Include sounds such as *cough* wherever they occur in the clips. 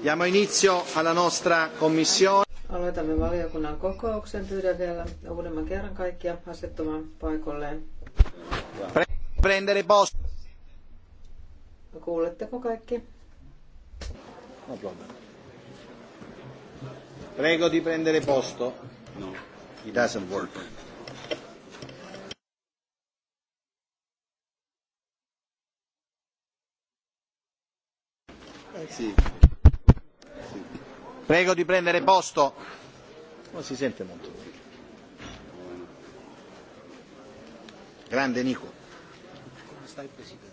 Diamo inizio alla nostra commissione. Aloitamme valiokunnan kokouksen. Pyydän vielä uudemman kerran kaikkia asettumaan paikolleen. Prendere posto. Kuuletteko kaikki? Prego di prendere posto. No, it doesn't work. Sì. Prego di prendere posto. Non si sente molto. Grande Nico. Come stai Presidente?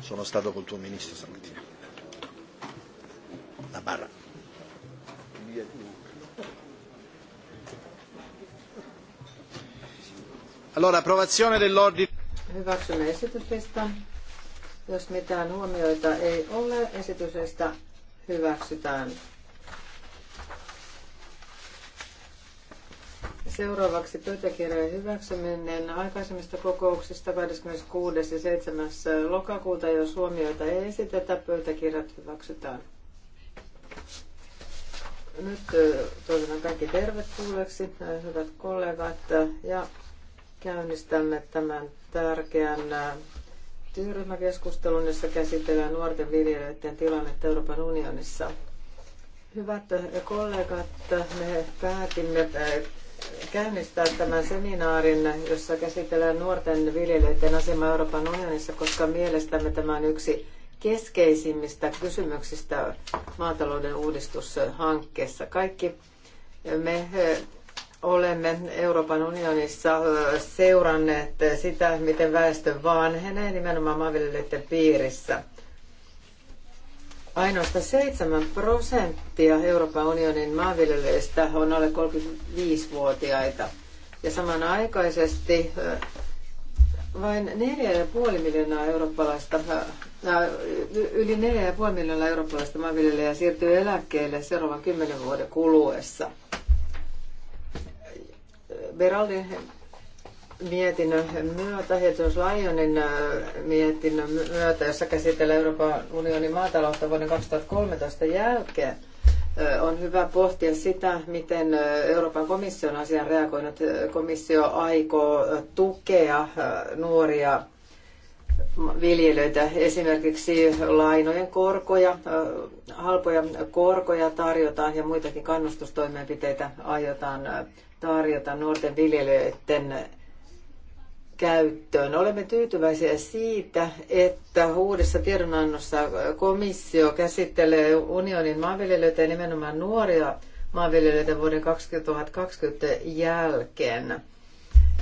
Sono stato col tuo ministro stamattina. La barra. Via tu. Allora, approvazione dell'ordine. Hyväksymme esityslistan. Jos mitään huomioita ei ole, esityksestä hyväksytään. Seuraavaksi pöytäkirjojen hyväksyminen aikaisemmista kokouksista 26. ja 7. lokakuuta. Jos huomioita ei esitetä, pöytäkirjat hyväksytään. Nyt toivotan kaikki tervetulleeksi, hyvät kollegat, ja käynnistämme tämän tärkeän työryhmäkeskustelun, jossa käsitellään nuorten viljelijöiden tilannetta Euroopan unionissa. Hyvät kollegat, me päätimme käynnistää tämän seminaarin, jossa käsitellään nuorten viljelijöiden asemaa Euroopan unionissa, koska mielestämme tämä on yksi keskeisimmistä kysymyksistä maatalouden uudistushankkeessa. Kaikki me olemme Euroopan unionissa seuranneet sitä, miten väestö vanhenee nimenomaan maanviljelijöiden piirissä. Ainoastaan 7 prosenttia Euroopan unionin maanviljelijöistä on alle 35-vuotiaita. Ja samanaikaisesti vain 4,5 miljoonaa eurooppalaista, yli 4,5 miljoonaa eurooppalaista maanviljelijää siirtyy eläkkeelle seuraavan 10 vuoden kuluessa – Beralin mietinnön myötä, Hedges Lionin äh, mietinnön myötä, jossa käsitellään Euroopan unionin maataloutta vuoden 2013 jälkeen, äh, on hyvä pohtia sitä, miten äh, Euroopan komission asian reagoinut komissio aikoo tukea nuoria viljelijöitä. Esimerkiksi lainojen korkoja, halpoja korkoja tarjotaan ja muitakin kannustustoimenpiteitä aiotaan tarjota nuorten viljelijöiden käyttöön. Olemme tyytyväisiä siitä, että uudessa tiedonannossa komissio käsittelee unionin maanviljelijöitä ja nimenomaan nuoria maanviljelijöitä vuoden 2020 jälkeen.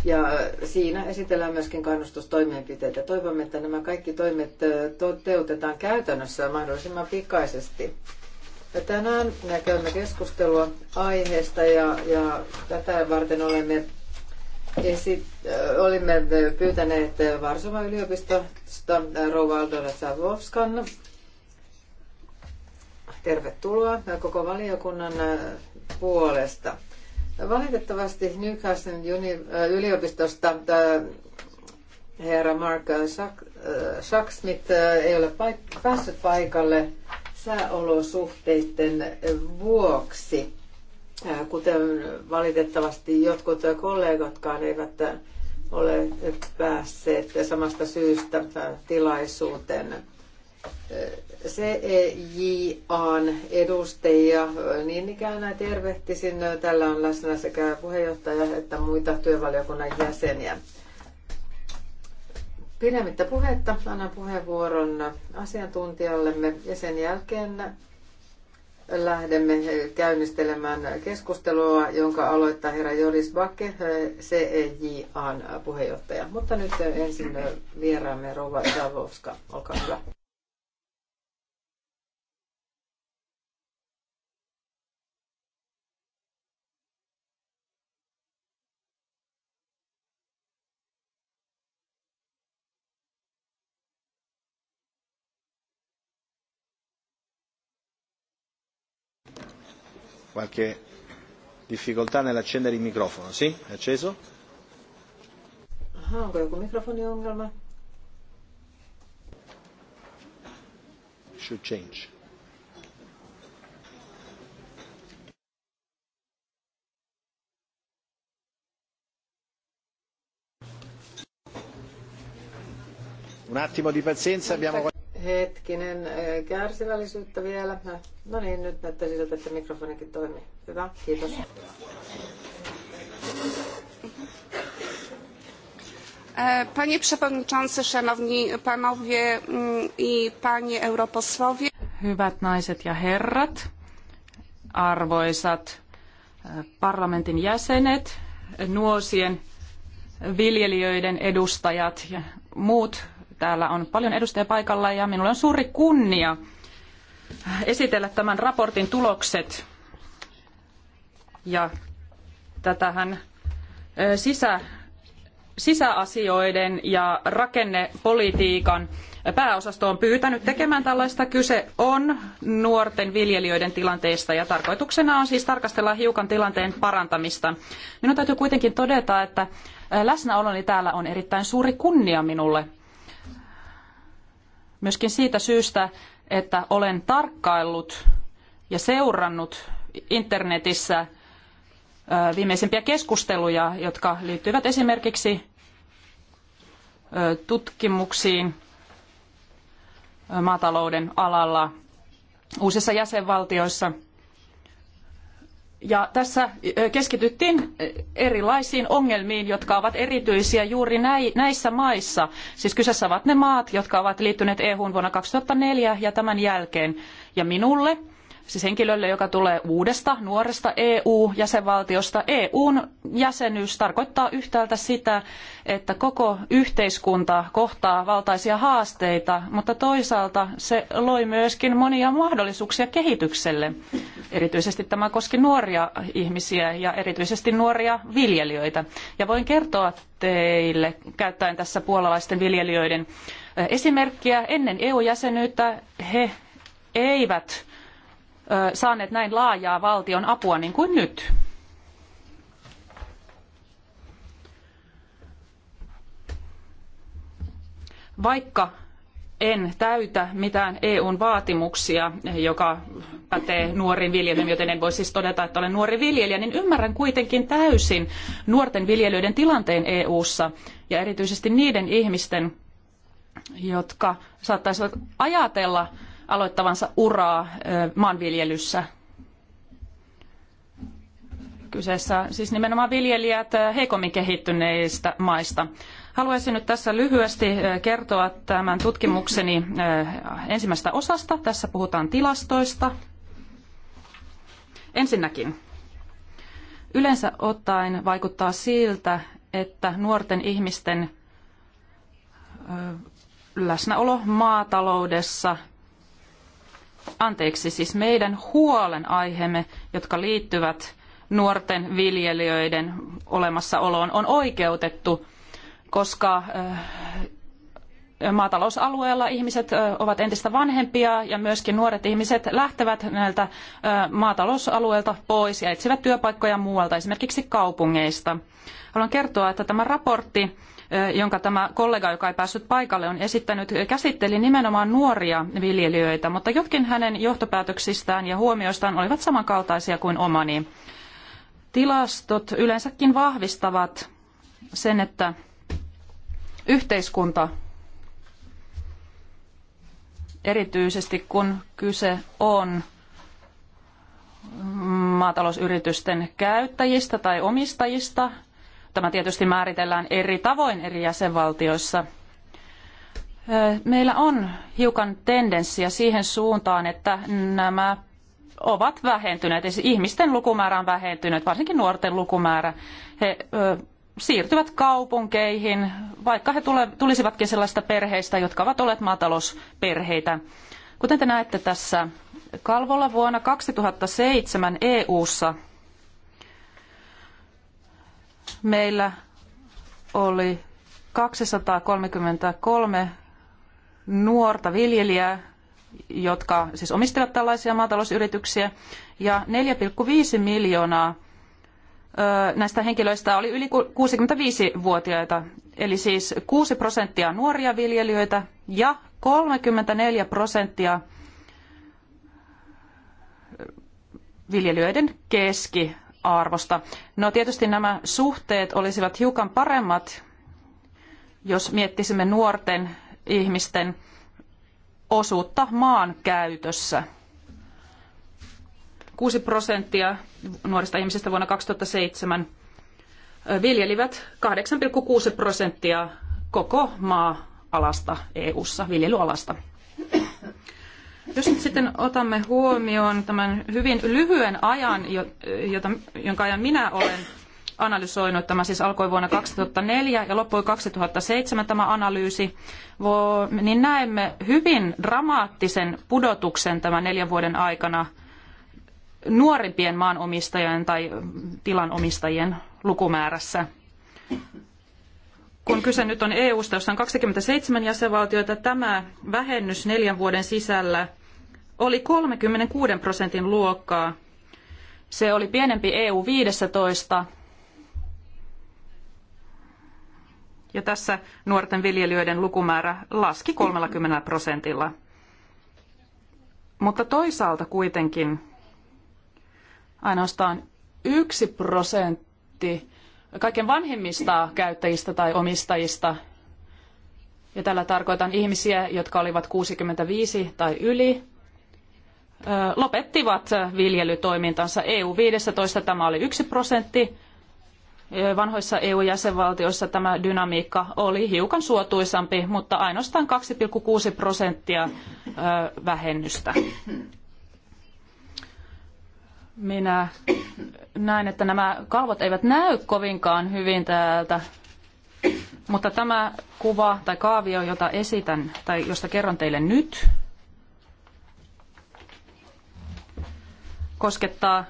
Ja siinä esitellään myöskin kannustustoimenpiteitä. Toivomme, että nämä kaikki toimet toteutetaan käytännössä mahdollisimman pikaisesti. Ja tänään me käymme keskustelua aiheesta ja, ja tätä varten olemme, esi- olimme pyytäneet Varsovan yliopistosta Rouva Aldona Savovskan. Tervetuloa koko valiokunnan puolesta. Valitettavasti Newcastle äh, yliopistosta äh, herra Mark äh, Shacksmith ei ole päässyt paikalle sääolosuhteiden vuoksi, kuten valitettavasti jotkut kollegatkaan eivät ole päässeet samasta syystä tilaisuuteen. CEJAn edustajia. Niin ikään näin tervehtisin. Tällä on läsnä sekä puheenjohtaja että muita työvaliokunnan jäseniä. Pidemmittä puhetta annan puheenvuoron asiantuntijallemme ja sen jälkeen lähdemme käynnistelemään keskustelua, jonka aloittaa herra Joris Bakke, CEJAn puheenjohtaja. Mutta nyt ensin vieraamme Rova Davovska. Olkaa hyvä. qualche difficoltà nell'accendere il microfono. Sì? È acceso? Aha, onko joku mikrofoniongelma? Should change. Un attimo di pazienza, abbiamo Hetkinen, kärsivällisyyttä vielä. No niin, nyt näyttää siltä, että mikrofonikin toimii. Hyvä, kiitos. E, panie przewodniczący, szanowni panowie mm, i panie europosłowie. Hyvät naiset ja herrat, arvoisat e, parlamentin jäsenet, nuosien viljelijöiden edustajat ja muut Täällä on paljon edustajia paikalla ja minulle on suuri kunnia esitellä tämän raportin tulokset. Ja tätähän sisä, sisäasioiden ja rakennepolitiikan pääosasto on pyytänyt tekemään tällaista. Kyse on nuorten viljelijöiden tilanteesta ja tarkoituksena on siis tarkastella hiukan tilanteen parantamista. Minun täytyy kuitenkin todeta, että läsnäoloni täällä on erittäin suuri kunnia minulle myöskin siitä syystä, että olen tarkkaillut ja seurannut internetissä viimeisimpiä keskusteluja, jotka liittyvät esimerkiksi tutkimuksiin maatalouden alalla uusissa jäsenvaltioissa – ja tässä keskityttiin erilaisiin ongelmiin, jotka ovat erityisiä juuri näissä maissa. Siis kyseessä ovat ne maat, jotka ovat liittyneet EU-hun vuonna 2004 ja tämän jälkeen. Ja minulle siis henkilölle, joka tulee uudesta, nuoresta EU-jäsenvaltiosta. EUn jäsenyys tarkoittaa yhtäältä sitä, että koko yhteiskunta kohtaa valtaisia haasteita, mutta toisaalta se loi myöskin monia mahdollisuuksia kehitykselle. Erityisesti tämä koski nuoria ihmisiä ja erityisesti nuoria viljelijöitä. Ja voin kertoa teille, käyttäen tässä puolalaisten viljelijöiden esimerkkiä, ennen EU-jäsenyyttä he eivät saaneet näin laajaa valtion apua niin kuin nyt. Vaikka en täytä mitään EUn vaatimuksia, joka pätee nuoriin viljelijöihin, joten en voi siis todeta, että olen nuori viljelijä, niin ymmärrän kuitenkin täysin nuorten viljelijöiden tilanteen EUssa ja erityisesti niiden ihmisten, jotka saattaisivat ajatella aloittavansa uraa maanviljelyssä. Kyseessä siis nimenomaan viljelijät heikommin kehittyneistä maista. Haluaisin nyt tässä lyhyesti kertoa tämän tutkimukseni ensimmäisestä osasta. Tässä puhutaan tilastoista. Ensinnäkin, yleensä ottaen vaikuttaa siltä, että nuorten ihmisten läsnäolo maataloudessa anteeksi, siis meidän huolenaiheemme, jotka liittyvät nuorten viljelijöiden olemassaoloon, on oikeutettu, koska äh, maatalousalueella ihmiset äh, ovat entistä vanhempia ja myöskin nuoret ihmiset lähtevät näiltä äh, maatalousalueilta pois ja etsivät työpaikkoja muualta, esimerkiksi kaupungeista. Haluan kertoa, että tämä raportti jonka tämä kollega, joka ei päässyt paikalle, on esittänyt, käsitteli nimenomaan nuoria viljelijöitä, mutta jotkin hänen johtopäätöksistään ja huomioistaan olivat samankaltaisia kuin omani. Tilastot yleensäkin vahvistavat sen, että yhteiskunta erityisesti kun kyse on maatalousyritysten käyttäjistä tai omistajista, Tämä tietysti määritellään eri tavoin eri jäsenvaltioissa. Meillä on hiukan tendenssiä siihen suuntaan, että nämä ovat vähentyneet. Siis ihmisten lukumäärä on vähentynyt, varsinkin nuorten lukumäärä. He siirtyvät kaupunkeihin, vaikka he tule, tulisivatkin sellaista perheistä, jotka ovat olleet maatalousperheitä. Kuten te näette tässä kalvolla vuonna 2007 EU:ssa meillä oli 233 nuorta viljelijää, jotka siis omistivat tällaisia maatalousyrityksiä, ja 4,5 miljoonaa näistä henkilöistä oli yli 65-vuotiaita, eli siis 6 prosenttia nuoria viljelijöitä ja 34 prosenttia viljelijöiden keski arvosta. No tietysti nämä suhteet olisivat hiukan paremmat, jos miettisimme nuorten ihmisten osuutta maan käytössä. 6 prosenttia nuorista ihmisistä vuonna 2007 viljelivät 8,6 prosenttia koko maa-alasta EU-ssa, viljelyalasta. Jos nyt sitten otamme huomioon tämän hyvin lyhyen ajan, jota, jonka ajan minä olen analysoinut, tämä siis alkoi vuonna 2004 ja loppui 2007 tämä analyysi, niin näemme hyvin dramaattisen pudotuksen tämän neljän vuoden aikana nuorimpien maanomistajien tai tilanomistajien lukumäärässä. Kun kyse nyt on EUsta, jossa on 27 jäsenvaltiota, tämä vähennys neljän vuoden sisällä – oli 36 prosentin luokkaa. Se oli pienempi EU 15. Ja tässä nuorten viljelijöiden lukumäärä laski 30 prosentilla. Mutta toisaalta kuitenkin ainoastaan yksi prosentti kaiken vanhimmista käyttäjistä tai omistajista, ja tällä tarkoitan ihmisiä, jotka olivat 65 tai yli, lopettivat viljelytoimintansa. EU-15 tämä oli yksi prosentti, vanhoissa EU-jäsenvaltioissa tämä dynamiikka oli hiukan suotuisampi, mutta ainoastaan 2,6 prosenttia vähennystä. Minä näen, että nämä kalvot eivät näy kovinkaan hyvin täältä, mutta tämä kuva tai kaavio, jota esitän tai josta kerron teille nyt, koskettaa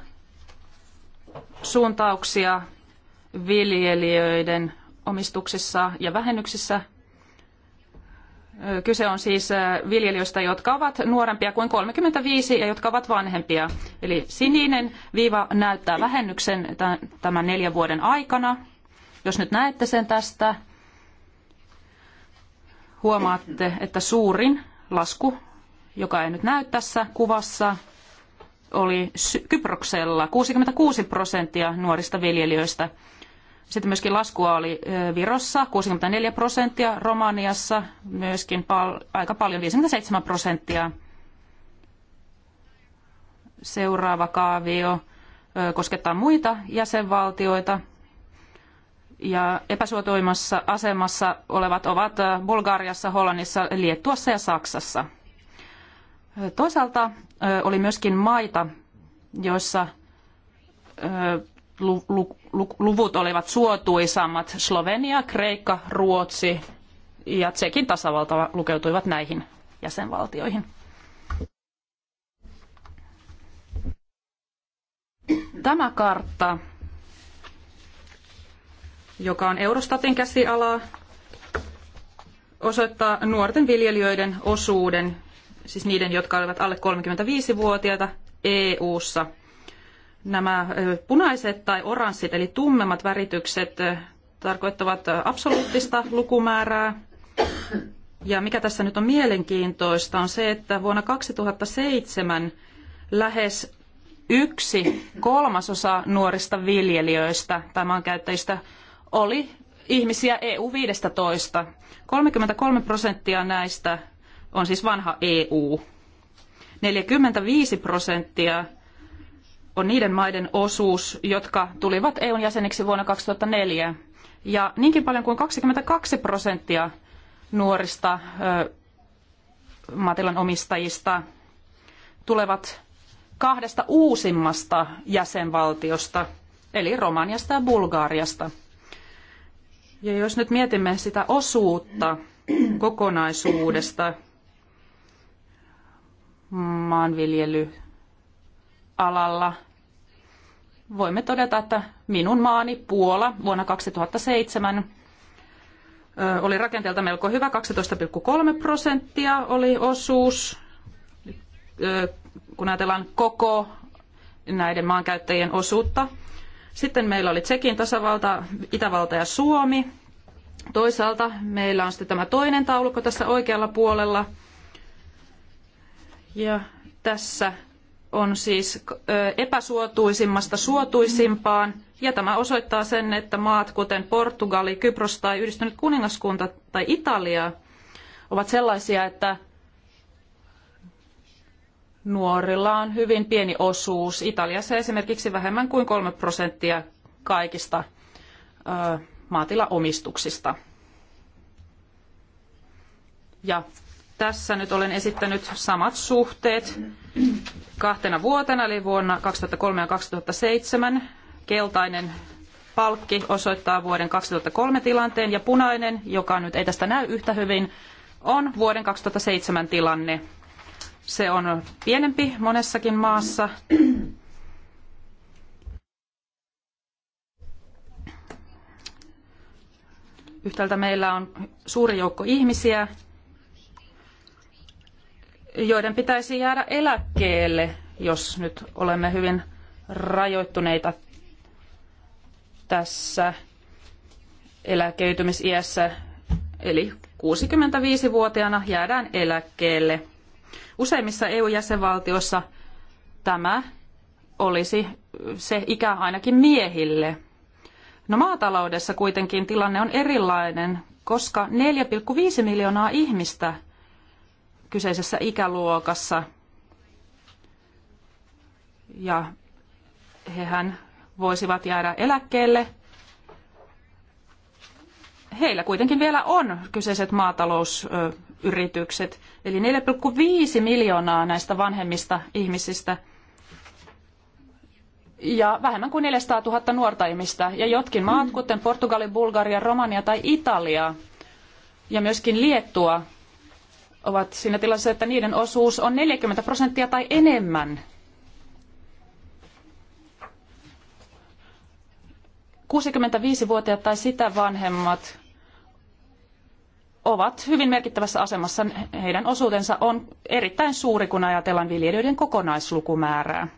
suuntauksia viljelijöiden omistuksissa ja vähennyksissä. Kyse on siis viljelijöistä, jotka ovat nuorempia kuin 35 ja jotka ovat vanhempia. Eli sininen viiva näyttää vähennyksen tämän neljän vuoden aikana. Jos nyt näette sen tästä, huomaatte, että suurin lasku, joka ei nyt näy tässä kuvassa, oli Kyproksella 66 prosenttia nuorista viljelijöistä. Sitten myöskin laskua oli Virossa 64 prosenttia, Romaniassa myöskin pal- aika paljon 57 prosenttia. Seuraava kaavio koskettaa muita jäsenvaltioita. Ja epäsuotuimassa asemassa olevat ovat Bulgariassa, Hollannissa, Liettuassa ja Saksassa – Toisaalta oli myöskin maita, joissa luvut olivat suotuisammat. Slovenia, Kreikka, Ruotsi ja Tsekin tasavalta lukeutuivat näihin jäsenvaltioihin. Tämä kartta, joka on Eurostatin käsialaa, osoittaa nuorten viljelijöiden osuuden siis niiden, jotka olivat alle 35-vuotiaita EU-ssa. Nämä punaiset tai oranssit, eli tummemmat väritykset, tarkoittavat absoluuttista lukumäärää. Ja mikä tässä nyt on mielenkiintoista on se, että vuonna 2007 lähes yksi kolmasosa nuorista viljelijöistä tai maankäyttäjistä oli ihmisiä EU-15. 33 prosenttia näistä on siis vanha EU. 45 prosenttia on niiden maiden osuus, jotka tulivat EUn jäseniksi vuonna 2004. Ja niinkin paljon kuin 22 prosenttia nuorista ö, maatilan omistajista tulevat kahdesta uusimmasta jäsenvaltiosta, eli Romaniasta ja Bulgariasta. Ja jos nyt mietimme sitä osuutta kokonaisuudesta, maanviljelyalalla. Voimme todeta, että minun maani Puola vuonna 2007 oli rakenteelta melko hyvä, 12,3 prosenttia oli osuus, kun ajatellaan koko näiden maankäyttäjien osuutta. Sitten meillä oli Tsekin tasavalta, Itävalta ja Suomi. Toisaalta meillä on sitten tämä toinen taulukko tässä oikealla puolella – ja tässä on siis epäsuotuisimmasta suotuisimpaan. Ja tämä osoittaa sen, että maat kuten Portugali, Kypros tai Yhdistynyt kuningaskunta tai Italia ovat sellaisia, että nuorilla on hyvin pieni osuus. Italiassa esimerkiksi vähemmän kuin kolme prosenttia kaikista maatilaomistuksista. Ja tässä nyt olen esittänyt samat suhteet kahtena vuotena, eli vuonna 2003 ja 2007. Keltainen palkki osoittaa vuoden 2003 tilanteen ja punainen, joka nyt ei tästä näy yhtä hyvin, on vuoden 2007 tilanne. Se on pienempi monessakin maassa. Yhtäältä meillä on suuri joukko ihmisiä, joiden pitäisi jäädä eläkkeelle, jos nyt olemme hyvin rajoittuneita tässä eläkeytymisiässä, eli 65-vuotiaana jäädään eläkkeelle. Useimmissa EU-jäsenvaltioissa tämä olisi se ikä ainakin miehille. No maataloudessa kuitenkin tilanne on erilainen, koska 4,5 miljoonaa ihmistä – kyseisessä ikäluokassa. Ja hehän voisivat jäädä eläkkeelle. Heillä kuitenkin vielä on kyseiset maatalousyritykset, eli 4,5 miljoonaa näistä vanhemmista ihmisistä ja vähemmän kuin 400 000 nuorta ihmistä. Ja jotkin maat, kuten Portugali, Bulgaria, Romania tai Italia ja myöskin Liettua, ovat siinä tilassa, että niiden osuus on 40 prosenttia tai enemmän 65-vuotiaat tai sitä vanhemmat ovat hyvin merkittävässä asemassa. Heidän osuutensa on erittäin suuri, kun ajatellaan viljelijöiden kokonaislukumäärää.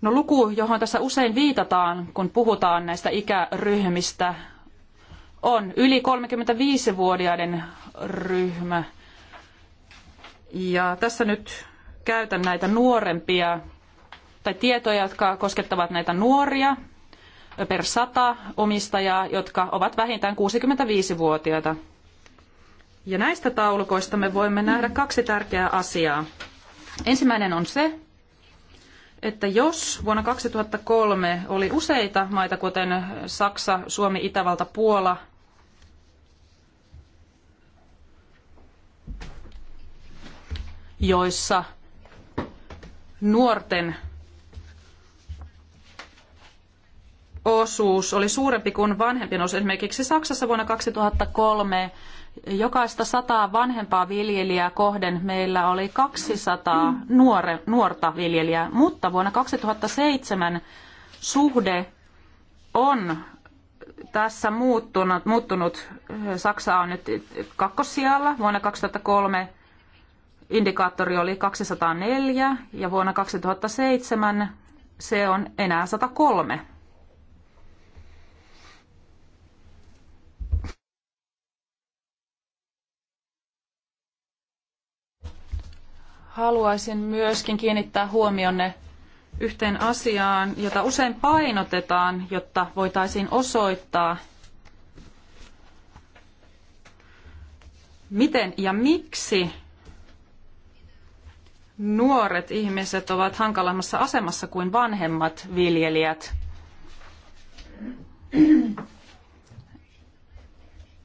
No luku, johon tässä usein viitataan, kun puhutaan näistä ikäryhmistä, on yli 35-vuotiaiden ryhmä. Ja tässä nyt käytän näitä nuorempia tai tietoja, jotka koskettavat näitä nuoria per sata omistajaa, jotka ovat vähintään 65-vuotiaita. Ja näistä taulukoista me voimme nähdä kaksi tärkeää asiaa. Ensimmäinen on se, että jos vuonna 2003 oli useita maita, kuten Saksa, Suomi, Itävalta, Puola – joissa nuorten osuus oli suurempi kuin vanhempien osuus. Esimerkiksi Saksassa vuonna 2003 jokaista sataa vanhempaa viljelijää kohden meillä oli 200 nuore, nuorta viljelijää, mutta vuonna 2007 suhde on tässä muuttunut, muuttunut. Saksa on nyt kakkossijalla. Vuonna 2003 indikaattori oli 204 ja vuonna 2007 se on enää 103. Haluaisin myöskin kiinnittää huomionne yhteen asiaan, jota usein painotetaan, jotta voitaisiin osoittaa, miten ja miksi nuoret ihmiset ovat hankalammassa asemassa kuin vanhemmat viljelijät.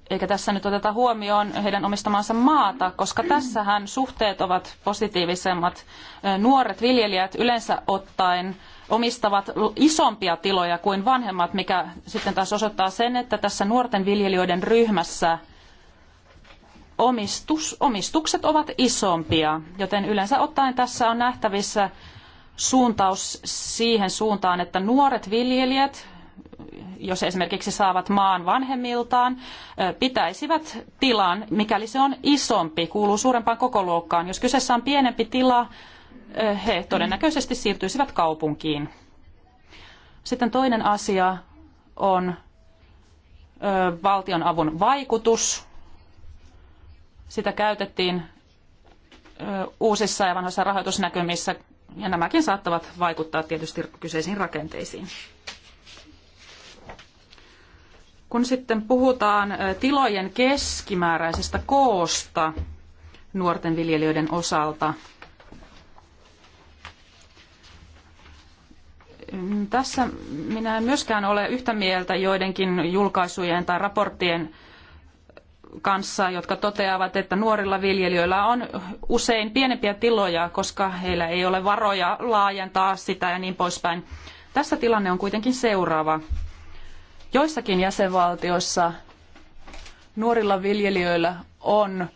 Eikä tässä nyt oteta huomioon heidän omistamansa maata, koska tässähän suhteet ovat positiivisemmat. Nuoret viljelijät yleensä ottaen omistavat isompia tiloja kuin vanhemmat, mikä sitten taas osoittaa sen, että tässä nuorten viljelijöiden ryhmässä – omistus, omistukset ovat isompia, joten yleensä ottaen tässä on nähtävissä suuntaus siihen suuntaan, että nuoret viljelijät, jos esimerkiksi saavat maan vanhemmiltaan, pitäisivät tilan, mikäli se on isompi, kuuluu suurempaan kokoluokkaan. Jos kyseessä on pienempi tila, he todennäköisesti siirtyisivät kaupunkiin. Sitten toinen asia on valtion avun vaikutus sitä käytettiin uusissa ja vanhoissa rahoitusnäkymissä, ja nämäkin saattavat vaikuttaa tietysti kyseisiin rakenteisiin. Kun sitten puhutaan tilojen keskimääräisestä koosta nuorten viljelijöiden osalta, tässä minä en myöskään ole yhtä mieltä joidenkin julkaisujen tai raporttien kanssa, jotka toteavat, että nuorilla viljelijöillä on usein pienempiä tiloja, koska heillä ei ole varoja laajentaa sitä ja niin poispäin. Tässä tilanne on kuitenkin seuraava. Joissakin jäsenvaltioissa nuorilla viljelijöillä on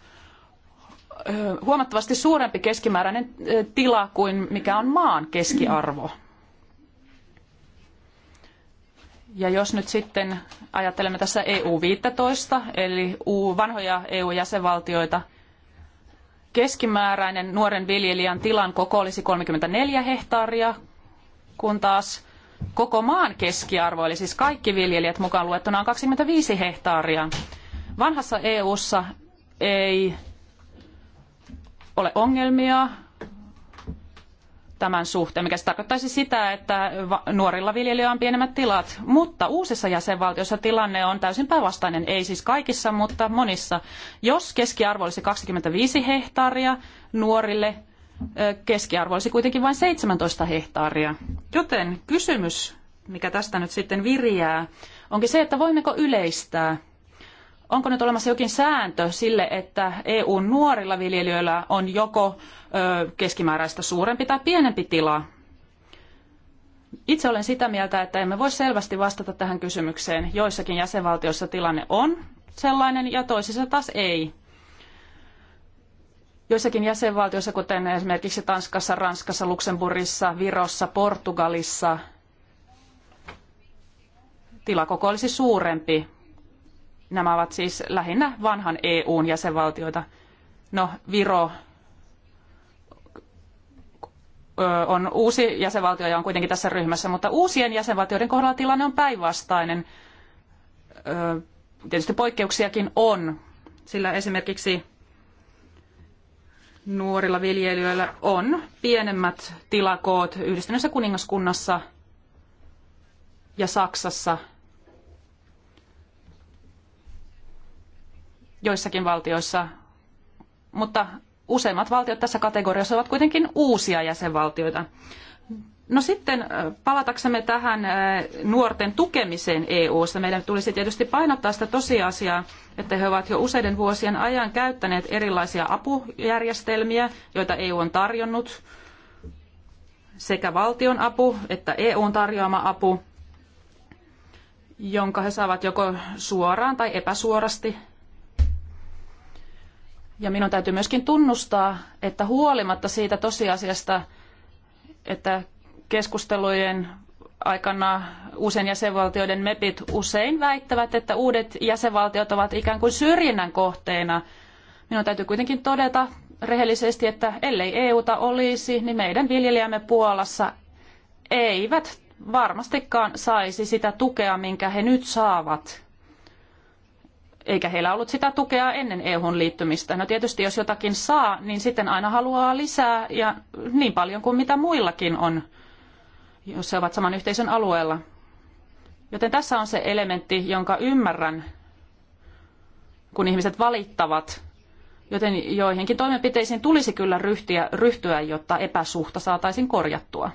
huomattavasti suurempi keskimääräinen tila kuin mikä on maan keskiarvo. Ja jos nyt sitten ajattelemme tässä EU-15, eli vanhoja EU-jäsenvaltioita, keskimääräinen nuoren viljelijän tilan koko olisi 34 hehtaaria, kun taas koko maan keskiarvo, eli siis kaikki viljelijät mukaan luettuna, on 25 hehtaaria. Vanhassa EU:ssa ei ole ongelmia tämän suhteen, mikä se tarkoittaisi sitä, että nuorilla viljelijöillä on pienemmät tilat. Mutta uusissa jäsenvaltioissa tilanne on täysin päinvastainen, ei siis kaikissa, mutta monissa. Jos keskiarvo olisi 25 hehtaaria nuorille, keskiarvo olisi kuitenkin vain 17 hehtaaria. Joten kysymys, mikä tästä nyt sitten viriää, onkin se, että voimmeko yleistää onko nyt olemassa jokin sääntö sille, että EUn nuorilla viljelijöillä on joko keskimääräistä suurempi tai pienempi tila? Itse olen sitä mieltä, että emme voi selvästi vastata tähän kysymykseen. Joissakin jäsenvaltioissa tilanne on sellainen ja toisissa taas ei. Joissakin jäsenvaltioissa, kuten esimerkiksi Tanskassa, Ranskassa, Luxemburgissa, Virossa, Portugalissa, tilakoko olisi suurempi Nämä ovat siis lähinnä vanhan EUn jäsenvaltioita. No, Viro on uusi jäsenvaltio ja on kuitenkin tässä ryhmässä, mutta uusien jäsenvaltioiden kohdalla tilanne on päinvastainen. Tietysti poikkeuksiakin on, sillä esimerkiksi nuorilla viljelijöillä on pienemmät tilakoot yhdistyneessä kuningaskunnassa ja Saksassa – joissakin valtioissa, mutta useimmat valtiot tässä kategoriassa ovat kuitenkin uusia jäsenvaltioita. No sitten palataksemme tähän nuorten tukemiseen EU-ssa. Meidän tulisi tietysti painottaa sitä tosiasiaa, että he ovat jo useiden vuosien ajan käyttäneet erilaisia apujärjestelmiä, joita EU on tarjonnut, sekä valtion apu että EUn tarjoama apu, jonka he saavat joko suoraan tai epäsuorasti ja minun täytyy myöskin tunnustaa, että huolimatta siitä tosiasiasta, että keskustelujen aikana uusien jäsenvaltioiden mepit usein väittävät, että uudet jäsenvaltiot ovat ikään kuin syrjinnän kohteena. Minun täytyy kuitenkin todeta rehellisesti, että ellei EUta olisi, niin meidän viljelijämme Puolassa eivät varmastikaan saisi sitä tukea, minkä he nyt saavat eikä heillä ollut sitä tukea ennen EU:n liittymistä. No tietysti jos jotakin saa, niin sitten aina haluaa lisää ja niin paljon kuin mitä muillakin on, jos he ovat saman yhteisön alueella. Joten tässä on se elementti, jonka ymmärrän, kun ihmiset valittavat. Joten joihinkin toimenpiteisiin tulisi kyllä ryhtyä, ryhtyä, jotta epäsuhta saataisiin korjattua.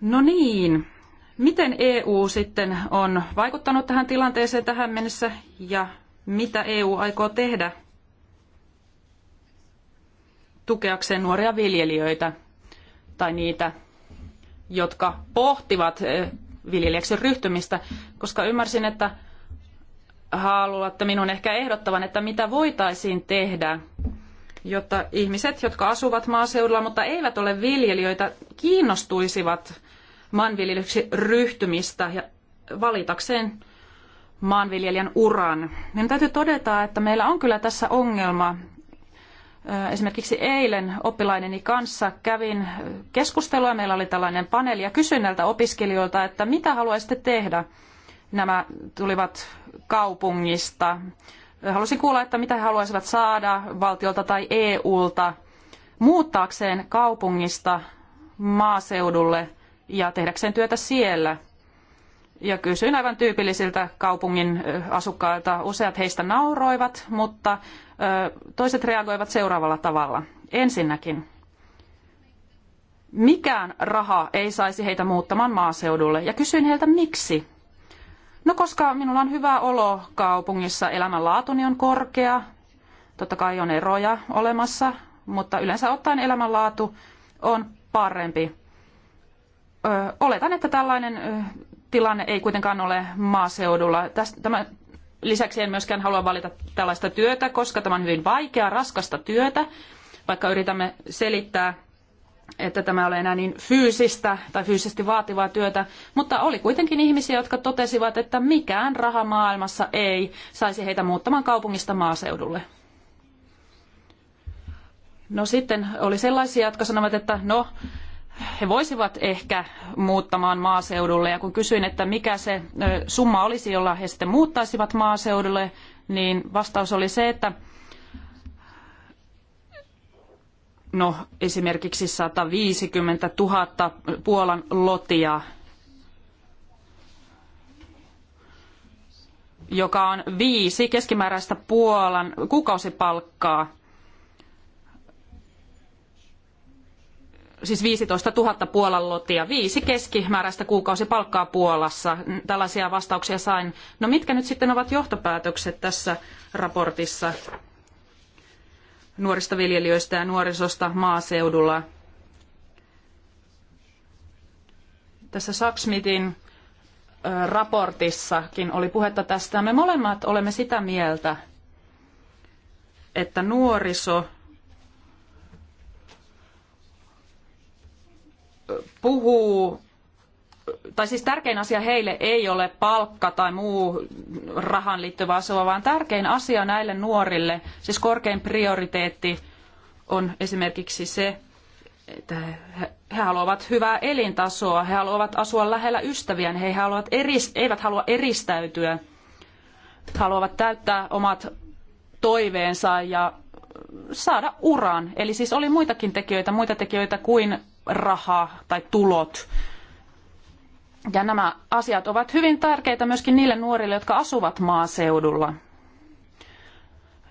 No niin, miten EU sitten on vaikuttanut tähän tilanteeseen tähän mennessä ja mitä EU aikoo tehdä tukeakseen nuoria viljelijöitä tai niitä, jotka pohtivat eh, viljelijäksi ryhtymistä, koska ymmärsin, että haluatte minun ehkä ehdottavan, että mitä voitaisiin tehdä, jotta ihmiset, jotka asuvat maaseudulla, mutta eivät ole viljelijöitä, kiinnostuisivat maanviljelyksi ryhtymistä ja valitakseen maanviljelijän uran. Minun täytyy todeta, että meillä on kyllä tässä ongelma. Esimerkiksi eilen oppilaineni kanssa kävin keskustelua, meillä oli tällainen paneeli ja kysyin näiltä opiskelijoilta, että mitä haluaisitte tehdä. Nämä tulivat kaupungista. Halusin kuulla, että mitä he haluaisivat saada valtiolta tai EUlta muuttaakseen kaupungista maaseudulle – ja tehdäkseen työtä siellä. Ja kysyin aivan tyypillisiltä kaupungin asukkailta. Useat heistä nauroivat, mutta toiset reagoivat seuraavalla tavalla. Ensinnäkin, mikään raha ei saisi heitä muuttamaan maaseudulle. Ja kysyin heiltä miksi. No koska minulla on hyvä olo kaupungissa, elämänlaatuni on korkea, totta kai on eroja olemassa, mutta yleensä ottaen elämänlaatu on parempi oletan, että tällainen tilanne ei kuitenkaan ole maaseudulla. Tämä, lisäksi en myöskään halua valita tällaista työtä, koska tämä on hyvin vaikeaa, raskasta työtä, vaikka yritämme selittää, että tämä ei ole enää niin fyysistä tai fyysisesti vaativaa työtä, mutta oli kuitenkin ihmisiä, jotka totesivat, että mikään raha maailmassa ei saisi heitä muuttamaan kaupungista maaseudulle. No sitten oli sellaisia, jotka sanovat, että no, he voisivat ehkä muuttamaan maaseudulle. Ja kun kysyin, että mikä se summa olisi, jolla he sitten muuttaisivat maaseudulle, niin vastaus oli se, että no esimerkiksi 150 000 Puolan lotia, joka on viisi keskimääräistä Puolan kuukausipalkkaa – siis 15 000 Puolan lotia, viisi keskimääräistä kuukausipalkkaa Puolassa. Tällaisia vastauksia sain. No mitkä nyt sitten ovat johtopäätökset tässä raportissa nuorista viljelijöistä ja nuorisosta maaseudulla? Tässä Saksmitin raportissakin oli puhetta tästä. Me molemmat olemme sitä mieltä, että nuoriso puhuu tai siis tärkein asia heille ei ole palkka tai muu rahan liittyvä asia, vaan tärkein asia näille nuorille, siis korkein prioriteetti on esimerkiksi se, että he haluavat hyvää elintasoa, he haluavat asua lähellä ystäviään, he haluavat erist- eivät halua eristäytyä, haluavat täyttää omat toiveensa ja saada uran. Eli siis oli muitakin tekijöitä, muita tekijöitä kuin raha tai tulot. Ja nämä asiat ovat hyvin tärkeitä myöskin niille nuorille, jotka asuvat maaseudulla.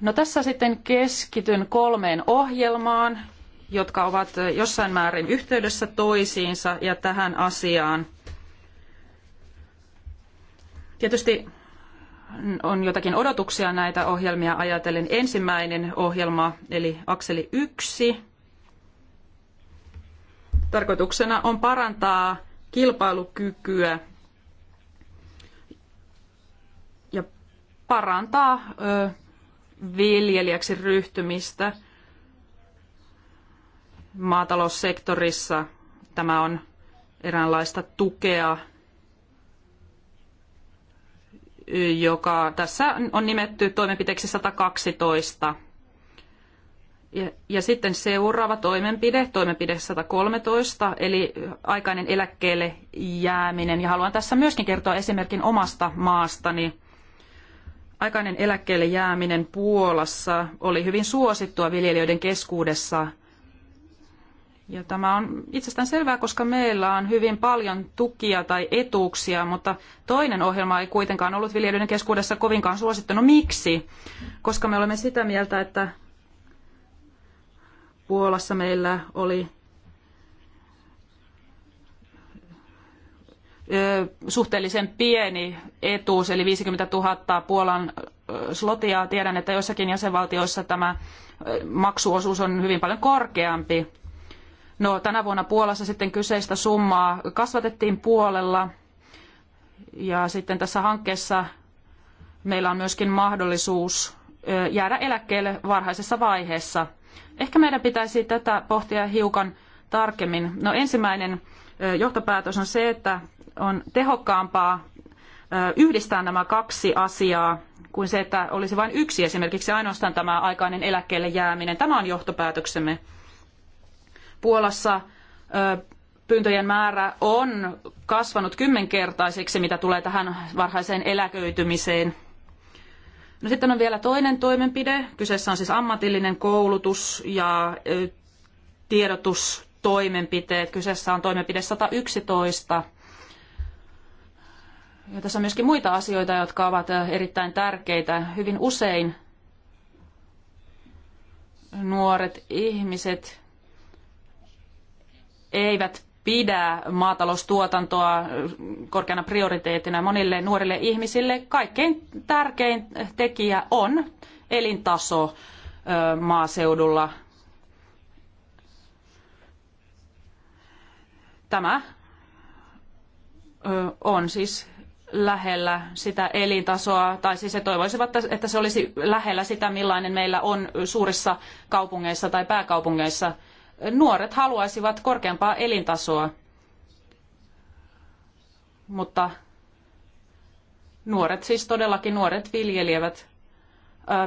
No tässä sitten keskityn kolmeen ohjelmaan, jotka ovat jossain määrin yhteydessä toisiinsa ja tähän asiaan. Tietysti on jotakin odotuksia näitä ohjelmia ajatellen. Ensimmäinen ohjelma, eli akseli yksi Tarkoituksena on parantaa kilpailukykyä ja parantaa ö, viljelijäksi ryhtymistä maataloussektorissa. Tämä on eräänlaista tukea, joka tässä on nimetty toimenpiteeksi 112 ja, ja sitten seuraava toimenpide, toimenpide 113, eli aikainen eläkkeelle jääminen. Ja haluan tässä myöskin kertoa esimerkin omasta maastani. Aikainen eläkkeelle jääminen Puolassa oli hyvin suosittua viljelijöiden keskuudessa. Ja tämä on itsestään selvää, koska meillä on hyvin paljon tukia tai etuuksia, mutta toinen ohjelma ei kuitenkaan ollut viljelijöiden keskuudessa kovinkaan suosittu. No miksi? Koska me olemme sitä mieltä, että Puolassa meillä oli suhteellisen pieni etuus, eli 50 000 Puolan slotia. Tiedän, että joissakin jäsenvaltioissa tämä maksuosuus on hyvin paljon korkeampi. No, tänä vuonna Puolassa sitten kyseistä summaa kasvatettiin puolella. Ja sitten tässä hankkeessa meillä on myöskin mahdollisuus jäädä eläkkeelle varhaisessa vaiheessa – Ehkä meidän pitäisi tätä pohtia hiukan tarkemmin. No ensimmäinen johtopäätös on se, että on tehokkaampaa yhdistää nämä kaksi asiaa kuin se, että olisi vain yksi esimerkiksi ainoastaan tämä aikainen eläkkeelle jääminen. Tämä on johtopäätöksemme. Puolassa pyyntöjen määrä on kasvanut kymmenkertaiseksi, mitä tulee tähän varhaiseen eläköitymiseen. No sitten on vielä toinen toimenpide. Kyseessä on siis ammatillinen koulutus ja tiedotustoimenpiteet. Kyseessä on toimenpide 111. Ja tässä on myöskin muita asioita, jotka ovat erittäin tärkeitä. Hyvin usein nuoret ihmiset eivät pidä maataloustuotantoa korkeana prioriteettina monille nuorille ihmisille. Kaikkein tärkein tekijä on elintaso maaseudulla. Tämä on siis lähellä sitä elintasoa, tai siis he toivoisivat, että se olisi lähellä sitä, millainen meillä on suurissa kaupungeissa tai pääkaupungeissa – nuoret haluaisivat korkeampaa elintasoa, mutta nuoret, siis todellakin nuoret viljelijät,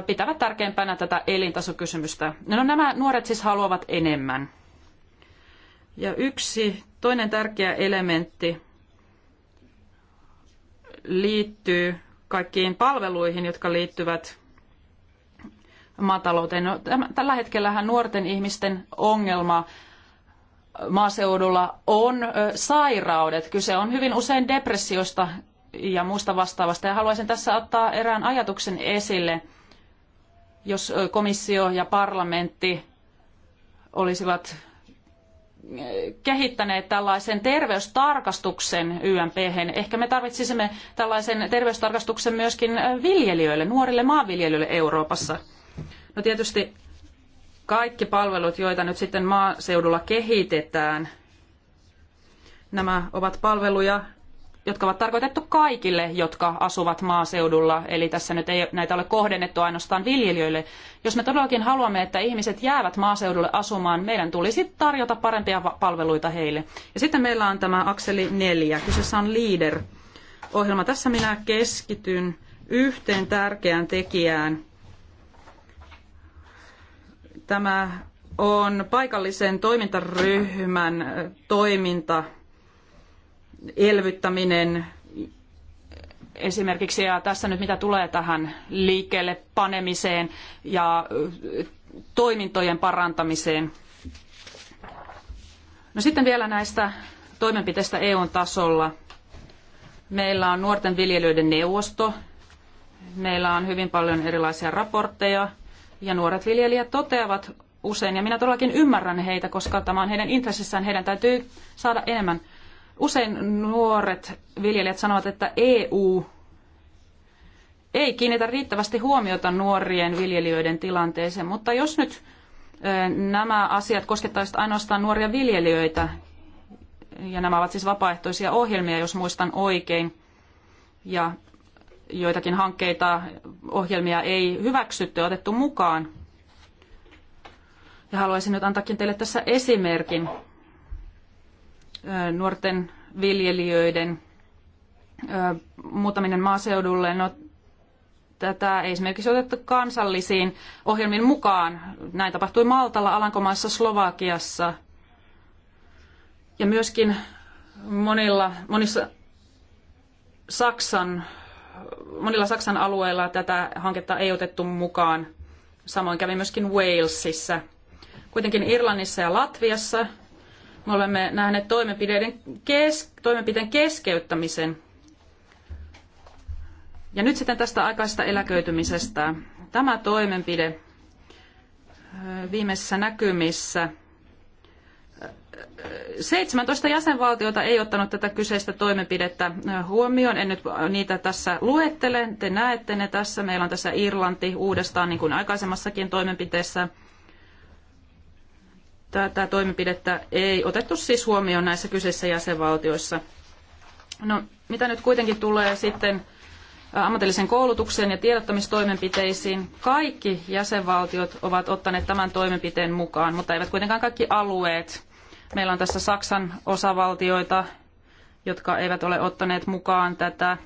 pitävät tärkeimpänä tätä elintasokysymystä. No nämä nuoret siis haluavat enemmän. Ja yksi toinen tärkeä elementti liittyy kaikkiin palveluihin, jotka liittyvät maatalouteen. No, tällä hetkellä nuorten ihmisten ongelma maaseudulla on sairaudet. Kyse on hyvin usein depressiosta ja muusta vastaavasta. Ja haluaisin tässä ottaa erään ajatuksen esille, jos komissio ja parlamentti olisivat kehittäneet tällaisen terveystarkastuksen YMP. -hän. Ehkä me tarvitsisimme tällaisen terveystarkastuksen myöskin viljelijöille, nuorille maanviljelijöille Euroopassa No tietysti kaikki palvelut, joita nyt sitten maaseudulla kehitetään, nämä ovat palveluja, jotka ovat tarkoitettu kaikille, jotka asuvat maaseudulla. Eli tässä nyt ei näitä ole kohdennettu ainoastaan viljelijöille. Jos me todellakin haluamme, että ihmiset jäävät maaseudulle asumaan, meidän tulisi tarjota parempia palveluita heille. Ja sitten meillä on tämä akseli 4. Kyseessä on leader-ohjelma. Tässä minä keskityn yhteen tärkeään tekijään – Tämä on paikallisen toimintaryhmän toiminta, elvyttäminen esimerkiksi, ja tässä nyt mitä tulee tähän liikkeelle panemiseen ja toimintojen parantamiseen. No sitten vielä näistä toimenpiteistä eu tasolla. Meillä on nuorten viljelijöiden neuvosto, meillä on hyvin paljon erilaisia raportteja, ja nuoret viljelijät toteavat usein, ja minä todellakin ymmärrän heitä, koska tämä on heidän intressissään, heidän täytyy saada enemmän. Usein nuoret viljelijät sanovat, että EU ei kiinnitä riittävästi huomiota nuorien viljelijöiden tilanteeseen, mutta jos nyt nämä asiat koskettaisivat ainoastaan nuoria viljelijöitä, ja nämä ovat siis vapaaehtoisia ohjelmia, jos muistan oikein, ja joitakin hankkeita, ohjelmia ei hyväksytty ja otettu mukaan. Ja haluaisin nyt antaakin teille tässä esimerkin nuorten viljelijöiden muutaminen maaseudulle. No, tätä ei esimerkiksi otettu kansallisiin ohjelmiin mukaan. Näin tapahtui Maltalla, Alankomaissa, Slovakiassa ja myöskin monilla, monissa Saksan monilla Saksan alueilla tätä hanketta ei otettu mukaan. Samoin kävi myöskin Walesissa. Kuitenkin Irlannissa ja Latviassa me olemme nähneet toimenpiteiden kes, toimenpiteen keskeyttämisen. Ja nyt sitten tästä aikaisesta eläköitymisestä. Tämä toimenpide viimeisissä näkymissä – 17 jäsenvaltiota ei ottanut tätä kyseistä toimenpidettä huomioon. En nyt niitä tässä luettele. Te näette ne tässä. Meillä on tässä Irlanti uudestaan niin kuin aikaisemmassakin toimenpiteessä. Tätä toimenpidettä ei otettu siis huomioon näissä kyseisissä jäsenvaltioissa. No, mitä nyt kuitenkin tulee sitten ammatillisen koulutuksen ja tiedottamistoimenpiteisiin. Kaikki jäsenvaltiot ovat ottaneet tämän toimenpiteen mukaan, mutta eivät kuitenkaan kaikki alueet Meillä on tässä Saksan osavaltioita, jotka eivät ole ottaneet mukaan tätä.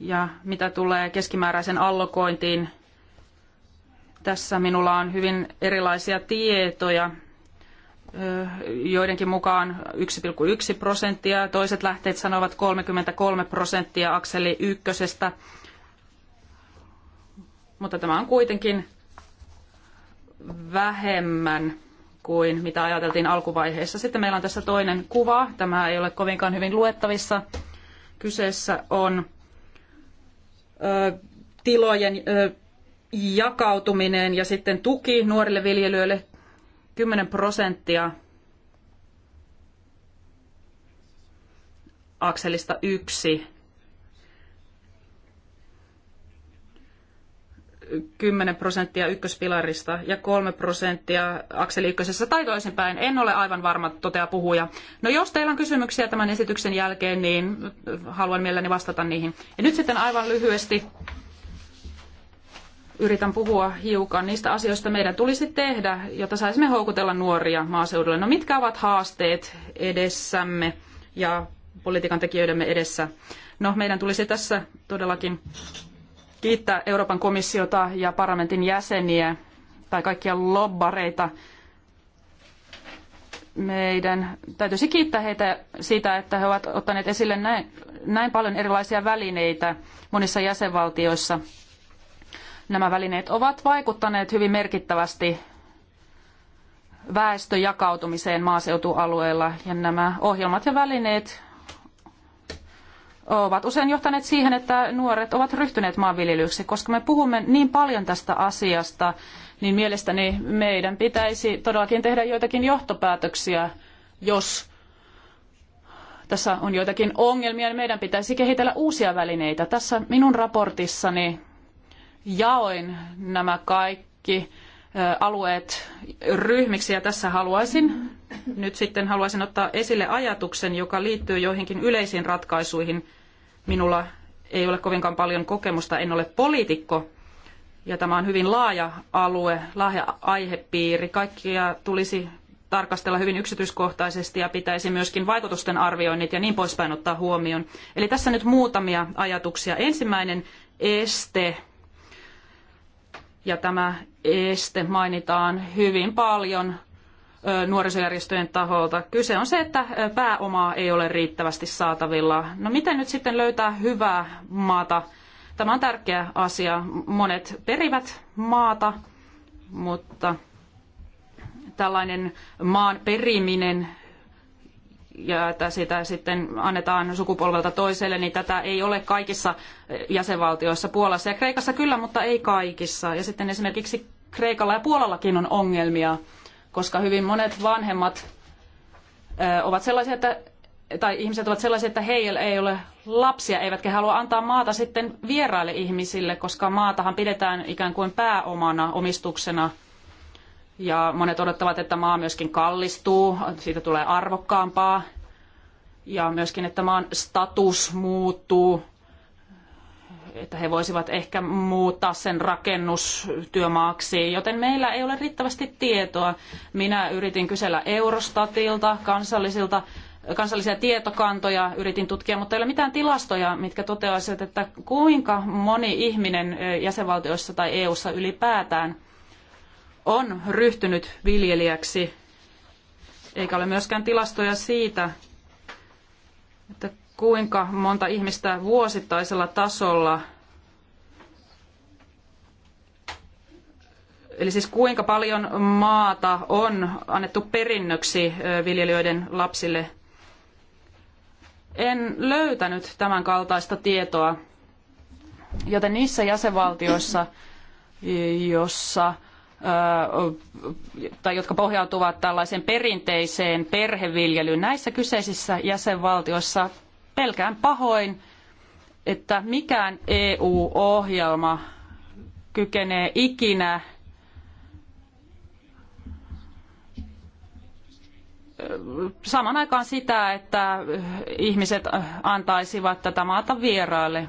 Ja mitä tulee keskimääräisen allokointiin, tässä minulla on hyvin erilaisia tietoja. Joidenkin mukaan 1,1 prosenttia, toiset lähteet sanovat 33 prosenttia akseli ykkösestä. Mutta tämä on kuitenkin vähemmän kuin mitä ajateltiin alkuvaiheessa. Sitten meillä on tässä toinen kuva. Tämä ei ole kovinkaan hyvin luettavissa. Kyseessä on ö, tilojen ö, jakautuminen ja sitten tuki nuorille viljelijöille 10 prosenttia akselista yksi 10 prosenttia ykköspilarista ja 3 prosenttia akseli ykkösessä tai toisinpäin. En ole aivan varma, toteaa puhuja. No jos teillä on kysymyksiä tämän esityksen jälkeen, niin haluan mielelläni vastata niihin. Ja nyt sitten aivan lyhyesti yritän puhua hiukan niistä asioista meidän tulisi tehdä, jotta saisimme houkutella nuoria maaseudulle. No mitkä ovat haasteet edessämme ja politiikan tekijöidemme edessä? No meidän tulisi tässä todellakin kiittää Euroopan komissiota ja parlamentin jäseniä tai kaikkia lobbareita. Meidän täytyisi kiittää heitä siitä, että he ovat ottaneet esille näin, näin paljon erilaisia välineitä monissa jäsenvaltioissa. Nämä välineet ovat vaikuttaneet hyvin merkittävästi väestön jakautumiseen maaseutualueilla ja nämä ohjelmat ja välineet ovat usein johtaneet siihen, että nuoret ovat ryhtyneet maanviljelyksi. Koska me puhumme niin paljon tästä asiasta, niin mielestäni meidän pitäisi todellakin tehdä joitakin johtopäätöksiä, jos tässä on joitakin ongelmia, niin meidän pitäisi kehitellä uusia välineitä. Tässä minun raportissani jaoin nämä kaikki alueet ryhmiksi ja tässä haluaisin nyt sitten haluaisin ottaa esille ajatuksen, joka liittyy joihinkin yleisiin ratkaisuihin Minulla ei ole kovinkaan paljon kokemusta, en ole poliitikko, ja tämä on hyvin laaja alue, laaja aihepiiri. Kaikkia tulisi tarkastella hyvin yksityiskohtaisesti ja pitäisi myöskin vaikutusten arvioinnit ja niin poispäin ottaa huomioon. Eli tässä nyt muutamia ajatuksia. Ensimmäinen este, ja tämä este mainitaan hyvin paljon nuorisojärjestöjen taholta. Kyse on se, että pääomaa ei ole riittävästi saatavilla. No miten nyt sitten löytää hyvää maata? Tämä on tärkeä asia. Monet perivät maata, mutta tällainen maan periminen ja että sitä sitten annetaan sukupolvelta toiselle, niin tätä ei ole kaikissa jäsenvaltioissa, Puolassa ja Kreikassa kyllä, mutta ei kaikissa. Ja sitten esimerkiksi Kreikalla ja Puolallakin on ongelmia koska hyvin monet vanhemmat ovat sellaisia, että, tai ihmiset ovat sellaisia, että heillä ei ole lapsia, eivätkä halua antaa maata sitten vieraille ihmisille, koska maatahan pidetään ikään kuin pääomana, omistuksena. Ja monet odottavat, että maa myöskin kallistuu, siitä tulee arvokkaampaa. Ja myöskin, että maan status muuttuu, että he voisivat ehkä muuttaa sen rakennustyömaaksi, joten meillä ei ole riittävästi tietoa. Minä yritin kysellä Eurostatilta, kansallisilta kansallisia tietokantoja yritin tutkia, mutta ei ole mitään tilastoja, mitkä toteaisivat, että kuinka moni ihminen jäsenvaltioissa tai EUssa ylipäätään on ryhtynyt viljelijäksi, eikä ole myöskään tilastoja siitä, että kuinka monta ihmistä vuosittaisella tasolla, eli siis kuinka paljon maata on annettu perinnöksi viljelijöiden lapsille. En löytänyt tämän kaltaista tietoa, joten niissä jäsenvaltioissa, jossa tai jotka pohjautuvat tällaiseen perinteiseen perheviljelyyn. Näissä kyseisissä jäsenvaltioissa pelkään pahoin, että mikään EU-ohjelma kykenee ikinä saman aikaan sitä, että ihmiset antaisivat tätä maata vieraille.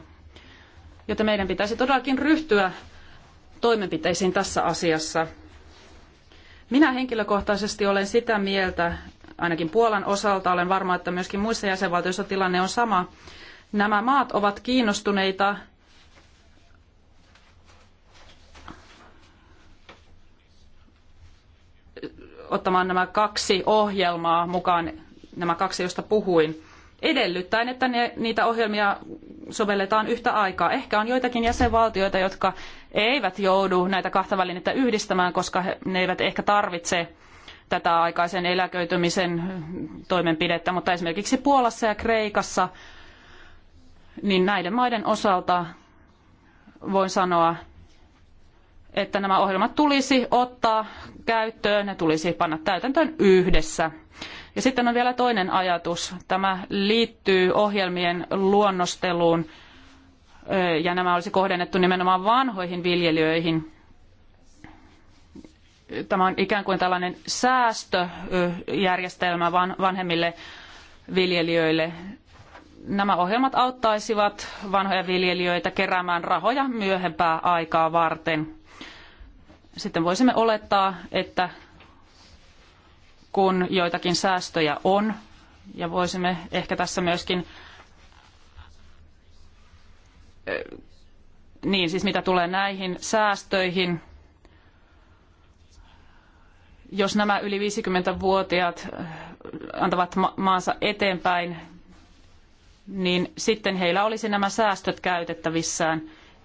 Joten meidän pitäisi todellakin ryhtyä toimenpiteisiin tässä asiassa. Minä henkilökohtaisesti olen sitä mieltä, ainakin Puolan osalta, olen varma, että myöskin muissa jäsenvaltioissa tilanne on sama. Nämä maat ovat kiinnostuneita ottamaan nämä kaksi ohjelmaa mukaan, nämä kaksi, josta puhuin, edellyttäen, että ne, niitä ohjelmia sovelletaan yhtä aikaa. Ehkä on joitakin jäsenvaltioita, jotka eivät joudu näitä kahta välinettä yhdistämään, koska he, ne eivät ehkä tarvitse tätä aikaisen eläköitymisen toimenpidettä, mutta esimerkiksi Puolassa ja Kreikassa, niin näiden maiden osalta voin sanoa, että nämä ohjelmat tulisi ottaa käyttöön, ne tulisi panna täytäntöön yhdessä. Ja sitten on vielä toinen ajatus. Tämä liittyy ohjelmien luonnosteluun ja nämä olisi kohdennettu nimenomaan vanhoihin viljelijöihin tämä on ikään kuin tällainen säästöjärjestelmä vanhemmille viljelijöille. Nämä ohjelmat auttaisivat vanhoja viljelijöitä keräämään rahoja myöhempää aikaa varten. Sitten voisimme olettaa, että kun joitakin säästöjä on, ja voisimme ehkä tässä myöskin eh, niin siis mitä tulee näihin säästöihin, jos nämä yli 50-vuotiaat äh, antavat maansa eteenpäin, niin sitten heillä olisi nämä säästöt käytettävissään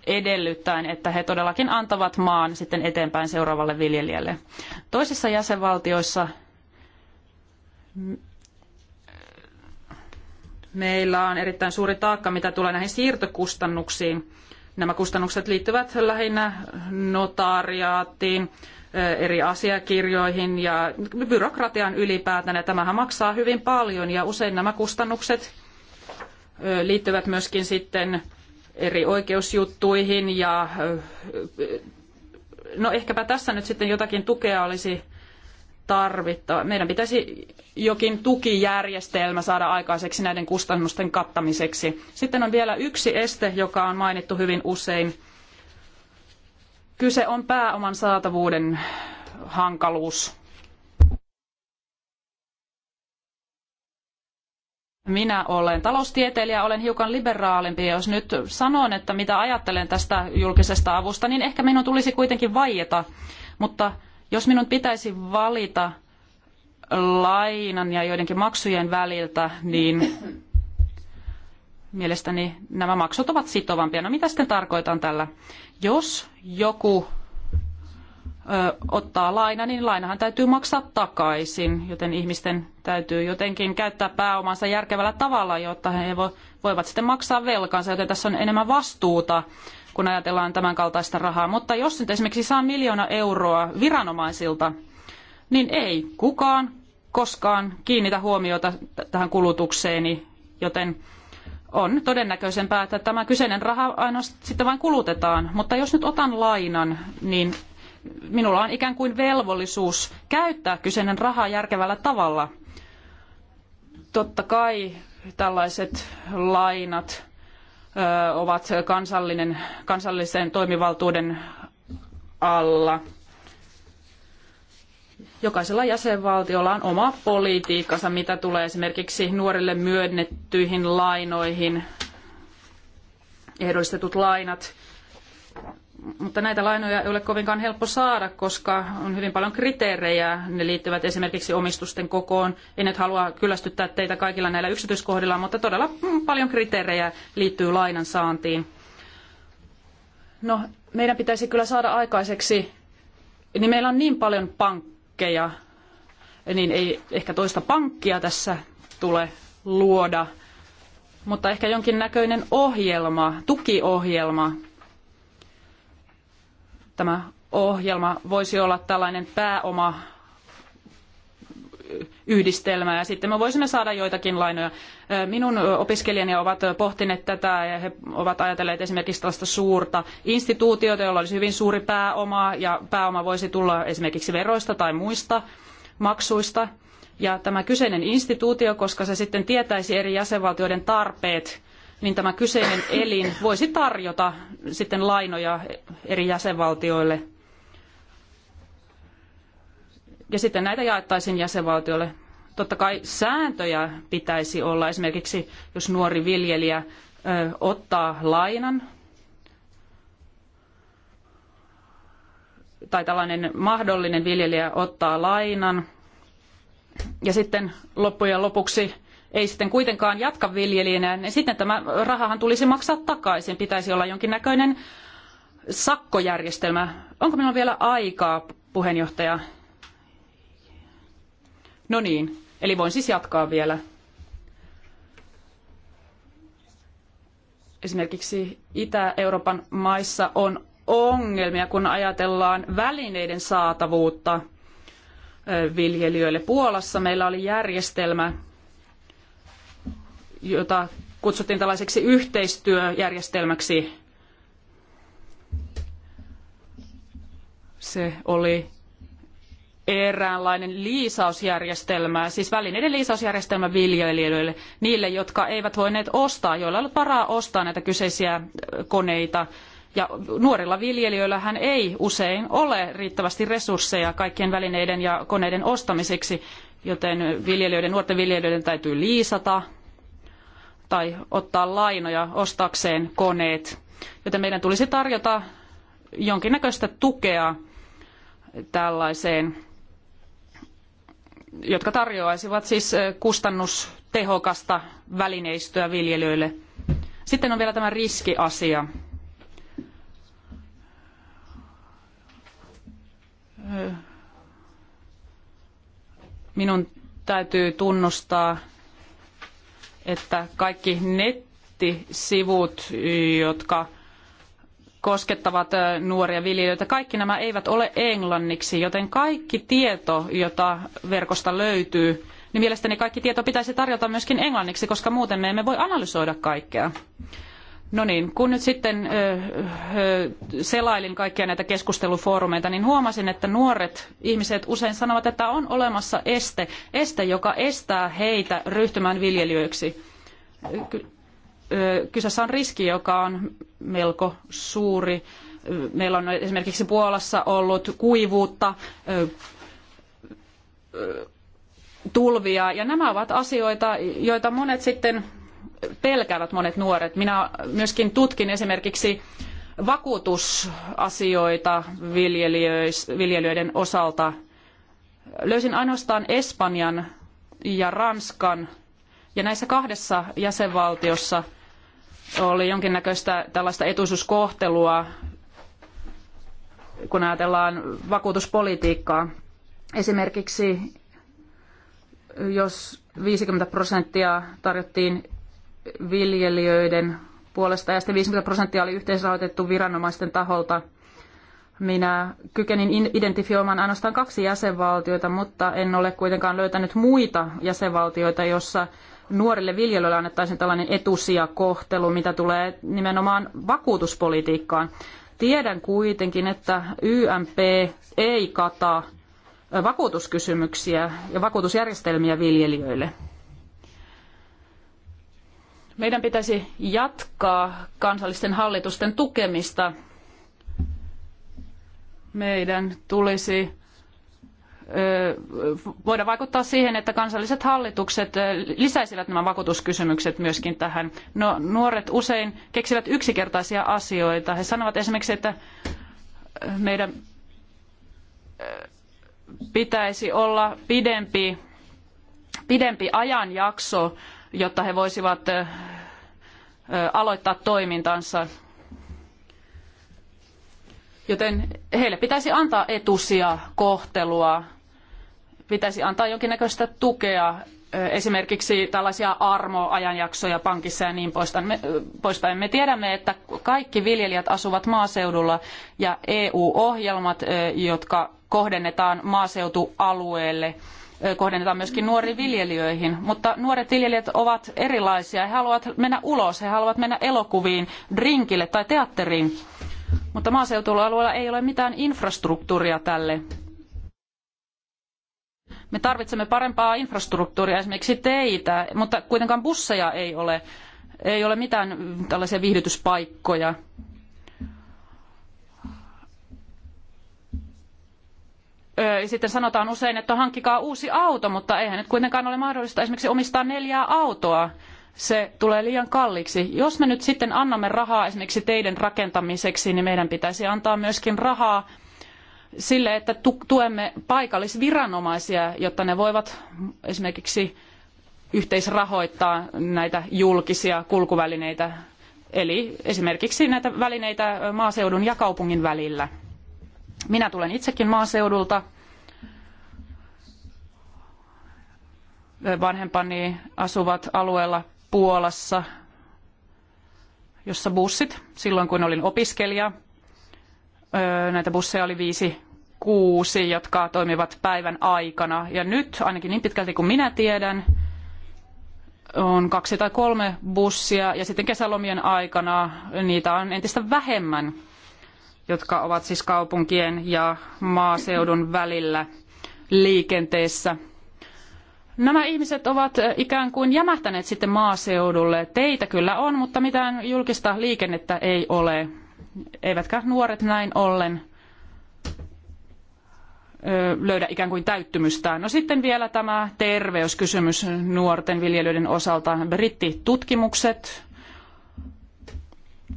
edellyttäen, että he todellakin antavat maan sitten eteenpäin seuraavalle viljelijälle. Toisissa jäsenvaltioissa meillä on erittäin suuri taakka, mitä tulee näihin siirtokustannuksiin. Nämä kustannukset liittyvät lähinnä notariaattiin, Eh, eri asiakirjoihin ja byrokratian ylipäätään. Ja tämähän maksaa hyvin paljon ja usein nämä kustannukset eh, liittyvät myöskin sitten eri oikeusjuttuihin ja eh, no ehkäpä tässä nyt sitten jotakin tukea olisi tarvittava. Meidän pitäisi jokin tukijärjestelmä saada aikaiseksi näiden kustannusten kattamiseksi. Sitten on vielä yksi este, joka on mainittu hyvin usein Kyse on pääoman saatavuuden hankaluus. Minä olen taloustieteilijä, olen hiukan liberaalimpi. Jos nyt sanon, että mitä ajattelen tästä julkisesta avusta, niin ehkä minun tulisi kuitenkin vaieta. Mutta jos minun pitäisi valita lainan ja joidenkin maksujen väliltä, niin mielestäni nämä maksut ovat sitovampia. No mitä sitten tarkoitan tällä? Jos joku ottaa laina, niin lainahan täytyy maksaa takaisin, joten ihmisten täytyy jotenkin käyttää pääomansa järkevällä tavalla, jotta he voivat sitten maksaa velkansa, joten tässä on enemmän vastuuta, kun ajatellaan tämän kaltaista rahaa. Mutta jos nyt esimerkiksi saa miljoona euroa viranomaisilta, niin ei kukaan koskaan kiinnitä huomiota tähän kulutukseeni, joten on todennäköisempää, että tämä kyseinen raha ainoastaan sitten vain kulutetaan. Mutta jos nyt otan lainan, niin minulla on ikään kuin velvollisuus käyttää kyseinen raha järkevällä tavalla. Totta kai tällaiset lainat ovat kansallinen, kansallisen toimivaltuuden alla. Jokaisella jäsenvaltiolla on oma politiikkansa, mitä tulee esimerkiksi nuorille myönnettyihin lainoihin, ehdollistetut lainat. Mutta näitä lainoja ei ole kovinkaan helppo saada, koska on hyvin paljon kriteerejä. Ne liittyvät esimerkiksi omistusten kokoon. En nyt halua kyllästyttää teitä kaikilla näillä yksityiskohdilla, mutta todella mm, paljon kriteerejä liittyy lainan saantiin. No, meidän pitäisi kyllä saada aikaiseksi, niin meillä on niin paljon pankkeja, pankkeja, niin ei ehkä toista pankkia tässä tule luoda, mutta ehkä jonkinnäköinen ohjelma, tukiohjelma. Tämä ohjelma voisi olla tällainen pääoma yhdistelmää ja sitten me voisimme saada joitakin lainoja. Minun opiskelijani ovat pohtineet tätä ja he ovat ajatelleet esimerkiksi tällaista suurta instituutiota, jolla olisi hyvin suuri pääoma ja pääoma voisi tulla esimerkiksi veroista tai muista maksuista. Ja tämä kyseinen instituutio, koska se sitten tietäisi eri jäsenvaltioiden tarpeet, niin tämä kyseinen elin voisi tarjota sitten lainoja eri jäsenvaltioille – ja sitten näitä jaettaisiin jäsenvaltiolle. Totta kai sääntöjä pitäisi olla. Esimerkiksi jos nuori viljelijä ottaa lainan tai tällainen mahdollinen viljelijä ottaa lainan ja sitten loppujen lopuksi ei sitten kuitenkaan jatka viljelijänä, niin sitten tämä rahahan tulisi maksaa takaisin. Pitäisi olla jonkinnäköinen sakkojärjestelmä. Onko minulla vielä aikaa, puheenjohtaja? No niin, eli voin siis jatkaa vielä. Esimerkiksi Itä-Euroopan maissa on ongelmia, kun ajatellaan välineiden saatavuutta viljelijöille. Puolassa meillä oli järjestelmä, jota kutsuttiin tällaiseksi yhteistyöjärjestelmäksi. Se oli eräänlainen liisausjärjestelmä, siis välineiden liisausjärjestelmä viljelijöille, niille, jotka eivät voineet ostaa, joilla ei ollut varaa ostaa näitä kyseisiä koneita. Ja nuorilla viljelijöillähän ei usein ole riittävästi resursseja kaikkien välineiden ja koneiden ostamiseksi, joten viljelijöiden, nuorten viljelijöiden täytyy liisata tai ottaa lainoja ostaakseen koneet. Joten meidän tulisi tarjota jonkinnäköistä tukea tällaiseen jotka tarjoaisivat siis eh, kustannustehokasta välineistöä viljelijöille. Sitten on vielä tämä riskiasia. Eh, minun täytyy tunnustaa, että kaikki nettisivut, jotka koskettavat nuoria viljelijöitä. Kaikki nämä eivät ole englanniksi, joten kaikki tieto, jota verkosta löytyy, niin mielestäni kaikki tieto pitäisi tarjota myöskin englanniksi, koska muuten me emme voi analysoida kaikkea. No niin, kun nyt sitten selailin kaikkia näitä keskustelufoorumeita, niin huomasin, että nuoret ihmiset usein sanovat, että on olemassa este, este, joka estää heitä ryhtymään viljelijöiksi kyseessä on riski, joka on melko suuri. Meillä on esimerkiksi Puolassa ollut kuivuutta, tulvia, ja nämä ovat asioita, joita monet sitten pelkäävät monet nuoret. Minä myöskin tutkin esimerkiksi vakuutusasioita viljelijöiden osalta. Löysin ainoastaan Espanjan ja Ranskan ja näissä kahdessa jäsenvaltiossa oli jonkinnäköistä tällaista etuisuuskohtelua, kun ajatellaan vakuutuspolitiikkaa. Esimerkiksi jos 50 prosenttia tarjottiin viljelijöiden puolesta ja sitten 50 prosenttia oli yhteisrahoitettu viranomaisten taholta. Minä kykenin identifioimaan ainoastaan kaksi jäsenvaltiota, mutta en ole kuitenkaan löytänyt muita jäsenvaltioita, jossa nuorille viljelijöille annettaisiin tällainen etusijakohtelu, mitä tulee nimenomaan vakuutuspolitiikkaan. Tiedän kuitenkin, että YMP ei kata vakuutuskysymyksiä ja vakuutusjärjestelmiä viljelijöille. Meidän pitäisi jatkaa kansallisten hallitusten tukemista. Meidän tulisi voida vaikuttaa siihen, että kansalliset hallitukset lisäisivät nämä vakuutuskysymykset myöskin tähän. No, nuoret usein keksivät yksikertaisia asioita. He sanovat esimerkiksi, että meidän pitäisi olla pidempi, pidempi ajanjakso, jotta he voisivat aloittaa toimintansa Joten heille pitäisi antaa etusia kohtelua, pitäisi antaa jonkinnäköistä tukea, esimerkiksi tällaisia armoajanjaksoja pankissa ja niin poispäin. Me tiedämme, että kaikki viljelijät asuvat maaseudulla ja EU-ohjelmat, jotka kohdennetaan maaseutualueelle, kohdennetaan myöskin nuoriin viljelijöihin, mutta nuoret viljelijät ovat erilaisia. He haluavat mennä ulos, he haluavat mennä elokuviin, drinkille tai teatteriin. Mutta maaseutualueella ei ole mitään infrastruktuuria tälle. Me tarvitsemme parempaa infrastruktuuria, esimerkiksi teitä, mutta kuitenkaan busseja ei ole. Ei ole mitään tällaisia viihdytyspaikkoja. sitten sanotaan usein, että hankkikaa uusi auto, mutta eihän nyt kuitenkaan ole mahdollista esimerkiksi omistaa neljää autoa se tulee liian kalliiksi. Jos me nyt sitten annamme rahaa esimerkiksi teiden rakentamiseksi, niin meidän pitäisi antaa myöskin rahaa sille, että tuemme paikallisviranomaisia, jotta ne voivat esimerkiksi yhteisrahoittaa näitä julkisia kulkuvälineitä, eli esimerkiksi näitä välineitä maaseudun ja kaupungin välillä. Minä tulen itsekin maaseudulta. Vanhempani asuvat alueella Puolassa, jossa bussit, silloin kun olin opiskelija, näitä busseja oli viisi kuusi, jotka toimivat päivän aikana. Ja nyt, ainakin niin pitkälti kuin minä tiedän, on kaksi tai kolme bussia ja sitten kesälomien aikana niitä on entistä vähemmän, jotka ovat siis kaupunkien ja maaseudun välillä liikenteessä – Nämä ihmiset ovat eh, ikään kuin jämähtäneet sitten maaseudulle. Teitä kyllä on, mutta mitään julkista liikennettä ei ole. Eivätkä nuoret näin ollen eh, löydä ikään kuin täyttymystään. No sitten vielä tämä terveyskysymys nuorten viljelijöiden osalta. Brittitutkimukset eh,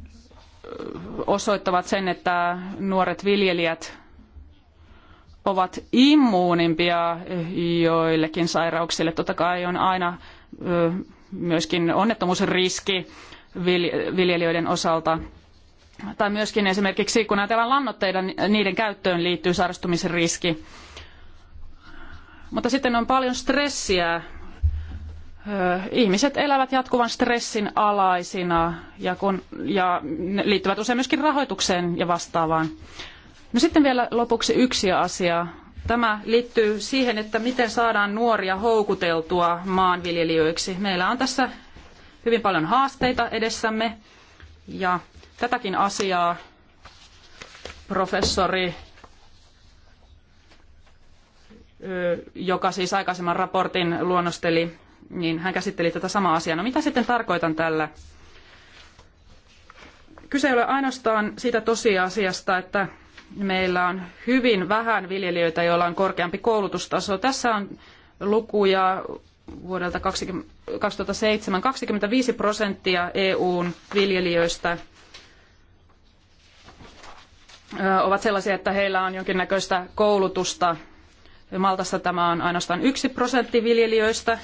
osoittavat sen, että nuoret viljelijät ovat immuunimpia joillekin sairauksille. Totta kai on aina myöskin onnettomuusriski viljelijöiden osalta. Tai myöskin esimerkiksi kun ajatellaan lannoitteita, niiden käyttöön liittyy sairastumisen riski. Mutta sitten on paljon stressiä. Ihmiset elävät jatkuvan stressin alaisina ja, kun, ja ne liittyvät usein myöskin rahoitukseen ja vastaavaan. No sitten vielä lopuksi yksi asia. Tämä liittyy siihen, että miten saadaan nuoria houkuteltua maanviljelijöiksi. Meillä on tässä hyvin paljon haasteita edessämme ja tätäkin asiaa professori joka siis aikaisemman raportin luonnosteli, niin hän käsitteli tätä samaa asiaa. No mitä sitten tarkoitan tällä? Kyse ei ole ainoastaan siitä tosiasiasta, että meillä on hyvin vähän viljelijöitä, joilla on korkeampi koulutustaso. Tässä on lukuja vuodelta 20, 2007. 25 prosenttia EUn viljelijöistä ovat sellaisia, että heillä on jonkinnäköistä koulutusta. Maltassa tämä on ainoastaan yksi prosentti viljelijöistä,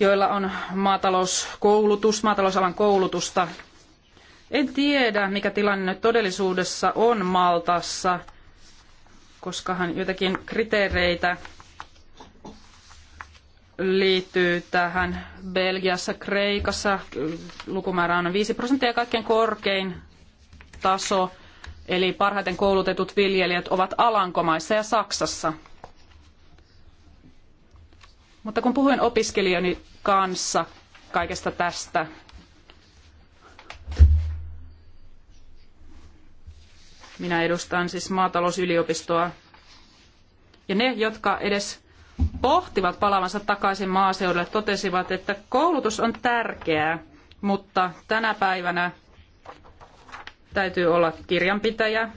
joilla on maatalouskoulutus, maatalousalan koulutusta. En tiedä, mikä tilanne nyt todellisuudessa on Maltassa, koskahan jotakin kriteereitä liittyy tähän Belgiassa, Kreikassa. Lukumäärä on 5 prosenttia kaikkein korkein taso. Eli parhaiten koulutetut viljelijät ovat Alankomaissa ja Saksassa. Mutta kun puhuin opiskelijani kanssa kaikesta tästä, Minä edustan siis maatalousyliopistoa. Ja ne, jotka edes pohtivat palavansa takaisin maaseudulle, totesivat, että koulutus on tärkeää, mutta tänä päivänä täytyy olla kirjanpitäjä,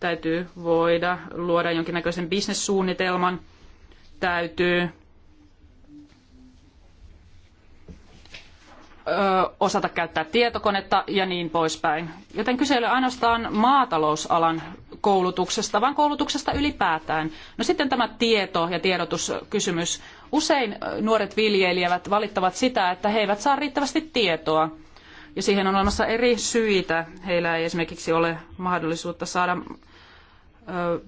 täytyy voida luoda jonkinnäköisen bisnessuunnitelman, täytyy osata käyttää tietokonetta ja niin poispäin. Joten kyse ei ole ainoastaan maatalousalan koulutuksesta, vaan koulutuksesta ylipäätään. No sitten tämä tieto- ja tiedotuskysymys. Usein nuoret viljelijät valittavat sitä, että he eivät saa riittävästi tietoa. Ja siihen on olemassa eri syitä. Heillä ei esimerkiksi ole mahdollisuutta saada ö,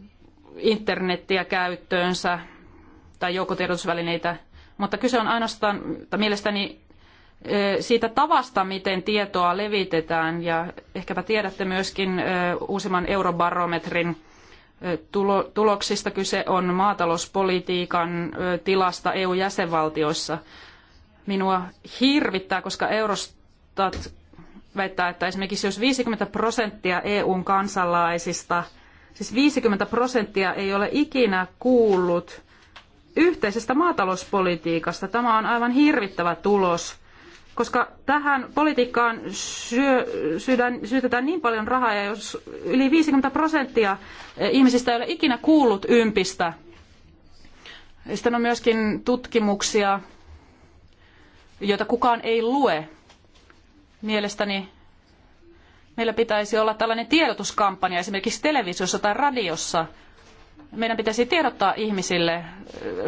internettiä käyttöönsä tai joukkotiedotusvälineitä. Mutta kyse on ainoastaan, tai mielestäni siitä tavasta, miten tietoa levitetään. Ja ehkäpä tiedätte myöskin uusimman eurobarometrin tuloksista. Kyse on maatalouspolitiikan tilasta EU-jäsenvaltioissa. Minua hirvittää, koska Eurostat väittää, että esimerkiksi jos 50 prosenttia EUn kansalaisista, siis 50 prosenttia ei ole ikinä kuullut yhteisestä maatalouspolitiikasta. Tämä on aivan hirvittävä tulos koska tähän politiikkaan syö, syydän, syytetään niin paljon rahaa, ja jos yli 50 prosenttia e, ihmisistä ei ole ikinä kuullut ympistä, sitten on myöskin tutkimuksia, joita kukaan ei lue. Mielestäni meillä pitäisi olla tällainen tiedotuskampanja esimerkiksi televisiossa tai radiossa. Meidän pitäisi tiedottaa ihmisille e,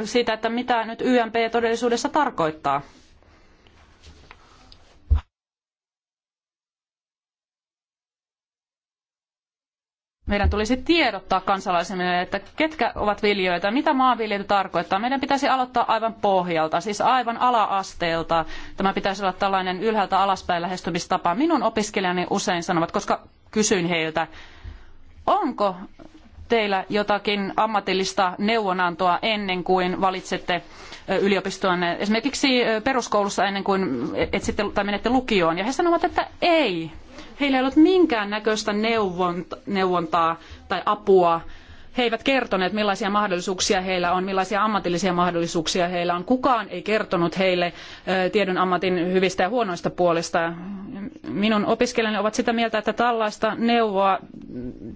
siitä, että mitä nyt YMP todellisuudessa tarkoittaa. meidän tulisi tiedottaa kansalaisille, että ketkä ovat viljoita, mitä maanviljely tarkoittaa. Meidän pitäisi aloittaa aivan pohjalta, siis aivan ala-asteelta. Tämä pitäisi olla tällainen ylhäältä alaspäin lähestymistapa. Minun opiskelijani usein sanovat, koska kysyin heiltä, onko teillä jotakin ammatillista neuvonantoa ennen kuin valitsette yliopistoon, esimerkiksi peruskoulussa ennen kuin e, etsitte tai menette lukioon. Ja he sanovat, että ei, Heillä ei ollut minkään näköistä neuvontaa tai apua. He eivät kertoneet, millaisia mahdollisuuksia heillä on, millaisia ammatillisia mahdollisuuksia heillä on. Kukaan ei kertonut heille tiedon ammatin hyvistä ja huonoista puolista. Minun opiskelijani ovat sitä mieltä, että tällaista neuvoa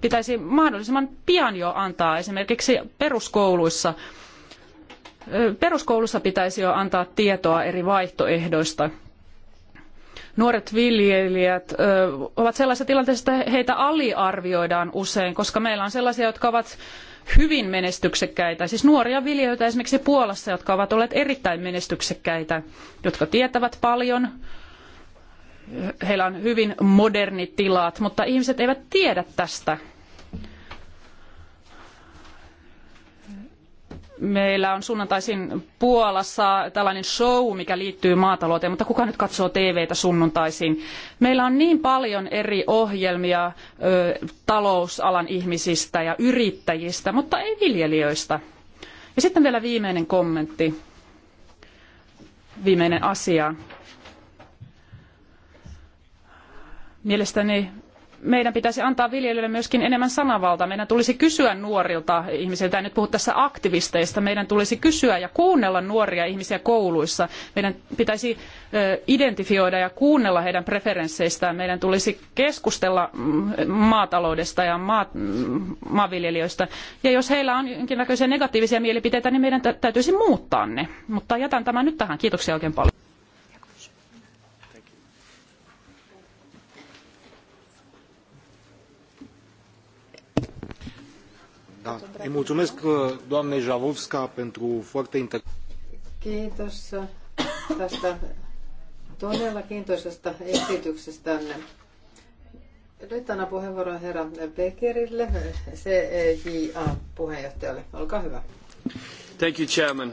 pitäisi mahdollisimman pian jo antaa esimerkiksi peruskouluissa peruskoulussa pitäisi jo antaa tietoa eri vaihtoehdoista nuoret viljelijät ovat sellaisessa tilanteessa, että heitä aliarvioidaan usein, koska meillä on sellaisia, jotka ovat hyvin menestyksekkäitä, siis nuoria viljelijöitä esimerkiksi Puolassa, jotka ovat olleet erittäin menestyksekkäitä, jotka tietävät paljon, heillä on hyvin modernit tilat, mutta ihmiset eivät tiedä tästä meillä on sunnuntaisin Puolassa tällainen show, mikä liittyy maatalouteen, mutta kuka nyt katsoo TVtä sunnuntaisin? Meillä on niin paljon eri ohjelmia ö, talousalan ihmisistä ja yrittäjistä, mutta ei viljelijöistä. Ja sitten vielä viimeinen kommentti, viimeinen asia. Mielestäni meidän pitäisi antaa viljelijöille myöskin enemmän sananvaltaa. Meidän tulisi kysyä nuorilta ihmisiltä, en nyt puhu tässä aktivisteista, meidän tulisi kysyä ja kuunnella nuoria ihmisiä kouluissa. Meidän pitäisi identifioida ja kuunnella heidän preferensseistään. Meidän tulisi keskustella mm, maataloudesta ja maa, mm, maanviljelijöistä. Ja jos heillä on jonkinnäköisiä negatiivisia mielipiteitä, niin meidän täytyisi muuttaa ne. Mutta jätän tämän nyt tähän. Kiitoksia oikein paljon. Da. Îi mulțumesc uh, doamnei Javovska pentru foarte inter... Kiitos uh, tästä todella kiintoisesta esityksestänne. Nyt annan puheenvuoron herra Beckerille, CEJA-puheenjohtajalle. Olkaa hyvä. Thank you, Chairman.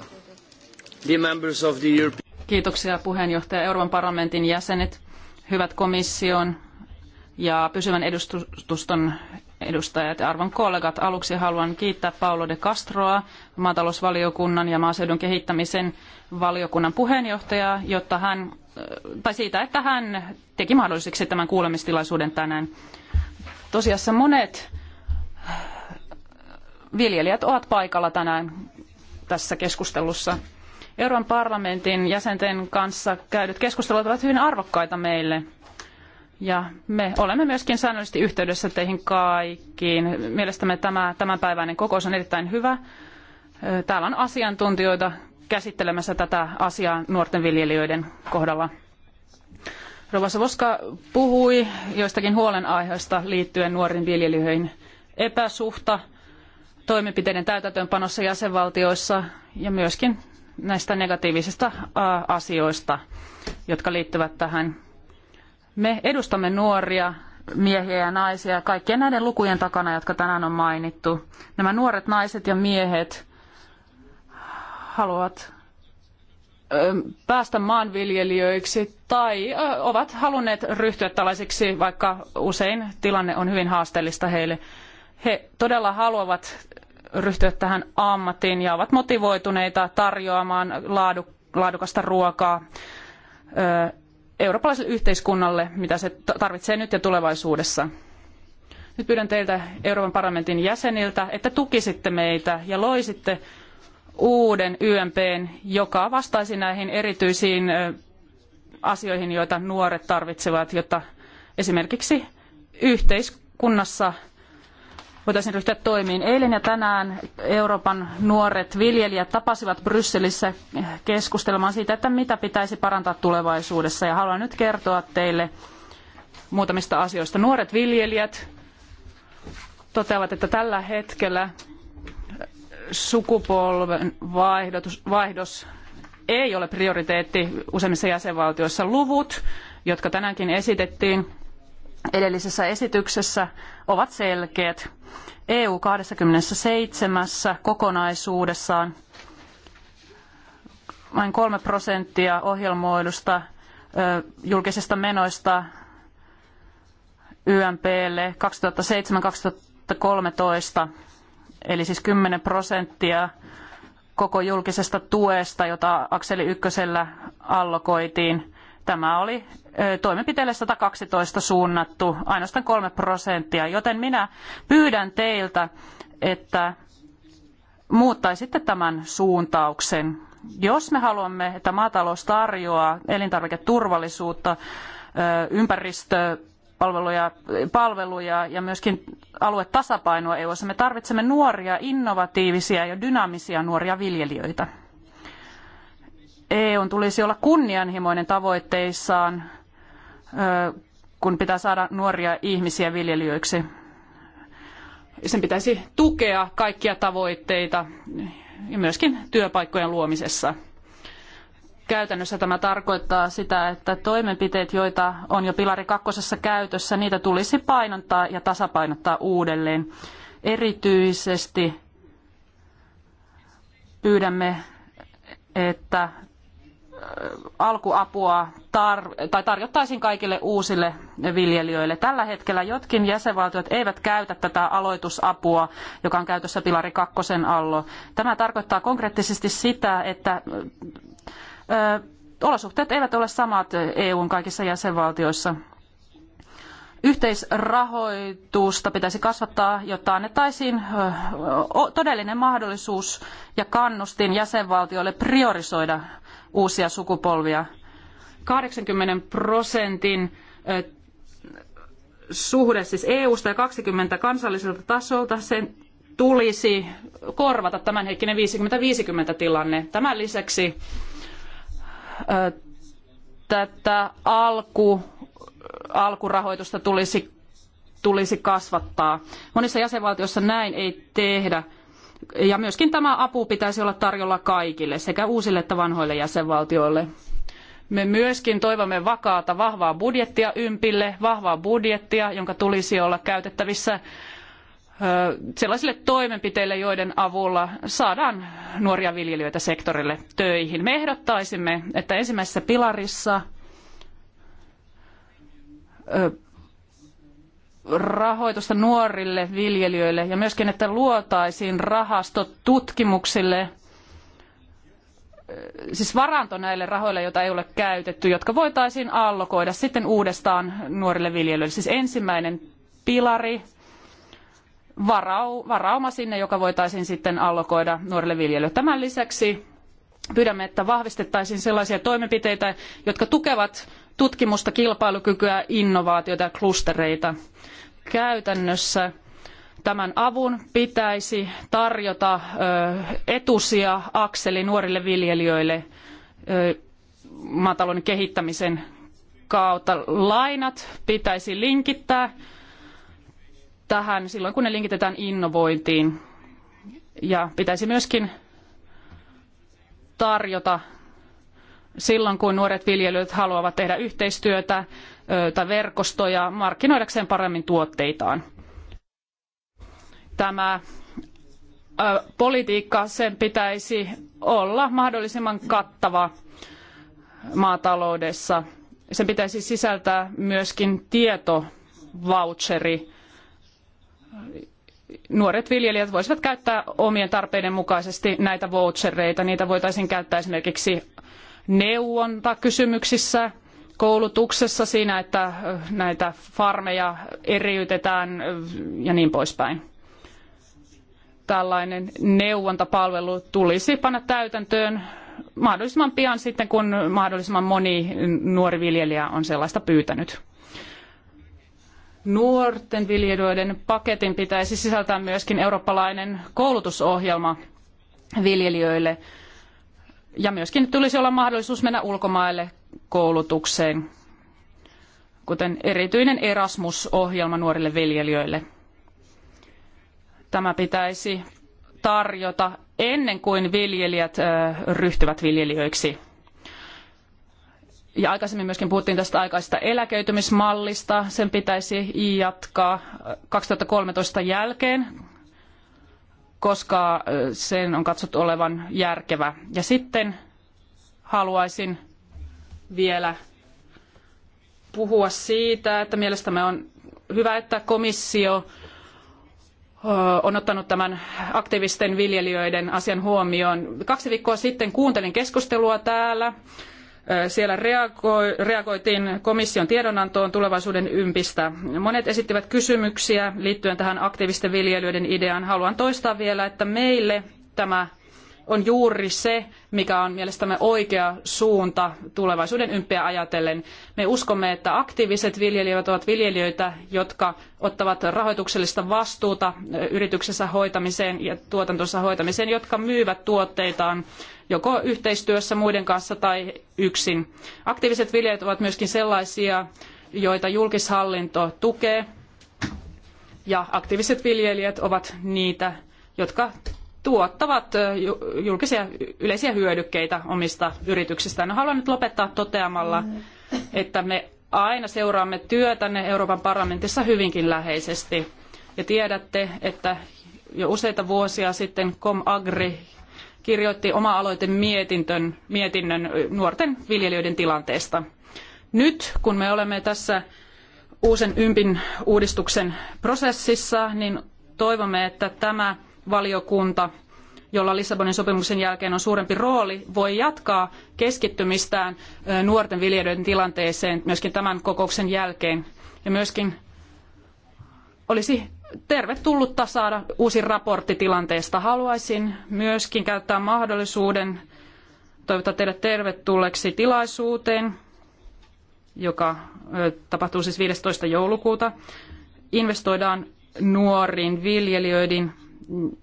The members of the European... Kiitoksia puheenjohtaja Euroopan parlamentin jäsenet, hyvät komission ja pysyvän edustuston edustajat ja arvon kollegat. Aluksi haluan kiittää Paolo de Castroa, maatalousvaliokunnan ja maaseudun kehittämisen valiokunnan puheenjohtajaa, jotta hän, tai siitä, että hän teki mahdolliseksi tämän kuulemistilaisuuden tänään. Tosiassa monet viljelijät ovat paikalla tänään tässä keskustelussa. Euroopan parlamentin jäsenten kanssa käydyt keskustelut ovat hyvin arvokkaita meille – ja me olemme myöskin säännöllisesti yhteydessä teihin kaikkiin. Mielestämme tämä tämänpäiväinen kokous on erittäin hyvä. Täällä on asiantuntijoita käsittelemässä tätä asiaa nuorten viljelijöiden kohdalla. Rova Savoska puhui joistakin huolenaiheista liittyen nuoriin viljelijöihin. Epäsuhta toimenpiteiden täytäntöönpanossa jäsenvaltioissa ja myöskin näistä negatiivisista asioista, jotka liittyvät tähän me edustamme nuoria miehiä ja naisia kaikkien näiden lukujen takana, jotka tänään on mainittu. Nämä nuoret naiset ja miehet haluavat päästä maanviljelijöiksi tai ovat halunneet ryhtyä tällaisiksi, vaikka usein tilanne on hyvin haasteellista heille. He todella haluavat ryhtyä tähän ammattiin ja ovat motivoituneita tarjoamaan laadukasta ruokaa eurooppalaiselle yhteiskunnalle, mitä se tarvitsee nyt ja tulevaisuudessa. Nyt pyydän teiltä Euroopan parlamentin jäseniltä, että tukisitte meitä ja loisitte uuden YMPn, joka vastaisi näihin erityisiin asioihin, joita nuoret tarvitsevat, jotta esimerkiksi yhteiskunnassa voitaisiin ryhtyä toimiin. Eilen ja tänään Euroopan nuoret viljelijät tapasivat Brysselissä keskustelemaan siitä, että mitä pitäisi parantaa tulevaisuudessa. Ja haluan nyt kertoa teille muutamista asioista. Nuoret viljelijät toteavat, että tällä hetkellä sukupolven vaihdos, vaihdos ei ole prioriteetti useimmissa jäsenvaltioissa. Luvut, jotka tänäänkin esitettiin, edellisessä esityksessä ovat selkeät. EU 27 kokonaisuudessaan vain kolme prosenttia ohjelmoidusta julkisista menoista YMPlle 2007-2013, eli siis kymmenen prosenttia koko julkisesta tuesta, jota Akseli Ykkösellä allokoitiin Tämä oli toimenpiteelle 112 suunnattu, ainoastaan kolme prosenttia, joten minä pyydän teiltä, että muuttaisitte tämän suuntauksen. Jos me haluamme, että maatalous tarjoaa elintarviketurvallisuutta, ympäristöpalveluja palveluja, ja myöskin aluetasapainoa EU:ssa, Me tarvitsemme nuoria, innovatiivisia ja dynaamisia nuoria viljelijöitä. EUn tulisi olla kunnianhimoinen tavoitteissaan, kun pitää saada nuoria ihmisiä viljelijöiksi. Sen pitäisi tukea kaikkia tavoitteita ja myöskin työpaikkojen luomisessa. Käytännössä tämä tarkoittaa sitä, että toimenpiteet, joita on jo pilari kakkosessa käytössä, niitä tulisi painottaa ja tasapainottaa uudelleen. Erityisesti pyydämme, että alkuapua tar- tai tarjottaisiin kaikille uusille viljelijöille. Tällä hetkellä jotkin jäsenvaltiot eivät käytä tätä aloitusapua, joka on käytössä Pilari kakkosen allo. Tämä tarkoittaa konkreettisesti sitä, että ö, olosuhteet eivät ole samat EUn kaikissa jäsenvaltioissa yhteisrahoitusta pitäisi kasvattaa, jotta annettaisiin todellinen mahdollisuus ja kannustin jäsenvaltioille priorisoida uusia sukupolvia. 80 prosentin suhde siis EU-sta ja 20 kansalliselta tasolta, sen tulisi korvata tämänhetkinen 50-50 tilanne. Tämän lisäksi tätä alku, alkurahoitusta tulisi, tulisi kasvattaa. Monissa jäsenvaltioissa näin ei tehdä ja myöskin tämä apu pitäisi olla tarjolla kaikille, sekä uusille että vanhoille jäsenvaltioille. Me myöskin toivomme vakaata, vahvaa budjettia ympille, vahvaa budjettia, jonka tulisi olla käytettävissä sellaisille toimenpiteille, joiden avulla saadaan nuoria viljelijöitä sektorille töihin. Me ehdottaisimme, että ensimmäisessä pilarissa rahoitusta nuorille viljelijöille ja myöskin, että luotaisiin rahasto tutkimuksille, eh, siis varanto näille rahoille, joita ei ole käytetty, jotka voitaisiin allokoida sitten uudestaan nuorille viljelijöille. Siis ensimmäinen pilari, varau, varauma sinne, joka voitaisiin sitten allokoida nuorille viljelijöille. Tämän lisäksi pyydämme, että vahvistettaisiin sellaisia toimenpiteitä, jotka tukevat tutkimusta, kilpailukykyä, innovaatioita ja klustereita. Käytännössä tämän avun pitäisi tarjota etusia akseli nuorille viljelijöille maatalouden kehittämisen kautta. Lainat pitäisi linkittää tähän silloin, kun ne linkitetään innovointiin. Ja pitäisi myöskin tarjota silloin, kun nuoret viljelijät haluavat tehdä yhteistyötä tai verkostoja markkinoidakseen paremmin tuotteitaan. Tämä politiikka, sen pitäisi olla mahdollisimman kattava maataloudessa. Sen pitäisi sisältää myöskin tietovoucheri. Nuoret viljelijät voisivat käyttää omien tarpeiden mukaisesti näitä vouchereita. Niitä voitaisiin käyttää esimerkiksi neuvonta kysymyksissä, koulutuksessa siinä, että äh, näitä farmeja eriytetään äh, ja niin poispäin. Tällainen neuvontapalvelu tulisi panna täytäntöön mahdollisimman pian sitten, kun mahdollisimman moni nuori viljelijä on sellaista pyytänyt. Nuorten viljelijöiden paketin pitäisi sisältää myöskin eurooppalainen koulutusohjelma viljelijöille – ja myöskin tulisi olla mahdollisuus mennä ulkomaille koulutukseen, kuten erityinen Erasmus-ohjelma nuorille viljelijöille. Tämä pitäisi tarjota ennen kuin viljelijät ryhtyvät viljelijöiksi. Ja aikaisemmin myöskin puhuttiin tästä aikaisesta eläköitymismallista. Sen pitäisi jatkaa 2013 jälkeen, koska sen on katsottu olevan järkevä. Ja sitten haluaisin vielä puhua siitä, että mielestämme on hyvä, että komissio on ottanut tämän aktiivisten viljelijöiden asian huomioon. Kaksi viikkoa sitten kuuntelin keskustelua täällä siellä reagoitiin komission tiedonantoon tulevaisuuden ympistä. Monet esittivät kysymyksiä liittyen tähän aktiivisten viljelijöiden ideaan. Haluan toistaa vielä, että meille tämä on juuri se, mikä on mielestämme oikea suunta tulevaisuuden ympiä ajatellen. Me uskomme, että aktiiviset viljelijät ovat viljelijöitä, jotka ottavat rahoituksellista vastuuta yrityksensä hoitamiseen ja tuotantonsa hoitamiseen, jotka myyvät tuotteitaan joko yhteistyössä muiden kanssa tai yksin. Aktiiviset viljelijät ovat myöskin sellaisia, joita julkishallinto tukee, ja aktiiviset viljelijät ovat niitä, jotka tuottavat julkisia yleisiä hyödykkeitä omista yrityksistään. No, haluan nyt lopettaa toteamalla, että me aina seuraamme työtänne Euroopan parlamentissa hyvinkin läheisesti. Ja tiedätte, että jo useita vuosia sitten ComAgri kirjoitti oma-aloiten mietintön, mietinnön nuorten viljelijöiden tilanteesta. Nyt, kun me olemme tässä uusen ympin uudistuksen prosessissa, niin toivomme, että tämä valiokunta, jolla Lissabonin sopimuksen jälkeen on suurempi rooli, voi jatkaa keskittymistään nuorten viljelijöiden tilanteeseen myöskin tämän kokouksen jälkeen. Ja myöskin olisi tervetullutta saada uusi raportti tilanteesta. Haluaisin myöskin käyttää mahdollisuuden toivottaa teidät tervetulleeksi tilaisuuteen, joka tapahtuu siis 15. joulukuuta. Investoidaan nuoriin viljelijöihin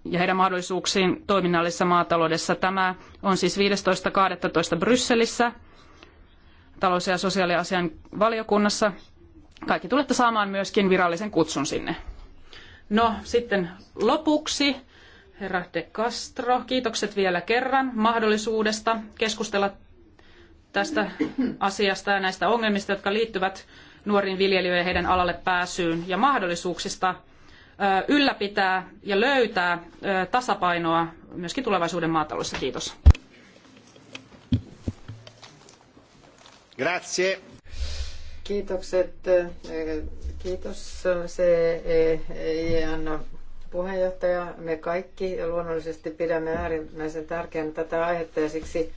ja heidän mahdollisuuksiin toiminnallisessa maataloudessa. Tämä on siis 15.12. Brysselissä talous- ja sosiaaliasian valiokunnassa. Kaikki tulette saamaan myöskin virallisen kutsun sinne. No sitten lopuksi herra De Castro, kiitokset vielä kerran mahdollisuudesta keskustella tästä asiasta ja näistä ongelmista, jotka liittyvät nuoriin viljelijöihin ja heidän alalle pääsyyn ja mahdollisuuksista – ylläpitää ja löytää tasapainoa myöskin tulevaisuuden maataloudessa. Kiitos. Grazie. Kiitokset. Kiitos CEIN e, e puheenjohtaja. Me kaikki luonnollisesti pidämme äärimmäisen tärkeänä tätä aihetta ja siksi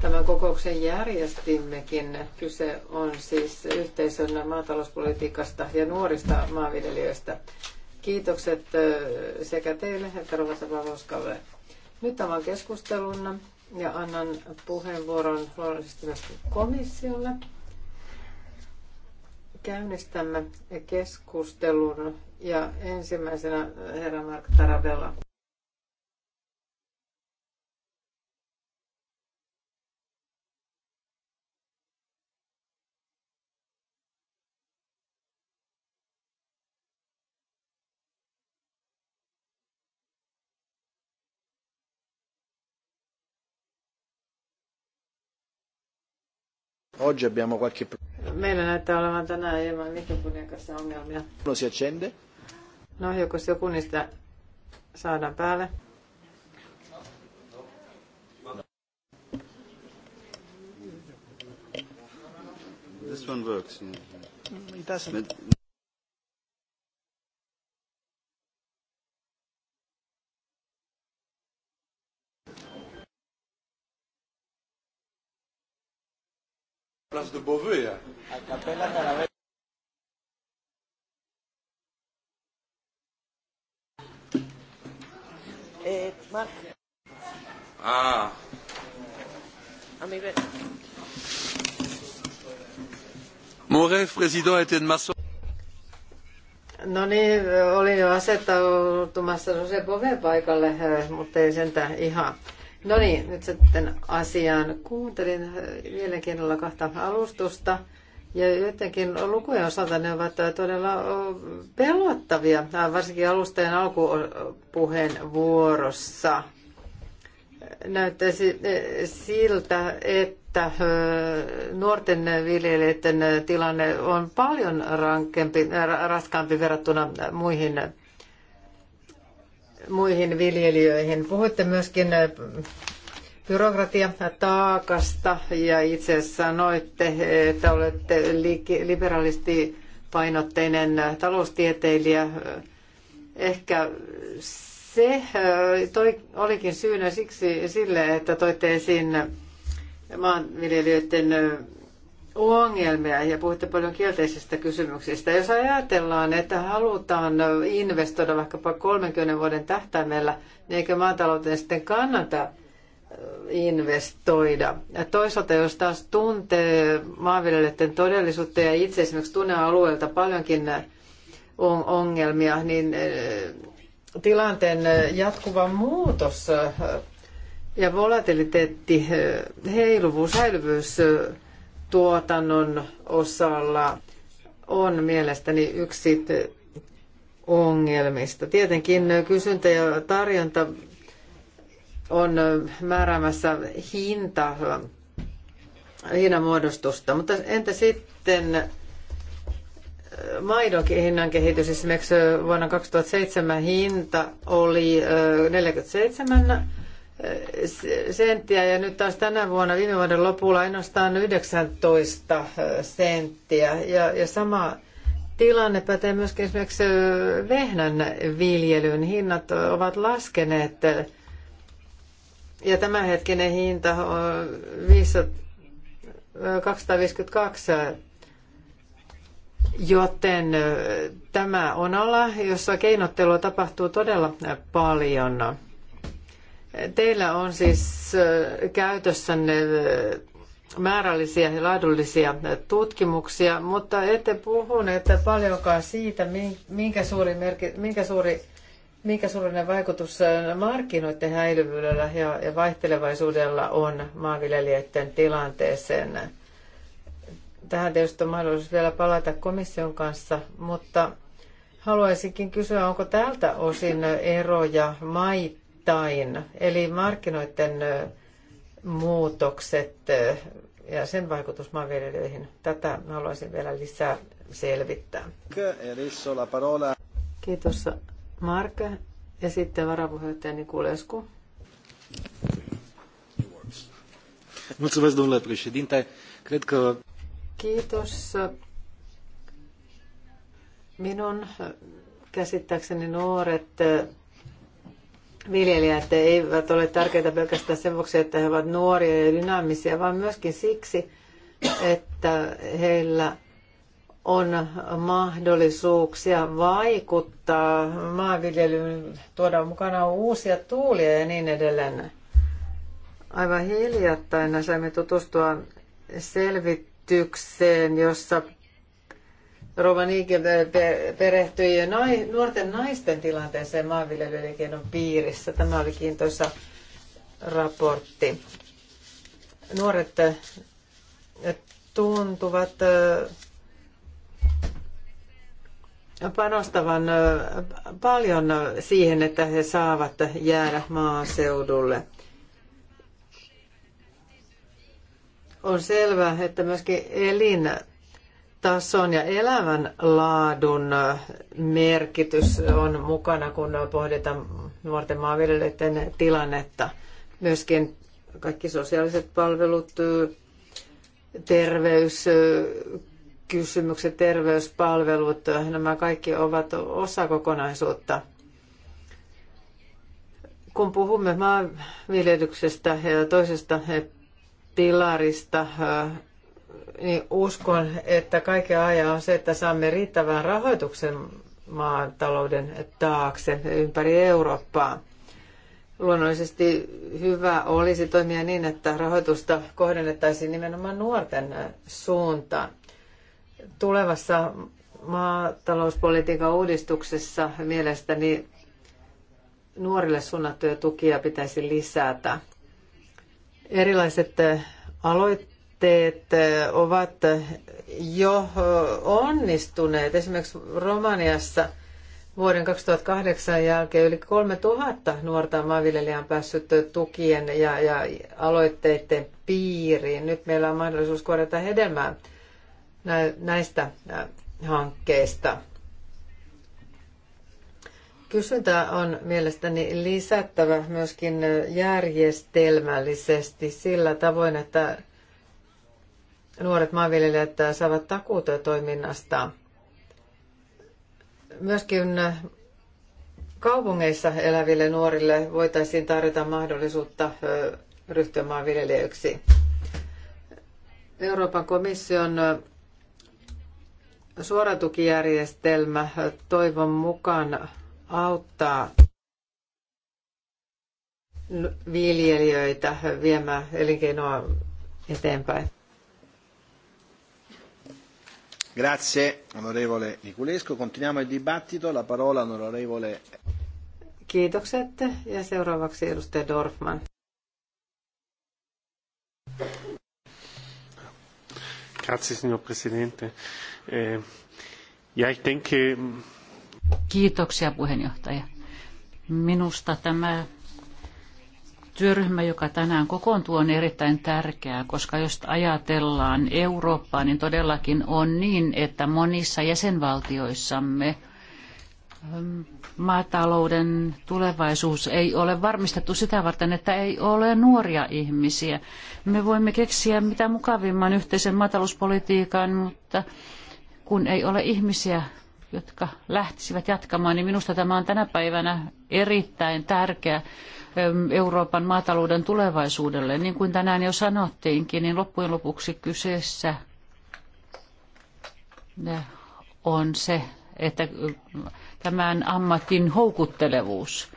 tämän kokouksen järjestimmekin. Kyse on siis yhteisön maatalouspolitiikasta ja nuorista maanviljelijöistä. Kiitokset sekä teille että Rovassa vavoskalle Nyt avaan keskustelun ja annan puheenvuoron luonnollisesti komissiolle. Käynnistämme keskustelun ja ensimmäisenä herra Mark Taravella. Oggi abbiamo qualche... problema. Meillä näyttää olevan tänään ilman mikrofonia kanssa ongelmia. Uno si accende. No, joko joku niistä saadaan päälle. This one works. Yeah. Mm, it doesn't. Las de Bovea. Acapella Talavera. Eh, Marc. Ah. A Mon rêve président était de maçon. No niin, olin jo asettautumassa Jose Boven paikalle, eh, mutta ei sentään ihan. No niin, nyt sitten asiaan. Kuuntelin mielenkiinnolla kahta alustusta. Ja jotenkin lukujen osalta ne ovat todella pelottavia, varsinkin alustajan alkupuheenvuorossa. Näyttäisi siltä, että nuorten viljelijöiden tilanne on paljon rankempi, raskaampi verrattuna muihin muihin viljelijöihin. Puhuitte myöskin äh, byrokratiataakasta ja itse sanoitte, että olette liberalisti painotteinen taloustieteilijä. Ehkä se äh, toi, olikin syynä siksi, sille, että toitte esiin maanviljelijöiden äh, ongelmia ja puhutte paljon kielteisistä kysymyksistä. Jos ajatellaan, että halutaan investoida vaikkapa 30 vuoden tähtäimellä, niin eikö maatalouteen sitten kannata investoida. Ja toisaalta jos taas tuntee maanviljelijöiden todellisuutta ja itse esimerkiksi tunne alueelta paljonkin on ongelmia, niin tilanteen jatkuva muutos ja volatiliteetti, heiluvuus, häilyvyys tuotannon osalla on mielestäni yksi ongelmista. Tietenkin kysyntä ja tarjonta on määräämässä hinta, hinnanmuodostusta. Mutta entä sitten maidon hinnan kehitys? Esimerkiksi vuonna 2007 hinta oli 47 senttiä ja nyt taas tänä vuonna, viime vuoden lopulla ainoastaan 19 äh, senttiä. Ja, ja sama tilanne pätee myöskin esimerkiksi äh, vehnän viljelyn. Hinnat äh, ovat laskeneet ja tämänhetkinen hinta on 252, joten tämä on ala, jossa keinottelua tapahtuu todella paljon. Teillä on siis käytössänne määrällisiä ja laadullisia tutkimuksia, mutta ette puhuneet paljonkaan siitä, minkä suuri, merki, minkä suuri minkä suurinen vaikutus markkinoiden häilyvyydellä ja vaihtelevaisuudella on maanviljelijöiden tilanteeseen. Tähän tietysti on mahdollisuus vielä palata komission kanssa, mutta haluaisinkin kysyä, onko tältä osin eroja maita osittain. Eli markkinoiden muutokset ja sen vaikutus maanviljelijöihin. Tätä haluaisin vielä lisää selvittää. Kiitos Mark. Ja sitten varapuheenjohtaja Nikulescu. Kiitos. Minun käsittääkseni nuoret viljelijät eivät ole tärkeitä pelkästään sen vuoksi, että he ovat nuoria ja dynaamisia, vaan myöskin siksi, että heillä on mahdollisuuksia vaikuttaa maanviljelyyn, tuoda mukana uusia tuulia ja niin edelleen. Aivan hiljattain saimme tutustua selvitykseen, jossa Rova Niikin perehtyi nuorten naisten tilanteeseen maanviljelyelinkeinon piirissä. Tämä oli kiintoisa raportti. Nuoret äh, tuntuvat äh, panostavan äh, paljon siihen, että he saavat jäädä maaseudulle. On selvää, että myöskin elin tason ja elämänlaadun merkitys on mukana, kun pohditaan nuorten maanviljelijöiden tilannetta. Myöskin kaikki sosiaaliset palvelut, terveyskysymykset, terveyspalvelut, nämä kaikki ovat osa kokonaisuutta. Kun puhumme maanviljelyksestä ja toisesta pilarista, niin uskon, että kaiken ajan on se, että saamme riittävän rahoituksen maatalouden taakse ympäri Eurooppaa. Luonnollisesti hyvä olisi toimia niin, että rahoitusta kohdennettaisiin nimenomaan nuorten suuntaan. Tulevassa maatalouspolitiikan uudistuksessa mielestäni nuorille suunnattuja tukia pitäisi lisätä. Erilaiset aloitteet tavoitteet eh, ovat jo eh, onnistuneet. Esimerkiksi Romaniassa vuoden 2008 jälkeen yli 3000 nuorta maanviljelijää on päässyt tukien ja, ja aloitteiden piiriin. Nyt meillä on mahdollisuus korjata hedelmää näistä eh, hankkeista. Kysyntää on mielestäni lisättävä myöskin järjestelmällisesti sillä tavoin, että nuoret maanviljelijät saavat takuuta toiminnasta. Myöskin kaupungeissa eläville nuorille voitaisiin tarjota mahdollisuutta ryhtyä maanviljelijöiksi. Euroopan komission suoratukijärjestelmä toivon mukaan auttaa viljelijöitä viemään elinkeinoa eteenpäin. Grazie, onorevole Continuiamo il dibattito. La parola onorevole... Kiitokset. Ja seuraavaksi edustaja Dorfman. Grazie, signor Presidente. Eh, ja denke... Kiitoksia, puheenjohtaja. Minusta tämä työryhmä, joka tänään kokoontuu, on erittäin tärkeää, koska jos ajatellaan Eurooppaa, niin todellakin on niin, että monissa jäsenvaltioissamme ähm, maatalouden tulevaisuus ei ole varmistettu sitä varten, että ei ole nuoria ihmisiä. Me voimme keksiä mitä mukavimman yhteisen maatalouspolitiikan, mutta kun ei ole ihmisiä, jotka lähtisivät jatkamaan, niin minusta tämä on tänä päivänä erittäin tärkeä Euroopan maatalouden tulevaisuudelle. Niin kuin tänään jo sanottiinkin, niin loppujen lopuksi kyseessä eh, on se, että eh, tämän ammatin houkuttelevuus.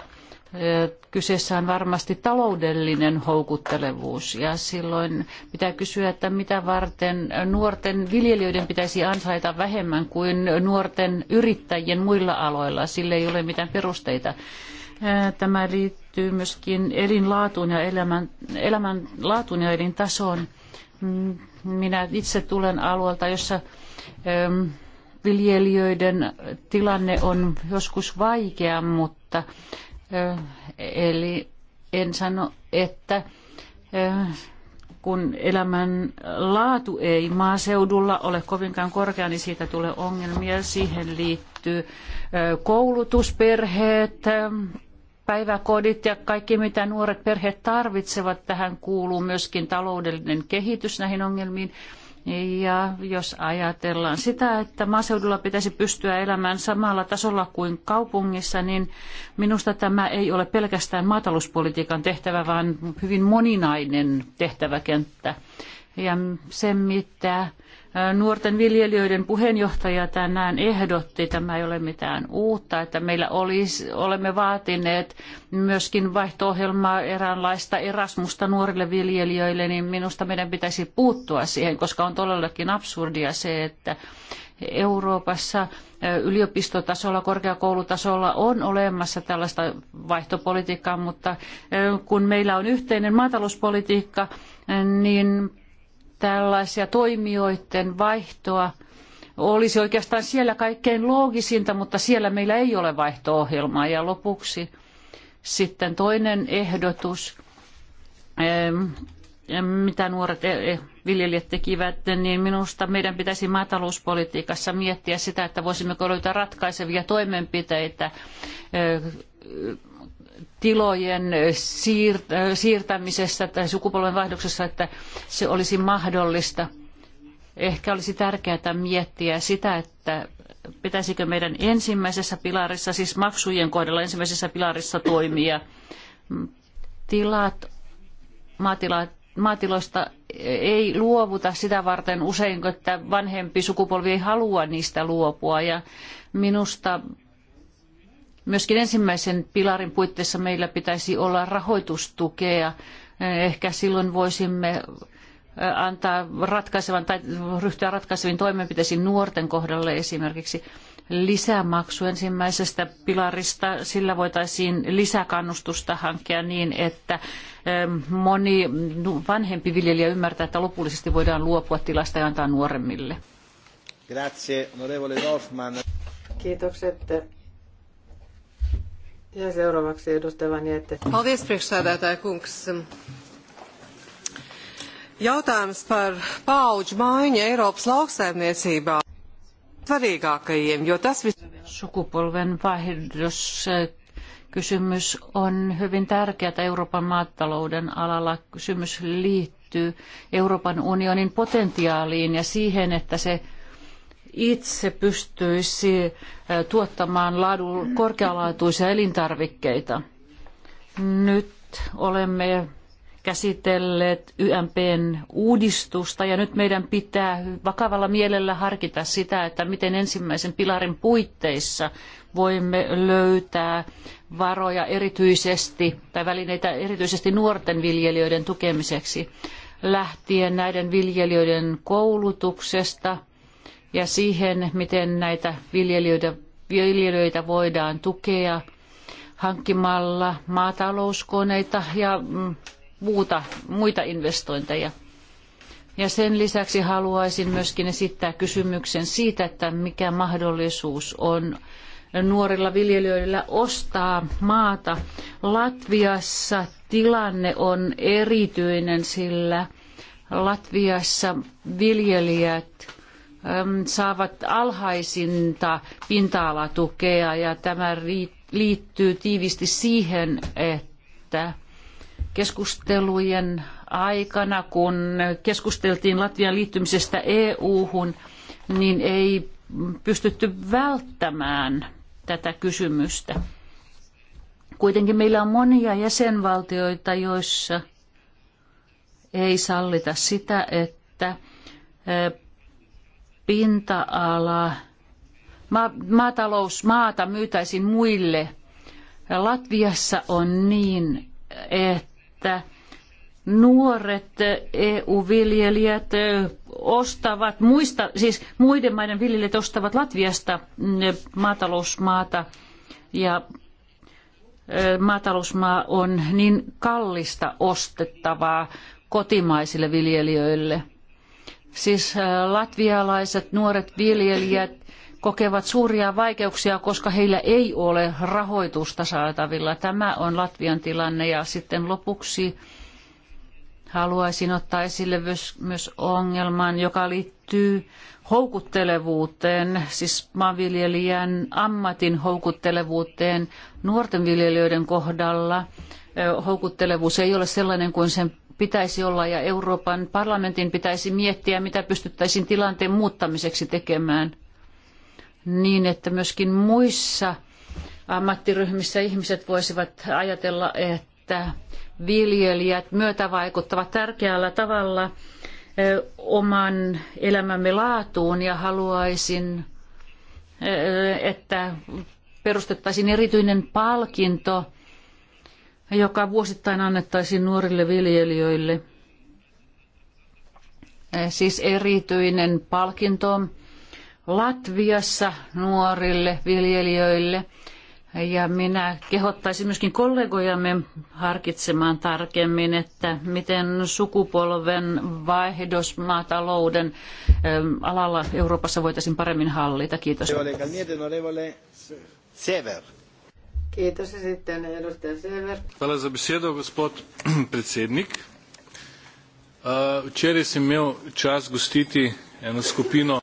Eh, kyseessä on varmasti taloudellinen houkuttelevuus ja silloin pitää kysyä, että mitä varten nuorten viljelijöiden pitäisi ansaita vähemmän kuin nuorten yrittäjien muilla aloilla. Sille ei ole mitään perusteita. Tämä liittyy liittyy myöskin elinlaatuun ja elämän, elämän laatuun ja elintasoon. Mm, minä itse tulen alueelta, jossa viljelijöiden tilanne on joskus vaikea, mutta eh, eli en sano, että eh, kun elämän laatu ei maaseudulla ole kovinkaan korkea, niin siitä tulee ongelmia. Siihen liittyy eh, koulutusperheet, päiväkodit ja kaikki mitä nuoret perheet tarvitsevat. Tähän kuuluu myöskin taloudellinen kehitys näihin ongelmiin. Ja jos ajatellaan sitä, että maaseudulla pitäisi pystyä elämään samalla tasolla kuin kaupungissa, niin minusta tämä ei ole pelkästään maatalouspolitiikan tehtävä, vaan hyvin moninainen tehtäväkenttä. Ja se, mitä Nuorten viljelijöiden puheenjohtaja tänään ehdotti, tämä ei ole mitään uutta, että meillä olisi, olemme vaatineet myöskin vaihto-ohjelmaa eräänlaista erasmusta nuorille viljelijöille, niin minusta meidän pitäisi puuttua siihen, koska on todellakin absurdia se, että Euroopassa yliopistotasolla, korkeakoulutasolla on olemassa tällaista vaihtopolitiikkaa, mutta kun meillä on yhteinen maatalouspolitiikka, niin tällaisia toimijoiden vaihtoa olisi oikeastaan siellä kaikkein loogisinta, mutta siellä meillä ei ole vaihto-ohjelmaa. Ja lopuksi sitten toinen ehdotus, mitä nuoret e, e, viljelijät tekivät, niin minusta meidän pitäisi maatalouspolitiikassa miettiä sitä, että voisimmeko löytää ratkaisevia toimenpiteitä tilojen siirtämisessä tai sukupolvenvaihdoksessa, että se olisi mahdollista. Ehkä olisi tärkeää miettiä sitä, että pitäisikö meidän ensimmäisessä pilarissa, siis maksujen kohdalla ensimmäisessä pilarissa toimia. Tilat, maatilat, maatiloista ei luovuta sitä varten usein, että vanhempi sukupolvi ei halua niistä luopua. Ja minusta Myöskin ensimmäisen pilarin puitteissa meillä pitäisi olla rahoitustukea. Ehkä silloin voisimme antaa ratkaisevan tai ryhtyä ratkaiseviin toimenpiteisiin nuorten kohdalle esimerkiksi lisämaksu ensimmäisestä pilarista. Sillä voitaisiin lisäkannustusta hankkia niin, että moni vanhempi viljelijä ymmärtää, että lopullisesti voidaan luopua tilasta ja antaa nuoremmille. Grazie, onorevole Kiitokset ja seuraavaksi edustaja Vaniette. Paldies priekšsēdētāja kungs. Jautājums par paauģu maiņu Eiropas lauksaimniecībā svarīgākajiem, jo tas vis... Sukupolven vaihdus eh, kysymys on hyvin tärkeä Euroopan maatalouden alalla. Kysymys liittyy Euroopan unionin potentiaaliin ja siihen, että se itse pystyisi tuottamaan laadun korkealaatuisia elintarvikkeita. Nyt olemme käsitelleet YMPn uudistusta ja nyt meidän pitää vakavalla mielellä harkita sitä, että miten ensimmäisen pilarin puitteissa voimme löytää varoja erityisesti tai välineitä erityisesti nuorten viljelijöiden tukemiseksi lähtien näiden viljelijöiden koulutuksesta – ja siihen, miten näitä viljelijöitä, viljelijöitä voidaan tukea hankkimalla maatalouskoneita ja mm, muuta, muita investointeja. Ja sen lisäksi haluaisin myöskin esittää kysymyksen siitä, että mikä mahdollisuus on nuorilla viljelijöillä ostaa maata. Latviassa tilanne on erityinen, sillä Latviassa viljelijät Ähm, saavat alhaisinta pinta-alatukea ja tämä liittyy tiivisti siihen, että keskustelujen aikana, kun keskusteltiin Latvian liittymisestä EU-hun, niin ei pystytty välttämään tätä kysymystä. Kuitenkin meillä on monia jäsenvaltioita, joissa ei sallita sitä, että pinta-ala, ma- maatalousmaata myytäisiin muille. Latviassa on niin, että nuoret EU-viljelijät ostavat muista, siis muiden maiden viljelijät ostavat Latviasta mm, maatalousmaata ja maatalousmaa on niin kallista ostettavaa kotimaisille viljelijöille – Siis äh, latvialaiset nuoret viljelijät kokevat suuria vaikeuksia, koska heillä ei ole rahoitusta saatavilla. Tämä on Latvian tilanne ja sitten lopuksi haluaisin ottaa esille myös, ongelman, joka liittyy houkuttelevuuteen, siis maanviljelijän ammatin houkuttelevuuteen nuorten viljelijöiden kohdalla. Houkuttelevuus ei ole sellainen kuin sen pitäisi olla ja Euroopan parlamentin pitäisi miettiä, mitä pystyttäisiin tilanteen muuttamiseksi tekemään niin, että myöskin muissa ammattiryhmissä ihmiset voisivat ajatella, että viljelijät myötävaikuttavat tärkeällä tavalla oman elämämme laatuun ja haluaisin, että perustettaisiin erityinen palkinto joka vuosittain annettaisiin nuorille viljelijöille. Eh, siis erityinen palkinto Latviassa nuorille viljelijöille. Ja minä kehottaisin myöskin kollegojamme harkitsemaan tarkemmin, että miten sukupolven vaihdos maatalouden alalla Euroopassa voitaisiin paremmin hallita. Kiitos. Sever. Kiitos ja sitten edustaja Sever. Hvala za besedo, gospod *clears throat* predsednik. Uh, včeraj sem imel čas gostiti eno skupino.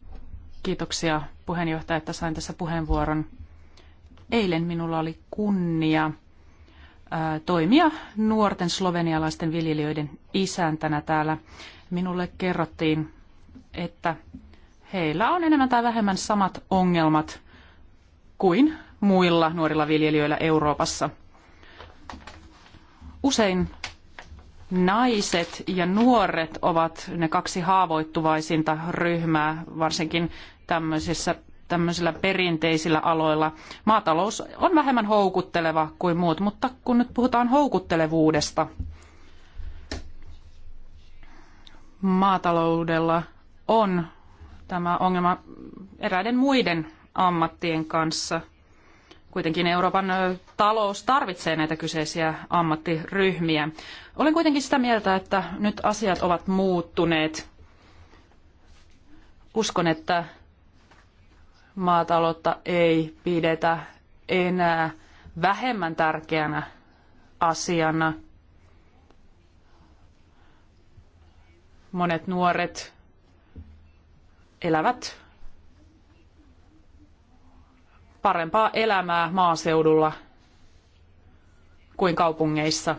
Kiitoksia puheenjohtaja, että sain tässä puheenvuoron. Eilen minulla oli kunnia uh, toimia nuorten slovenialaisten viljelijöiden isäntänä täällä. Minulle kerrottiin, että heillä on enemmän tai vähemmän samat ongelmat kuin muilla nuorilla viljelijöillä Euroopassa. Usein naiset ja nuoret ovat ne kaksi haavoittuvaisinta ryhmää, varsinkin tämmöisissä tämmöisillä perinteisillä aloilla. Maatalous on vähemmän houkutteleva kuin muut, mutta kun nyt puhutaan houkuttelevuudesta, maataloudella on tämä ongelma eräiden muiden ammattien kanssa kuitenkin Euroopan talous tarvitsee näitä kyseisiä ammattiryhmiä. Olen kuitenkin sitä mieltä, että nyt asiat ovat muuttuneet. Uskon, että maataloutta ei pidetä enää vähemmän tärkeänä asiana. Monet nuoret elävät parempaa elämää maaseudulla kuin kaupungeissa.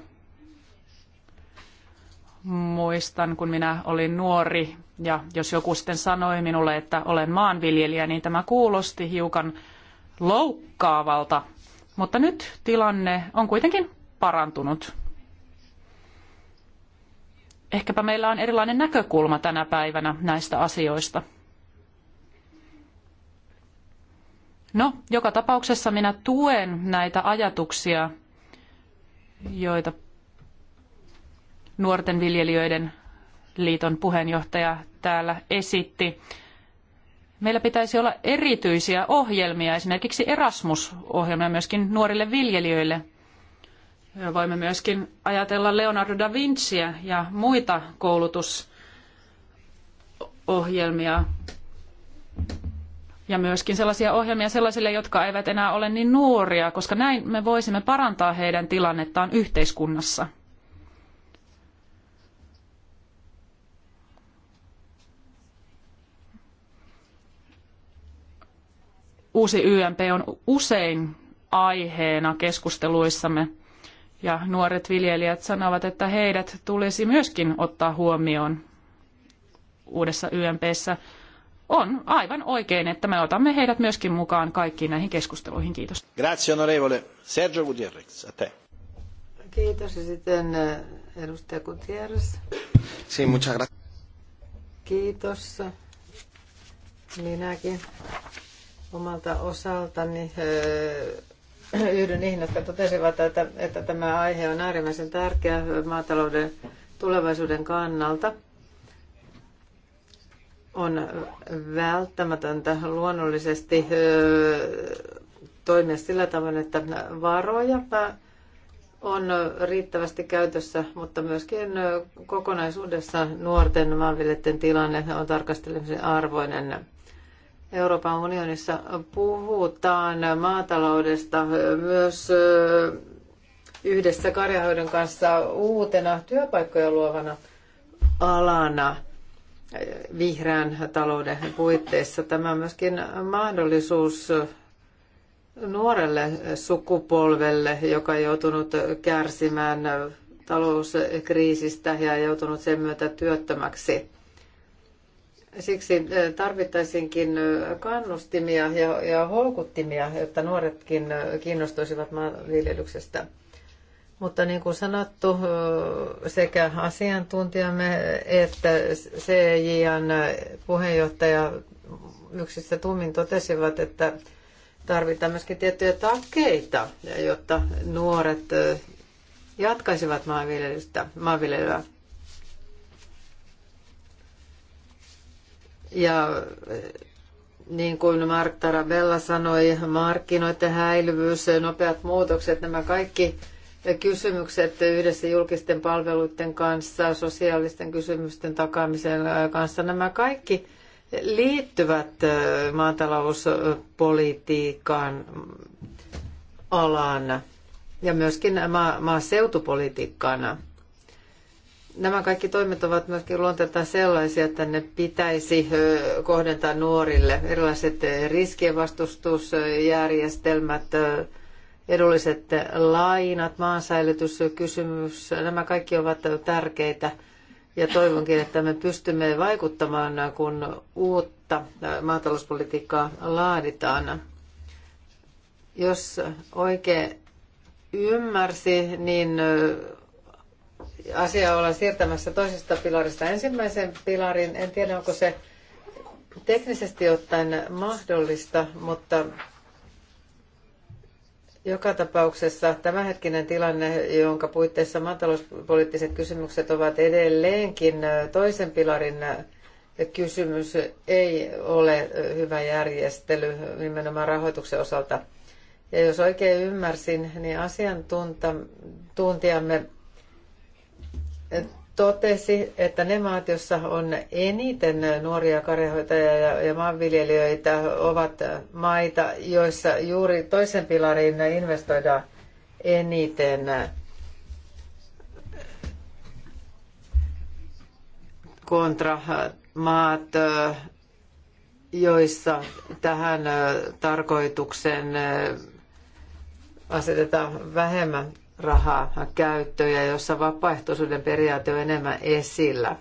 Muistan, kun minä olin nuori ja jos joku sitten sanoi minulle, että olen maanviljelijä, niin tämä kuulosti hiukan loukkaavalta. Mutta nyt tilanne on kuitenkin parantunut. Ehkäpä meillä on erilainen näkökulma tänä päivänä näistä asioista. No, joka tapauksessa minä tuen näitä ajatuksia, joita nuorten viljelijöiden liiton puheenjohtaja täällä esitti. Meillä pitäisi olla erityisiä ohjelmia, esimerkiksi Erasmus-ohjelmia myöskin nuorille viljelijöille. Voimme myöskin ajatella Leonardo da Vinciä ja muita koulutusohjelmia, ja myöskin sellaisia ohjelmia sellaisille, jotka eivät enää ole niin nuoria, koska näin me voisimme parantaa heidän tilannettaan yhteiskunnassa. Uusi YMP on usein aiheena keskusteluissamme ja nuoret viljelijät sanovat, että heidät tulisi myöskin ottaa huomioon uudessa YMPssä on aivan oikein, että me otamme heidät myöskin mukaan kaikkiin näihin keskusteluihin. Kiitos. Grazie onorevole. Sergio Gutierrez, a te. Kiitos ja sitten eh, edustaja Gutierrez. Sí, muchas gracias. Kiitos. Minäkin omalta osaltani eh, *clears throat* yhdyn niihin, jotka totesivat, että, että tämä aihe on äärimmäisen tärkeä maatalouden tulevaisuuden kannalta – on välttämätöntä luonnollisesti toimia sillä tavoin, että varoja on riittävästi käytössä, mutta myöskin kokonaisuudessa nuorten maanviljelijöiden tilanne on tarkastelemisen arvoinen. Euroopan unionissa puhutaan maataloudesta myös yhdessä karjahoidon kanssa uutena työpaikkoja luovana alana – vihreän talouden puitteissa. Tämä on myöskin mahdollisuus nuorelle sukupolvelle, joka on joutunut kärsimään talouskriisistä ja joutunut sen myötä työttömäksi. Siksi tarvittaisinkin kannustimia ja, houkuttimia, jotta nuoretkin kiinnostuisivat maanviljelyksestä. Mutta niin kuin sanottu, sekä asiantuntijamme että CJN puheenjohtaja yksissä tummin totesivat, että tarvitaan myöskin tiettyjä takeita, jotta nuoret jatkaisivat maanviljelystä, maanviljelyä. Ja niin kuin Mark Tarabella sanoi, markkinoiden häilyvyys, nopeat muutokset, nämä kaikki – kysymykset yhdessä julkisten palveluiden kanssa, sosiaalisten kysymysten takaamisen kanssa, nämä kaikki liittyvät maatalouspolitiikan alaan ja myöskin ma- maaseutupolitiikkaan. Nämä kaikki toimet ovat myöskin luonteeltaan sellaisia, että ne pitäisi kohdentaa nuorille. Erilaiset riskien vastustusjärjestelmät, edulliset lainat, maansäilytyskysymys, nämä kaikki ovat tärkeitä. Ja toivonkin, että me pystymme vaikuttamaan, kun uutta maatalouspolitiikkaa laaditaan. Jos oikein ymmärsi, niin asiaa ollaan siirtämässä toisesta pilarista ensimmäisen pilarin. En tiedä, onko se teknisesti ottaen mahdollista, mutta joka tapauksessa tämänhetkinen tilanne, jonka puitteissa maatalouspoliittiset kysymykset ovat edelleenkin toisen pilarin kysymys, ei ole hyvä järjestely nimenomaan rahoituksen osalta. Ja jos oikein ymmärsin, niin asiantuntijamme totesi, että ne maat, joissa on eniten nuoria karjahoitajia ja, ja maanviljelijöitä, ovat maita, joissa juuri toisen pilariin investoidaan eniten. kontra maat, joissa tähän tarkoitukseen asetetaan vähemmän rahaa käyttöjä, jossa vapaaehtoisuuden periaate on enemmän esillä.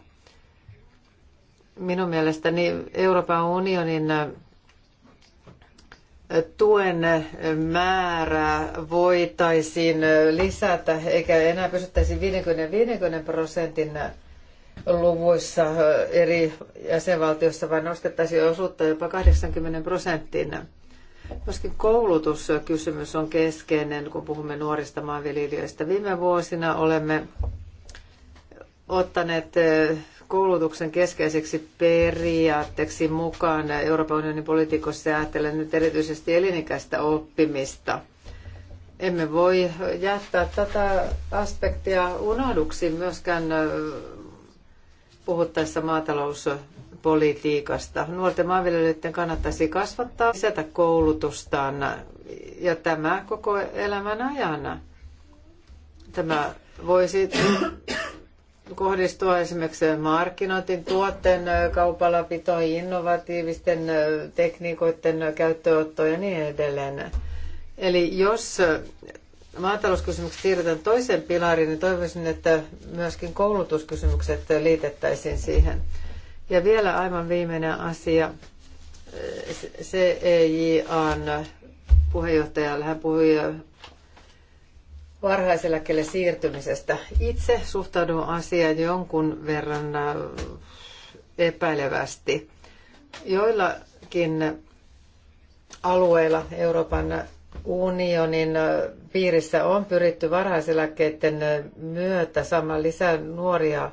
Minun mielestäni Euroopan unionin tuen määrää voitaisiin lisätä, eikä enää pysyttäisi 50-50 prosentin luvuissa eri jäsenvaltioissa, vaan nostettaisiin osuutta jopa 80 prosenttiin. Myöskin koulutuskysymys on keskeinen, kun puhumme nuorista maanviljelijöistä. Viime vuosina olemme ottaneet koulutuksen keskeiseksi periaatteeksi mukaan Euroopan unionin politiikossa ja ajattelen nyt erityisesti elinikäistä oppimista. Emme voi jättää tätä aspektia unohduksi myöskään puhuttaessa maatalous- politiikasta. Nuorten maanviljelijöiden kannattaisi kasvattaa, lisätä koulutustaan ja tämä koko elämän ajan. Tämä voisi kohdistua esimerkiksi markkinointiin, tuotteen kaupallapitoon, innovatiivisten tekniikoiden käyttöönottoon ja niin edelleen. Eli jos maatalouskysymykset siirretään toiseen pilariin, niin toivoisin, että myöskin koulutuskysymykset liitettäisiin siihen. Ja vielä aivan viimeinen asia. CEJAn puheenjohtajalle hän puhui varhaiseläkkeelle siirtymisestä. Itse suhtaudun asiaan jonkun verran äh, epäilevästi. Joillakin alueilla Euroopan unionin äh, piirissä on pyritty varhaiseläkkeiden äh, myötä saamaan lisää nuoria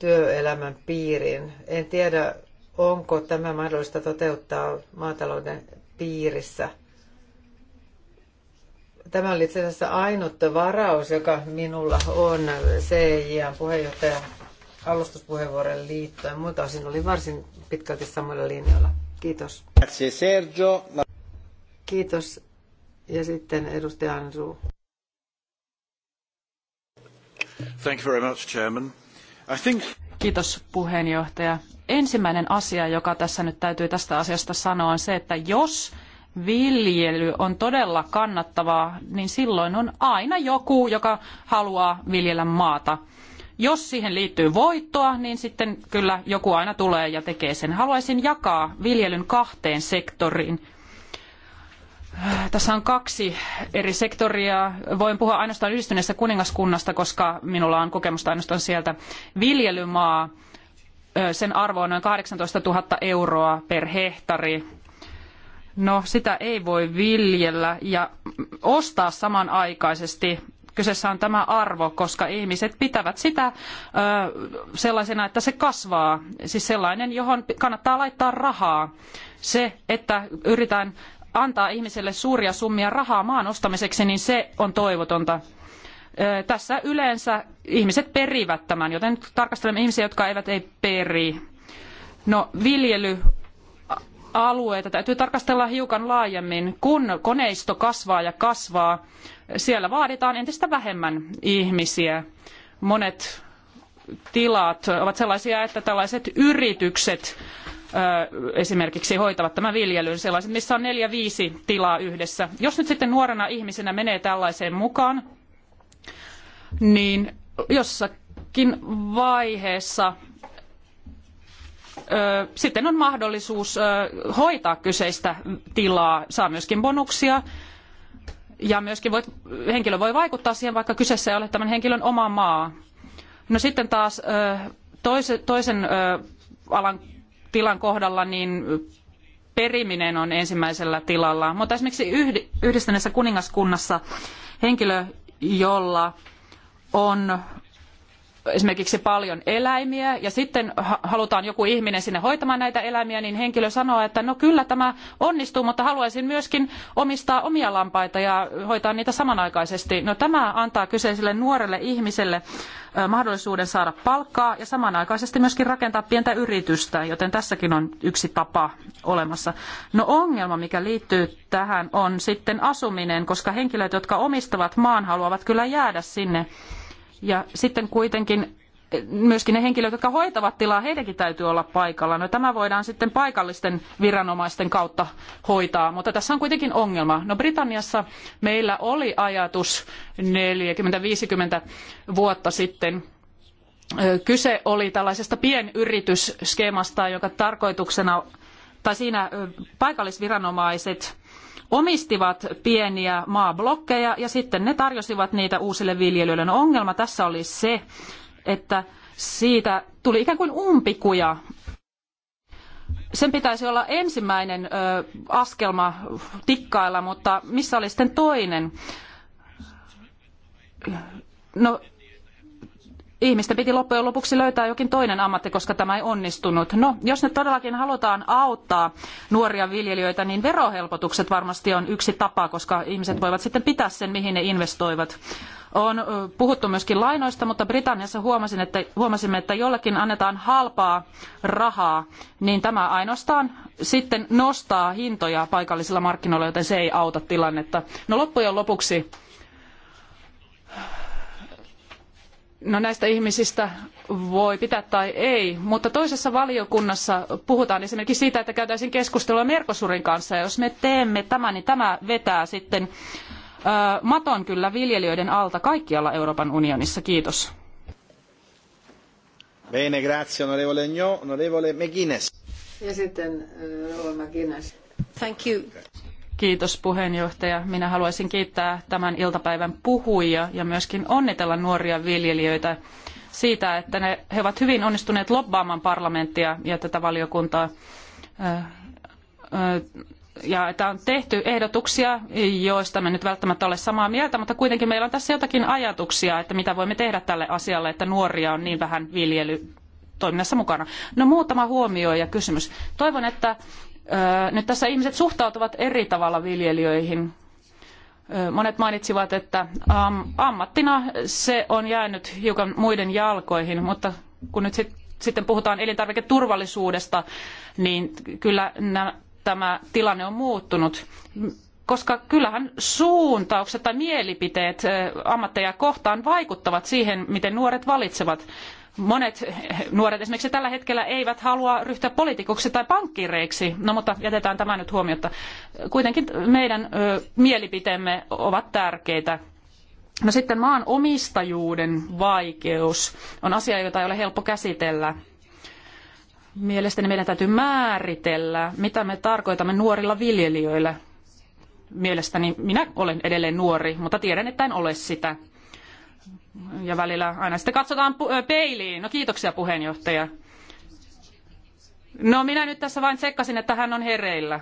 työelämän piiriin. En tiedä, onko tämä mahdollista toteuttaa maatalouden piirissä. Tämä oli itse asiassa ainut varaus, joka minulla on CIAn puheenjohtajan alustuspuheenvuoron liittyen. Muilta osin oli varsin pitkälti samalla linjalla. Kiitos. Sergio. Kiitos. Ja sitten edustaja Ansu. Thank you very much, Chairman think... Kiitos puheenjohtaja. Ensimmäinen asia, joka tässä nyt täytyy tästä asiasta sanoa, on se, että jos viljely on todella kannattavaa, niin silloin on aina joku, joka haluaa viljellä maata. Jos siihen liittyy voittoa, niin sitten kyllä joku aina tulee ja tekee sen. Haluaisin jakaa viljelyn kahteen sektoriin. Tässä on kaksi eri sektoria. Voin puhua ainoastaan yhdistyneestä kuningaskunnasta, koska minulla on kokemusta ainoastaan sieltä. Viljelymaa, sen arvo on noin 18 000 euroa per hehtaari. No, sitä ei voi viljellä ja ostaa samanaikaisesti. Kyseessä on tämä arvo, koska ihmiset pitävät sitä sellaisena, että se kasvaa. Siis sellainen, johon kannattaa laittaa rahaa. Se, että yritetään antaa ihmiselle suuria summia rahaa maan ostamiseksi, niin se on toivotonta. Tässä yleensä ihmiset perivät tämän, joten nyt tarkastelemme ihmisiä, jotka eivät ei peri. No viljely alueita täytyy tarkastella hiukan laajemmin. Kun koneisto kasvaa ja kasvaa, siellä vaaditaan entistä vähemmän ihmisiä. Monet tilat ovat sellaisia, että tällaiset yritykset esimerkiksi hoitavat tämän viljelyn, sellaiset, missä on neljä viisi tilaa yhdessä. Jos nyt sitten nuorena ihmisenä menee tällaiseen mukaan, niin jossakin vaiheessa sitten on mahdollisuus hoitaa kyseistä tilaa, saa myöskin bonuksia ja myöskin voit, henkilö voi vaikuttaa siihen, vaikka kyseessä ei ole tämän henkilön oma maa. No sitten taas toisen alan tilan kohdalla niin periminen on ensimmäisellä tilalla. Mutta esimerkiksi yhdistyneessä kuningaskunnassa henkilö, jolla on esimerkiksi paljon eläimiä ja sitten halutaan joku ihminen sinne hoitamaan näitä eläimiä, niin henkilö sanoo, että no kyllä tämä onnistuu, mutta haluaisin myöskin omistaa omia lampaita ja hoitaa niitä samanaikaisesti. No tämä antaa kyseiselle nuorelle ihmiselle mahdollisuuden saada palkkaa ja samanaikaisesti myöskin rakentaa pientä yritystä, joten tässäkin on yksi tapa olemassa. No ongelma, mikä liittyy tähän, on sitten asuminen, koska henkilöt, jotka omistavat maan, haluavat kyllä jäädä sinne ja sitten kuitenkin eh, myöskin ne henkilöt, jotka hoitavat tilaa, heidänkin täytyy olla paikalla. No, tämä voidaan sitten paikallisten viranomaisten kautta hoitaa, mutta tässä on kuitenkin ongelma. No, Britanniassa meillä oli ajatus 40-50 vuotta sitten. Eh, kyse oli tällaisesta pienyritysskeemasta, jonka tarkoituksena, tai siinä eh, paikallisviranomaiset omistivat pieniä maablokkeja ja sitten ne tarjosivat niitä uusille viljelijöille. No ongelma tässä oli se, että siitä tuli ikään kuin umpikuja. Sen pitäisi olla ensimmäinen askelma tikkailla, mutta missä oli sitten toinen? No, ihmisten piti loppujen lopuksi löytää jokin toinen ammatti, koska tämä ei onnistunut. No, jos nyt todellakin halutaan auttaa nuoria viljelijöitä, niin verohelpotukset varmasti on yksi tapa, koska ihmiset voivat sitten pitää sen, mihin ne investoivat. On puhuttu myöskin lainoista, mutta Britanniassa huomasin, että, huomasimme, että jollekin annetaan halpaa rahaa, niin tämä ainoastaan sitten nostaa hintoja paikallisilla markkinoilla, joten se ei auta tilannetta. No loppujen lopuksi No näistä ihmisistä voi pitää tai ei, mutta toisessa valiokunnassa puhutaan esimerkiksi siitä, että käytäisiin keskustelua Merkosurin kanssa. Ja jos me teemme tämän, niin tämä vetää sitten maton kyllä viljelijöiden alta kaikkialla Euroopan unionissa. Kiitos. Bene, grazie, onorevole Gno, onorevole McGuinness. Ja sitten onorevole McGuinness. Thank you. Kiitos puheenjohtaja. Minä haluaisin kiittää tämän iltapäivän puhujia ja myöskin onnitella nuoria viljelijöitä siitä, että ne, he ovat hyvin onnistuneet lobbaamaan parlamenttia ja tätä valiokuntaa. Ja että on tehty ehdotuksia, joista me nyt välttämättä ole samaa mieltä, mutta kuitenkin meillä on tässä jotakin ajatuksia, että mitä voimme tehdä tälle asialle, että nuoria on niin vähän viljely, toiminnassa mukana. No muutama huomio ja kysymys. Toivon, että nyt tässä ihmiset suhtautuvat eri tavalla viljelijöihin. Monet mainitsivat, että ammattina se on jäänyt hiukan muiden jalkoihin, mutta kun nyt sitten puhutaan elintarviketurvallisuudesta, niin kyllä tämä tilanne on muuttunut. Koska kyllähän suuntaukset tai mielipiteet ammatteja kohtaan vaikuttavat siihen, miten nuoret valitsevat Monet nuoret esimerkiksi tällä hetkellä eivät halua ryhtyä poliitikoksi tai pankkireiksi, no mutta jätetään tämä nyt huomiota. Kuitenkin meidän ö, mielipiteemme ovat tärkeitä. No sitten maan omistajuuden vaikeus on asia, jota ei ole helppo käsitellä. Mielestäni meidän täytyy määritellä, mitä me tarkoitamme nuorilla viljelijöillä. Mielestäni minä olen edelleen nuori, mutta tiedän, että en ole sitä ja välillä aina sitten katsotaan peiliin. No kiitoksia puheenjohtaja. No minä nyt tässä vain tsekkasin, että hän on hereillä.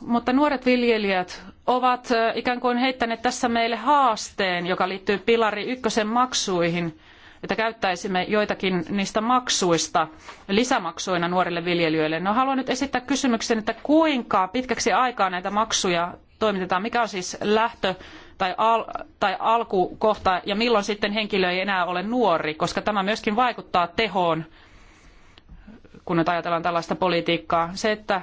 Mutta nuoret viljelijät ovat ikään kuin heittäneet tässä meille haasteen, joka liittyy pilari ykkösen maksuihin, että käyttäisimme joitakin niistä maksuista lisämaksuina nuorille viljelijöille. No haluan nyt esittää kysymyksen, että kuinka pitkäksi aikaa näitä maksuja toimitetaan, mikä on siis lähtö tai, al, tai alkukohta ja milloin sitten henkilö ei enää ole nuori, koska tämä myöskin vaikuttaa tehoon, kun nyt ajatellaan tällaista politiikkaa. Se, että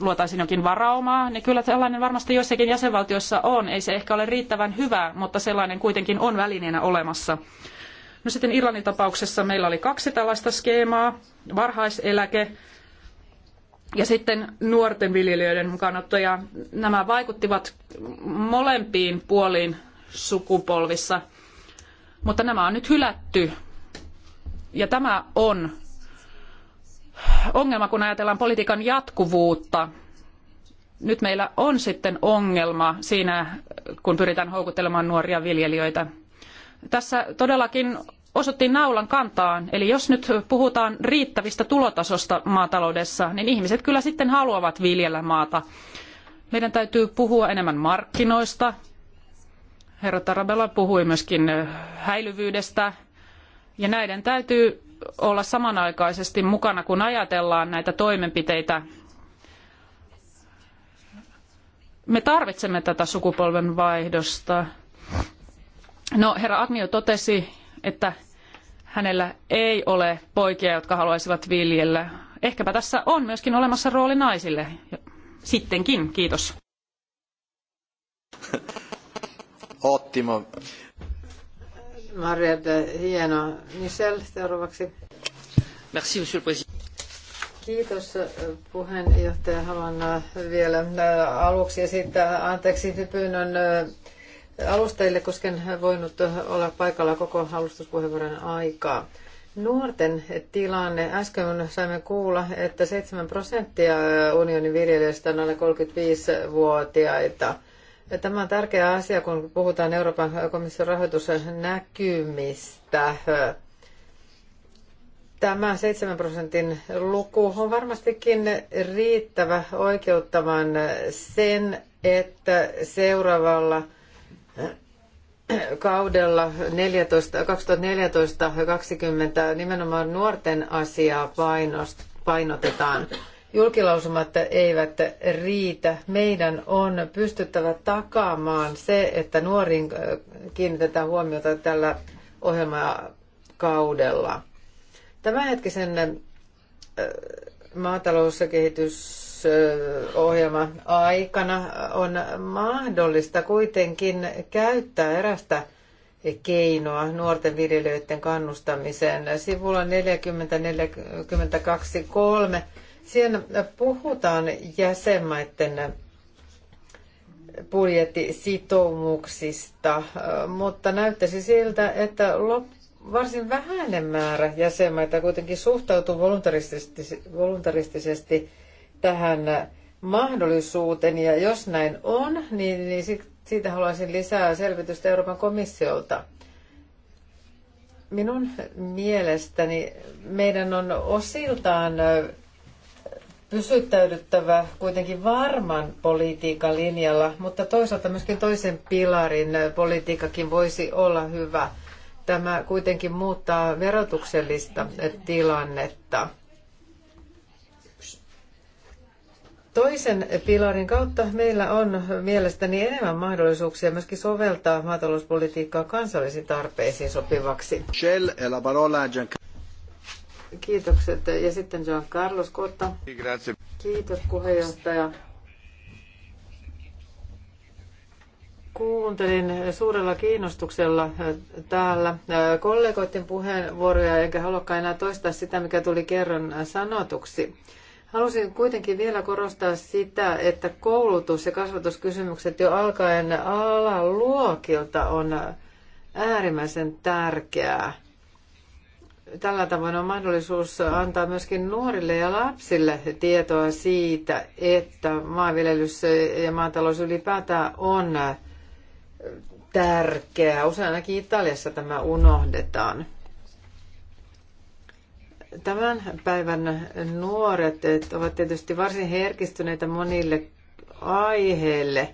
luotaisiin jokin varaumaa, niin kyllä sellainen varmasti joissakin jäsenvaltioissa on. Ei se ehkä ole riittävän hyvä, mutta sellainen kuitenkin on välineenä olemassa. No sitten Irlannin tapauksessa meillä oli kaksi tällaista skeemaa, varhaiseläke ja sitten nuorten viljelijöiden mukaanotto. Ja nämä vaikuttivat molempiin puoliin sukupolvissa, mutta nämä on nyt hylätty. Ja tämä on ongelma, kun ajatellaan politiikan jatkuvuutta. Nyt meillä on sitten ongelma siinä, kun pyritään houkuttelemaan nuoria viljelijöitä. Tässä todellakin osuttiin naulan kantaan. Eli jos nyt puhutaan riittävistä tulotasosta maataloudessa, niin ihmiset kyllä sitten haluavat viljellä maata. Meidän täytyy puhua enemmän markkinoista. Herra Tarabella puhui myöskin eh, häilyvyydestä. Ja näiden täytyy olla samanaikaisesti mukana, kun ajatellaan näitä toimenpiteitä. Me tarvitsemme tätä sukupolven vaihdosta. No, herra Agnio totesi että hänellä ei ole poikia, jotka haluaisivat viljellä. Ehkäpä tässä on myöskin olemassa rooli naisille. Sittenkin, kiitos. *laughs* Ottimo. Maria, eh, hieno Michel, seuraavaksi. Merci, monsieur le président. Kiitos eh, puheenjohtaja. Haluan eh, vielä aluksi esittää anteeksi pyynnön alustajille, koska en voinut olla paikalla koko alustuspuheenvuoron aikaa. Nuorten tilanne. Äsken saimme kuulla, että 7 prosenttia unionin viljelijöistä on alle 35-vuotiaita. Tämä on tärkeä asia, kun puhutaan Euroopan komission rahoitusnäkymistä. Tämä 7 prosentin luku on varmastikin riittävä oikeuttamaan sen, että seuraavalla – kaudella 14, 2014-2020 nimenomaan nuorten asiaa painotetaan. Julkilausumat eivät riitä. Meidän on pystyttävä takaamaan se, että nuoriin äh, kiinnitetään huomiota tällä ohjelmakaudella. Tämänhetkisen äh, maatalous- ohjelman aikana on mahdollista kuitenkin käyttää erästä keinoa nuorten viljelijöiden kannustamiseen. Sivulla 40, 42, 3. Siinä puhutaan jäsenmaiden budjettisitoumuksista, mutta näyttäisi siltä, että varsin vähäinen määrä jäsenmaita kuitenkin suhtautuu voluntaristisesti, voluntaristisesti tähän mahdollisuuteen, ja jos näin on, niin, niin siitä haluaisin lisää selvitystä Euroopan komissiolta. Minun mielestäni meidän on osiltaan pysyttäydyttävä kuitenkin varman politiikan linjalla, mutta toisaalta myöskin toisen pilarin politiikakin voisi olla hyvä. Tämä kuitenkin muuttaa verotuksellista tilannetta. Toisen pilarin kautta meillä on mielestäni enemmän mahdollisuuksia myöskin soveltaa maatalouspolitiikkaa kansallisiin tarpeisiin sopivaksi. E Kiitokset. Ja sitten John Carlos Kotta. Kiitos puheenjohtaja. Kuuntelin suurella kiinnostuksella äh, täällä äh, kollegoiden puheenvuoroja, enkä halua enää toistaa sitä, mikä tuli kerran sanotuksi. Halusin kuitenkin vielä korostaa sitä, että koulutus- ja kasvatuskysymykset jo alkaen alaluokilta on äärimmäisen tärkeää. Tällä tavoin on mahdollisuus antaa myöskin nuorille ja lapsille tietoa siitä, että maanviljelys ja maatalous ylipäätään on tärkeää. Usein ainakin Italiassa tämä unohdetaan. Tämän päivän nuoret ovat tietysti varsin herkistyneitä monille aiheille.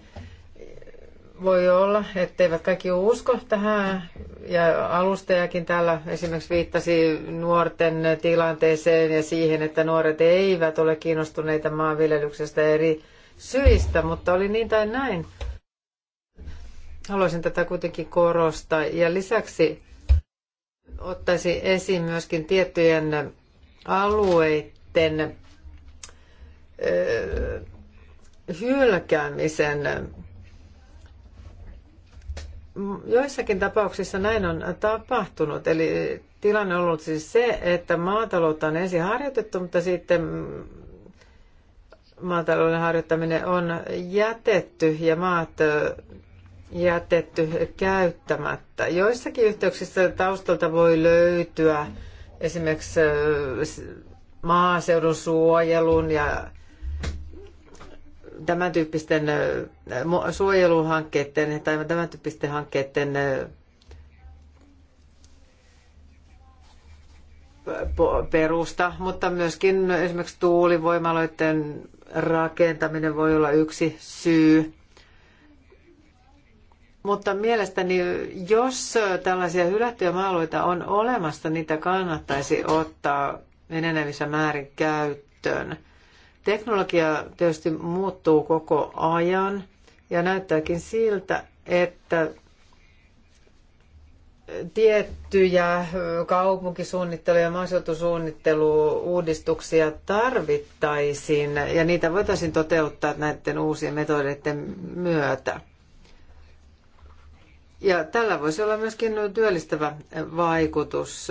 Voi olla, etteivät kaikki usko tähän. Ja alustajakin täällä esimerkiksi viittasi nuorten tilanteeseen ja siihen, että nuoret eivät ole kiinnostuneita maanviljelyksestä eri syistä, mutta oli niin tai näin. Haluaisin tätä kuitenkin korostaa. Ja lisäksi Ottaisi esiin myöskin tiettyjen alueiden hylkäämisen. Joissakin tapauksissa näin on tapahtunut, eli tilanne on ollut siis se, että maataloutta on ensin harjoitettu, mutta sitten maatalouden harjoittaminen on jätetty ja maat jätetty käyttämättä. Joissakin yhteyksissä taustalta voi löytyä esimerkiksi äh, maaseudun suojelun ja tämän tyyppisten äh, suojeluhankkeiden tai tämän tyyppisten hankkeiden äh, perusta, mutta myöskin esimerkiksi tuulivoimaloiden rakentaminen voi olla yksi syy. Mutta mielestäni, jos tällaisia hylättyjä maa-alueita on olemassa, niitä kannattaisi ottaa enenevissä määrin käyttöön. Teknologia tietysti muuttuu koko ajan ja näyttääkin siltä, että tiettyjä kaupunkisuunnittelu- ja uudistuksia tarvittaisiin ja niitä voitaisiin toteuttaa näiden uusien metodeiden myötä. Ja tällä voisi olla myöskin työllistävä vaikutus.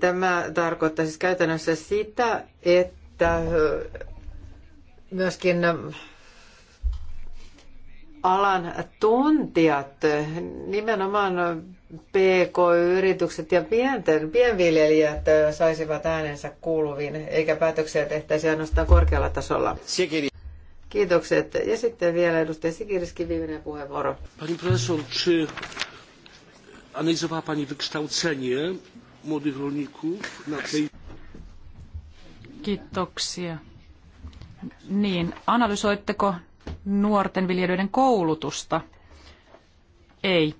Tämä tarkoittaa siis käytännössä sitä, että myöskin alan tuntijat, nimenomaan PK-yritykset ja pienten, pienviljelijät saisivat äänensä kuuluviin, eikä päätöksiä tehtäisi ainoastaan korkealla tasolla. Kiitokset. Ja sitten vielä edustaja Sikirski, viimeinen puheenvuoro. Pani professor, czy analizowała Pani wykształcenie młodych rolników na tej... Kiitoksia. Niin, analysoitteko nuorten viljelijöiden koulutusta? Ei.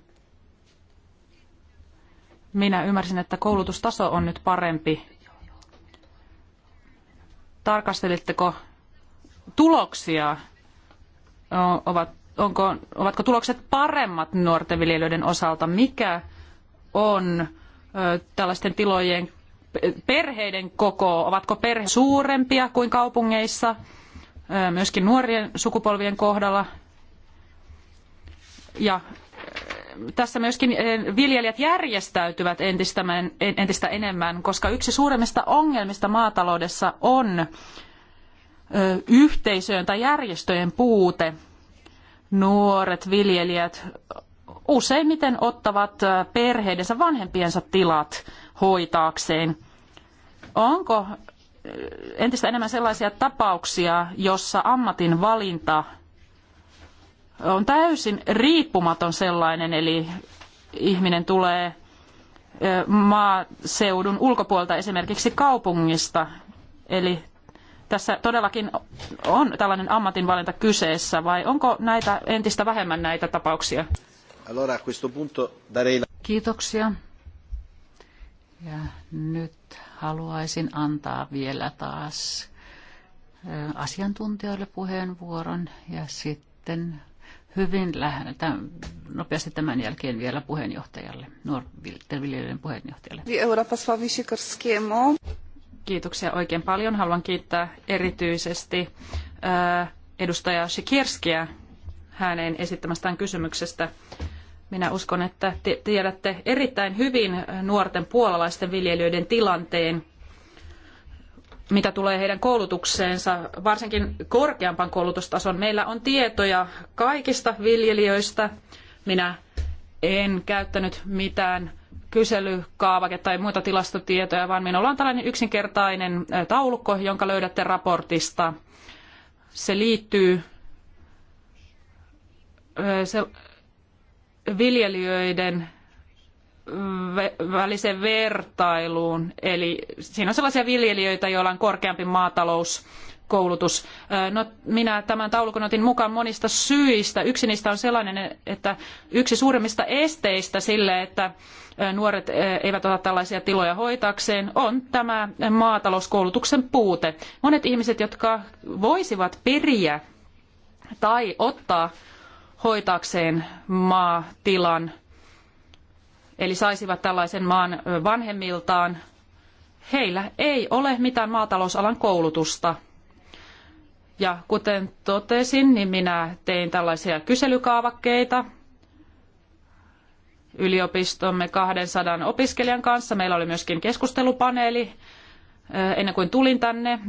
Minä ymmärsin, että koulutustaso on nyt parempi. Tarkastelitteko tuloksia? Ovat, onko, ovatko tulokset paremmat nuorten viljelijöiden osalta? Mikä on tällaisten tilojen perheiden koko? Ovatko perheet suurempia kuin kaupungeissa? myöskin nuorien sukupolvien kohdalla. Ja tässä myöskin viljelijät järjestäytyvät entistä enemmän, koska yksi suurimmista ongelmista maataloudessa on yhteisöjen tai järjestöjen puute. Nuoret viljelijät useimmiten ottavat perheidensä vanhempiensa tilat hoitaakseen. Onko entistä enemmän sellaisia tapauksia, jossa ammatin valinta on täysin riippumaton sellainen, eli ihminen tulee maaseudun ulkopuolelta esimerkiksi kaupungista, eli tässä todellakin on tällainen ammatinvalinta kyseessä vai onko näitä entistä vähemmän näitä tapauksia? Kiitoksia. Ja nyt haluaisin antaa vielä taas asiantuntijoille puheenvuoron ja sitten hyvin läheltä, nopeasti tämän jälkeen vielä puheenjohtajalle, nuorten viljelijöiden puheenjohtajalle. Euroopassa Kiitoksia oikein paljon. Haluan kiittää erityisesti äh, edustaja Sikirskiä hänen esittämästään kysymyksestä. Minä uskon, että tiedätte erittäin hyvin äh, nuorten puolalaisten viljelijöiden tilanteen, mitä tulee heidän koulutukseensa, varsinkin korkeampan koulutustason. Meillä on tietoja kaikista viljelijöistä. Minä en käyttänyt mitään kyselykaavake tai muita tilastotietoja, vaan minulla on tällainen yksinkertainen taulukko, jonka löydätte raportista. Se liittyy se viljelijöiden väliseen vertailuun. Eli siinä on sellaisia viljelijöitä, joilla on korkeampi maatalous koulutus. No, minä tämän taulukon otin mukaan monista syistä. Yksi niistä on sellainen, että yksi suurimmista esteistä sille, että nuoret eivät ota tällaisia tiloja hoitakseen, on tämä maatalouskoulutuksen puute. Monet ihmiset, jotka voisivat periä tai ottaa hoitaakseen maatilan, eli saisivat tällaisen maan vanhemmiltaan, heillä ei ole mitään maatalousalan koulutusta – ja kuten totesin, niin minä tein tällaisia kyselykaavakkeita yliopistomme 200 opiskelijan kanssa. Meillä oli myöskin keskustelupaneeli ennen kuin tulin tänne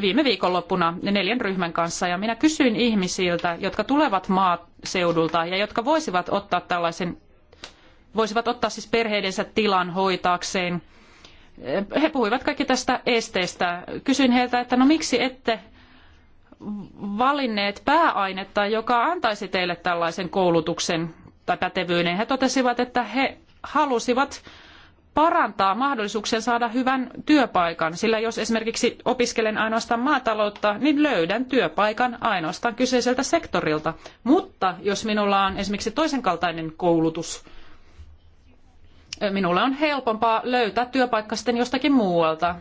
viime viikonloppuna neljän ryhmän kanssa ja minä kysyin ihmisiltä, jotka tulevat maaseudulta ja jotka voisivat ottaa tällaisen, voisivat ottaa siis perheidensä tilan hoitaakseen. He puhuivat kaikki tästä esteestä. Kysyin heiltä, että no miksi ette valinneet pääainetta, joka antaisi teille tällaisen koulutuksen tai pätevyyden. He totesivat, että he halusivat parantaa mahdollisuuksia saada hyvän työpaikan, sillä jos esimerkiksi opiskelen ainoastaan maataloutta, niin löydän työpaikan ainoastaan kyseiseltä sektorilta. Mutta jos minulla on esimerkiksi toisen kaltainen koulutus, minulle on helpompaa löytää työpaikka sitten jostakin muualta.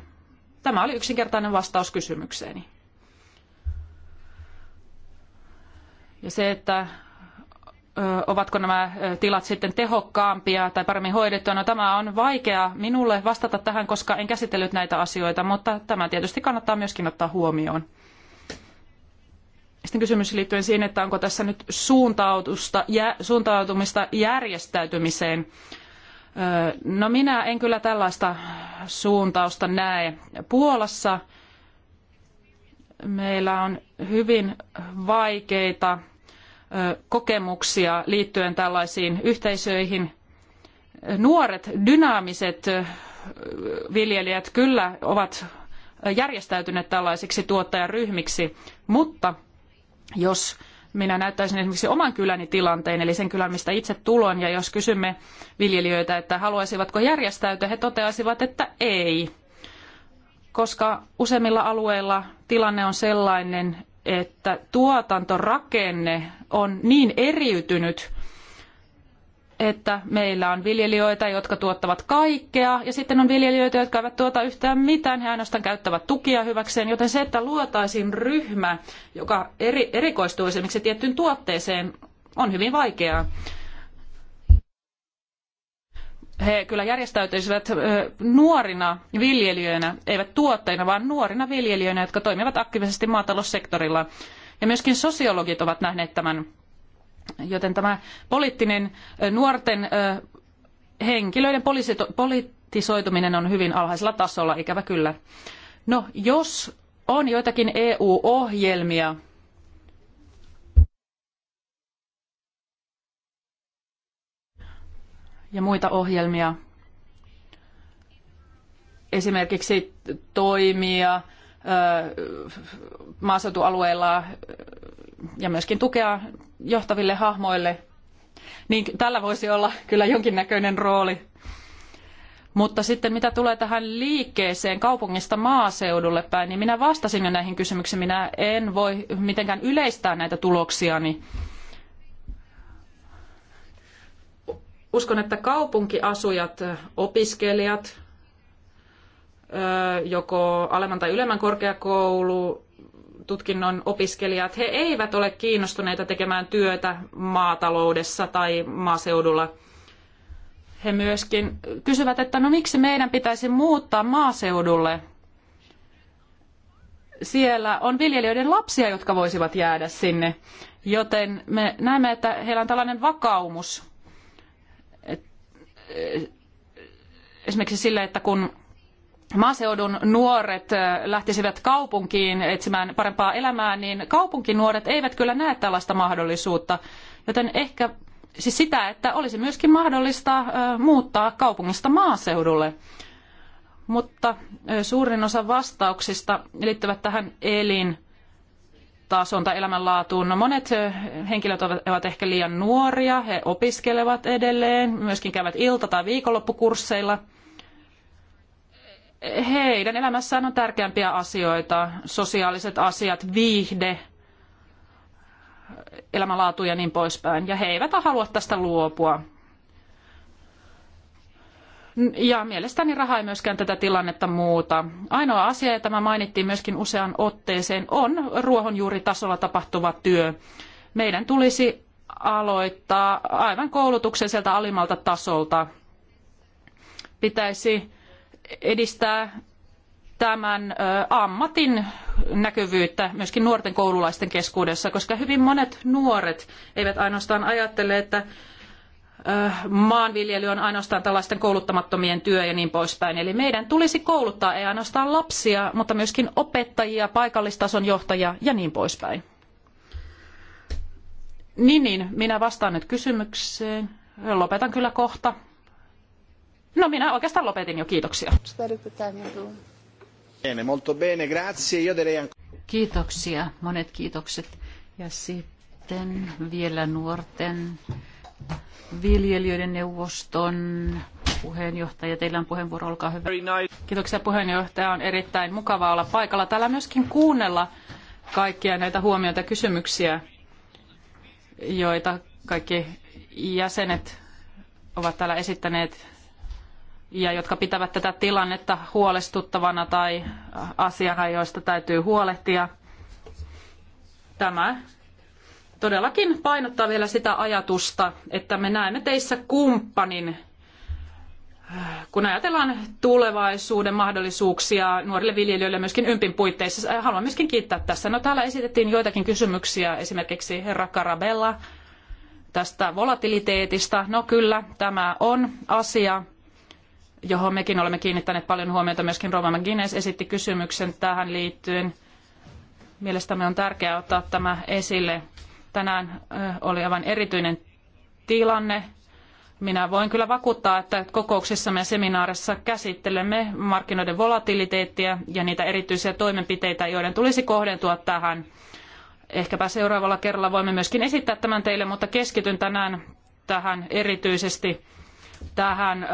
Tämä oli yksinkertainen vastaus kysymykseeni. Ja se, että ovatko nämä tilat sitten tehokkaampia tai paremmin hoidettuja. No, tämä on vaikea minulle vastata tähän, koska en käsitellyt näitä asioita, mutta tämä tietysti kannattaa myöskin ottaa huomioon. Sitten kysymys liittyen siihen, että onko tässä nyt suuntautusta, jä, suuntautumista järjestäytymiseen. No minä en kyllä tällaista suuntausta näe. Puolassa meillä on hyvin vaikeita kokemuksia liittyen tällaisiin yhteisöihin. Nuoret, dynaamiset viljelijät kyllä ovat järjestäytyneet tällaisiksi tuottajaryhmiksi, mutta jos minä näyttäisin esimerkiksi oman kyläni tilanteen, eli sen kylän, mistä itse tulon, ja jos kysymme viljelijöitä, että haluaisivatko järjestäytyä, he toteaisivat, että ei, koska useimmilla alueilla tilanne on sellainen, että tuotantorakenne on niin eriytynyt, että meillä on viljelijöitä, jotka tuottavat kaikkea, ja sitten on viljelijöitä, jotka eivät tuota yhtään mitään, he ainoastaan käyttävät tukia hyväkseen, joten se, että luotaisiin ryhmä, joka eri, erikoistuu esimerkiksi tiettyyn tuotteeseen, on hyvin vaikeaa. He kyllä järjestäytyisivät nuorina viljelijöinä, eivät tuottajina, vaan nuorina viljelijöinä, jotka toimivat aktiivisesti maataloussektorilla. Ja myöskin sosiologit ovat nähneet tämän. Joten tämä poliittinen nuorten henkilöiden politisoituminen on hyvin alhaisella tasolla, ikävä kyllä. No, jos on joitakin EU-ohjelmia, ja muita ohjelmia, esimerkiksi toimia maaseutualueilla ja myöskin tukea johtaville hahmoille, niin tällä voisi olla kyllä jonkinnäköinen rooli. Mutta sitten mitä tulee tähän liikkeeseen kaupungista maaseudulle päin, niin minä vastasin jo näihin kysymyksiin. Minä en voi mitenkään yleistää näitä tuloksiani. Uskon, että kaupunkiasujat, opiskelijat, joko alemman tai ylemmän korkeakoulu tutkinnon opiskelijat, he eivät ole kiinnostuneita tekemään työtä maataloudessa tai maaseudulla. He myöskin kysyvät, että no miksi meidän pitäisi muuttaa maaseudulle? Siellä on viljelijöiden lapsia, jotka voisivat jäädä sinne, joten me näemme, että heillä on tällainen vakaumus e, esimerkiksi sille, että kun maaseudun nuoret äh, lähtisivät kaupunkiin etsimään parempaa elämää, niin kaupunkinuoret eivät kyllä näe tällaista mahdollisuutta. Joten ehkä siis sitä, että olisi myöskin mahdollista äh, muuttaa kaupungista maaseudulle. Mutta äh, suurin osa vastauksista liittyvät tähän elintasoon tai elämänlaatuun. No monet henkilöt ovat ehkä liian nuoria, he opiskelevat edelleen, myöskin käyvät ilta- tai viikonloppukursseilla – heidän elämässään on tärkeämpiä asioita, sosiaaliset asiat, viihde, elämänlaatu ja niin poispäin. Ja he eivät halua tästä luopua. Ja mielestäni raha ei myöskään tätä tilannetta muuta. Ainoa asia, ja tämä mainittiin myöskin usean otteeseen, on ruohonjuuritasolla tapahtuva työ. Meidän tulisi aloittaa aivan koulutuksen sieltä alimmalta tasolta. Pitäisi edistää tämän ammatin näkyvyyttä myöskin nuorten koululaisten keskuudessa, koska hyvin monet nuoret eivät ainoastaan ajattele, että maanviljely on ainoastaan tällaisten kouluttamattomien työ ja niin poispäin. Eli meidän tulisi kouluttaa ei ainoastaan lapsia, mutta myöskin opettajia, paikallistason johtajia ja niin poispäin. Niin, niin, minä vastaan nyt kysymykseen. Lopetan kyllä kohta. No minä oikeastaan lopetin jo, kiitoksia. Kiitoksia, monet kiitokset. Ja sitten vielä nuorten viljelijöiden neuvoston puheenjohtaja. Teillä on puheenvuoro, olkaa hyvä. Kiitoksia puheenjohtaja. On erittäin mukavaa olla paikalla. Täällä myöskin kuunnella kaikkia näitä huomioita ja kysymyksiä, joita kaikki jäsenet ovat täällä esittäneet ja jotka pitävät tätä tilannetta huolestuttavana tai asiana, joista täytyy huolehtia. Tämä todellakin painottaa vielä sitä ajatusta, että me näemme teissä kumppanin, kun ajatellaan tulevaisuuden mahdollisuuksia nuorille viljelijöille myöskin ympin puitteissa. Haluan myöskin kiittää tässä. No täällä esitettiin joitakin kysymyksiä, esimerkiksi herra Carabella tästä volatiliteetista. No kyllä, tämä on asia, johon mekin olemme kiinnittäneet paljon huomiota. Myöskin Rova McGuinness esitti kysymyksen tähän liittyen. Mielestämme on tärkeää ottaa tämä esille. Tänään oli aivan erityinen tilanne. Minä voin kyllä vakuuttaa, että kokouksissamme ja seminaarissa käsittelemme markkinoiden volatiliteettia ja niitä erityisiä toimenpiteitä, joiden tulisi kohdentua tähän. Ehkäpä seuraavalla kerralla voimme myöskin esittää tämän teille, mutta keskityn tänään tähän erityisesti tähän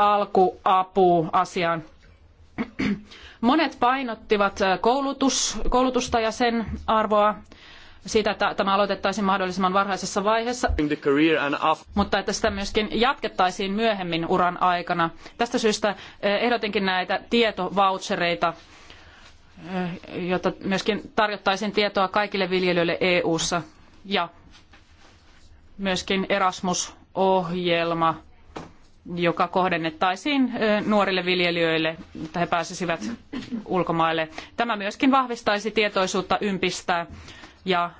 alkuapu asiaan. Monet painottivat äh, koulutus, koulutusta ja sen arvoa siitä, että tämä aloitettaisiin mahdollisimman varhaisessa vaiheessa, mutta että sitä myöskin jatkettaisiin myöhemmin uran aikana. Tästä syystä äh, ehdotinkin näitä tietovouchereita, äh, jotta myöskin tarjottaisiin tietoa kaikille viljelijöille EU-ssa ja myöskin Erasmus-ohjelma – joka kohdennettaisiin nuorille viljelijöille, että he pääsisivät ulkomaille. Tämä myöskin vahvistaisi tietoisuutta ympistä ja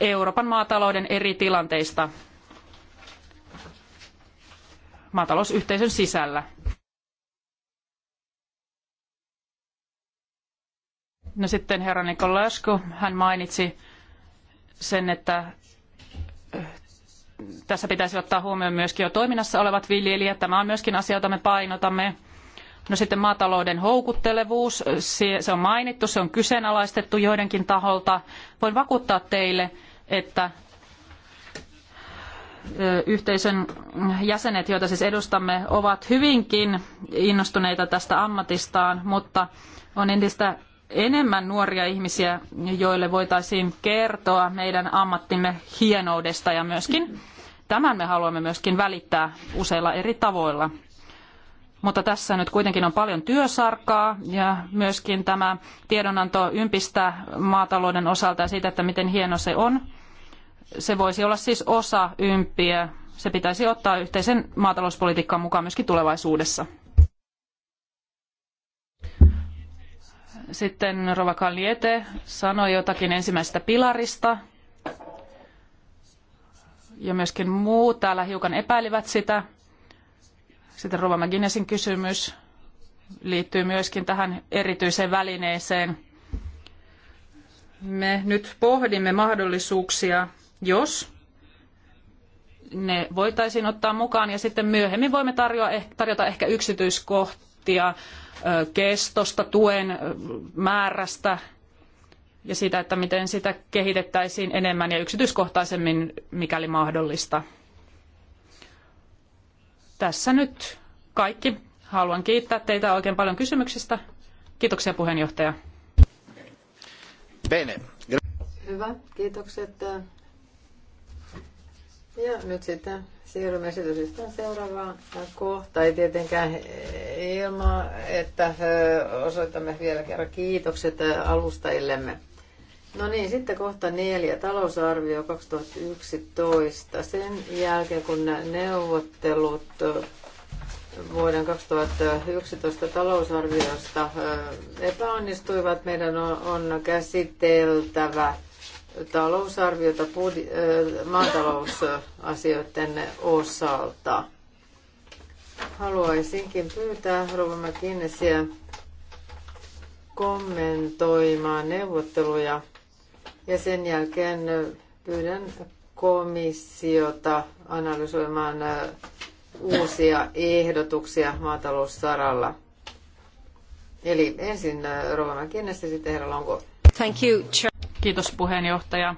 Euroopan maatalouden eri tilanteista maatalousyhteisön sisällä. No sitten herra Nikolasku, hän mainitsi sen, että tässä pitäisi ottaa huomioon myöskin jo toiminnassa olevat viljelijät. Tämä on myöskin asia, jota me painotamme. No sitten maatalouden houkuttelevuus, se on mainittu, se on kyseenalaistettu joidenkin taholta. Voin vakuuttaa teille, että yhteisön jäsenet, joita siis edustamme, ovat hyvinkin innostuneita tästä ammatistaan, mutta on entistä enemmän nuoria ihmisiä, joille voitaisiin kertoa meidän ammattimme hienoudesta ja myöskin tämän me haluamme myöskin välittää useilla eri tavoilla. Mutta tässä nyt kuitenkin on paljon työsarkaa ja myöskin tämä tiedonanto ympistä maatalouden osalta ja siitä, että miten hieno se on. Se voisi olla siis osa ympiä. Se pitäisi ottaa yhteisen maatalouspolitiikkaan mukaan myöskin tulevaisuudessa. Sitten Rova Kaliete sanoi jotakin ensimmäisestä pilarista. Ja myöskin muut täällä hiukan epäilivät sitä. Sitten Rova Maginesin kysymys liittyy myöskin tähän erityiseen välineeseen. Me nyt pohdimme mahdollisuuksia, jos ne voitaisiin ottaa mukaan ja sitten myöhemmin voimme eh- tarjota ehkä yksityiskohtia kestosta, tuen määrästä ja siitä, että miten sitä kehitettäisiin enemmän ja yksityiskohtaisemmin, mikäli mahdollista. Tässä nyt kaikki. Haluan kiittää teitä oikein paljon kysymyksistä. Kiitoksia puheenjohtaja. Bene. Hyvä, kiitokset. Ja nyt sitten Siirrymme sitten seuraavaan kohtaan. Ei tietenkään ilman, että osoitamme vielä kerran kiitokset alustajillemme. No niin, sitten kohta neljä, talousarvio 2011. Sen jälkeen, kun neuvottelut vuoden 2011 talousarviosta epäonnistuivat, meidän on käsiteltävä talousarviota budi- maatalousasioiden osalta. Haluaisinkin pyytää Rova McKinneysiä kommentoimaan neuvotteluja ja sen jälkeen pyydän komissiota analysoimaan uusia ehdotuksia maataloussaralla. Eli ensin Rova ja sitten herra Longo. Thank you, Chair. Kiitos puheenjohtaja.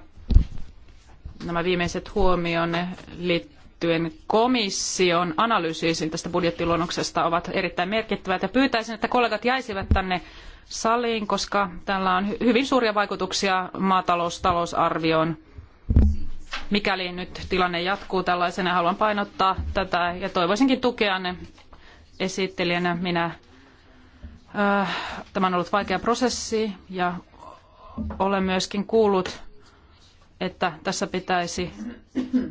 Nämä viimeiset huomionne liittyen komission analyysiin tästä budjettiluonnoksesta ovat erittäin merkittävät. Ja pyytäisin, että kollegat jäisivät tänne saliin, koska tällä on hyvin suuria vaikutuksia maataloustalousarvioon. Mikäli nyt tilanne jatkuu tällaisena, haluan painottaa tätä ja toivoisinkin tukeanne esittelijänä. Minä äh, Tämä on ollut vaikea prosessi ja olen myöskin kuullut, että tässä pitäisi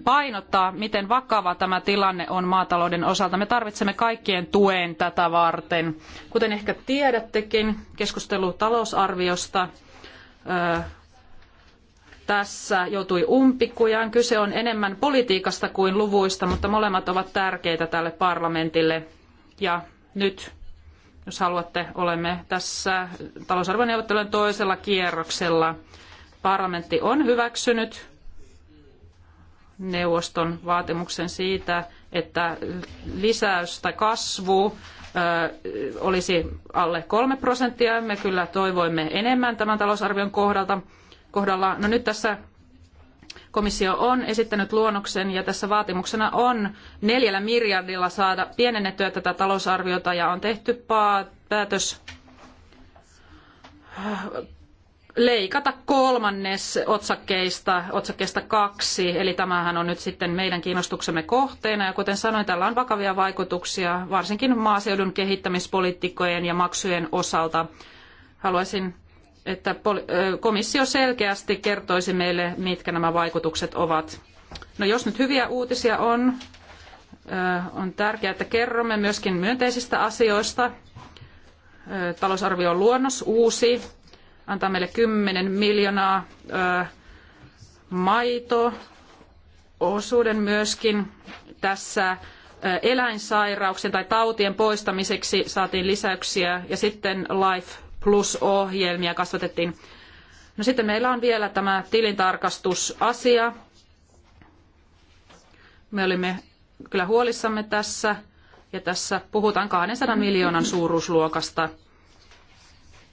painottaa, miten vakava tämä tilanne on maatalouden osalta. Me tarvitsemme kaikkien tuen tätä varten. Kuten ehkä tiedättekin, keskustelu talousarviosta tässä joutui umpikujaan. Kyse on enemmän politiikasta kuin luvuista, mutta molemmat ovat tärkeitä tälle parlamentille. Ja nyt jos haluatte, olemme tässä talousarvioneuvottelujen toisella kierroksella. Parlamentti on hyväksynyt neuvoston vaatimuksen siitä, että lisäys tai kasvu olisi alle kolme prosenttia. Me kyllä toivoimme enemmän tämän talousarvion kohdalta. kohdalla. No nyt tässä Komissio on esittänyt luonnoksen ja tässä vaatimuksena on neljällä miljardilla saada pienennettyä tätä talousarviota ja on tehty päätös äh, leikata kolmannes otsakkeista, otsakkeesta kaksi, eli tämähän on nyt sitten meidän kiinnostuksemme kohteena, ja kuten sanoin, tällä on vakavia vaikutuksia, varsinkin maaseudun kehittämispolitiikkojen ja maksujen osalta. Haluaisin että komissio selkeästi kertoisi meille, mitkä nämä vaikutukset ovat. No jos nyt hyviä uutisia on, on tärkeää, että kerromme myöskin myönteisistä asioista. Talousarvio on luonnos uusi, antaa meille 10 miljoonaa maito osuuden myöskin tässä eläinsairauksien tai tautien poistamiseksi saatiin lisäyksiä ja sitten life Plus-ohjelmia kasvatettiin. No sitten meillä on vielä tämä tilintarkastusasia. Me olimme kyllä huolissamme tässä, ja tässä puhutaan 200 miljoonan suuruusluokasta.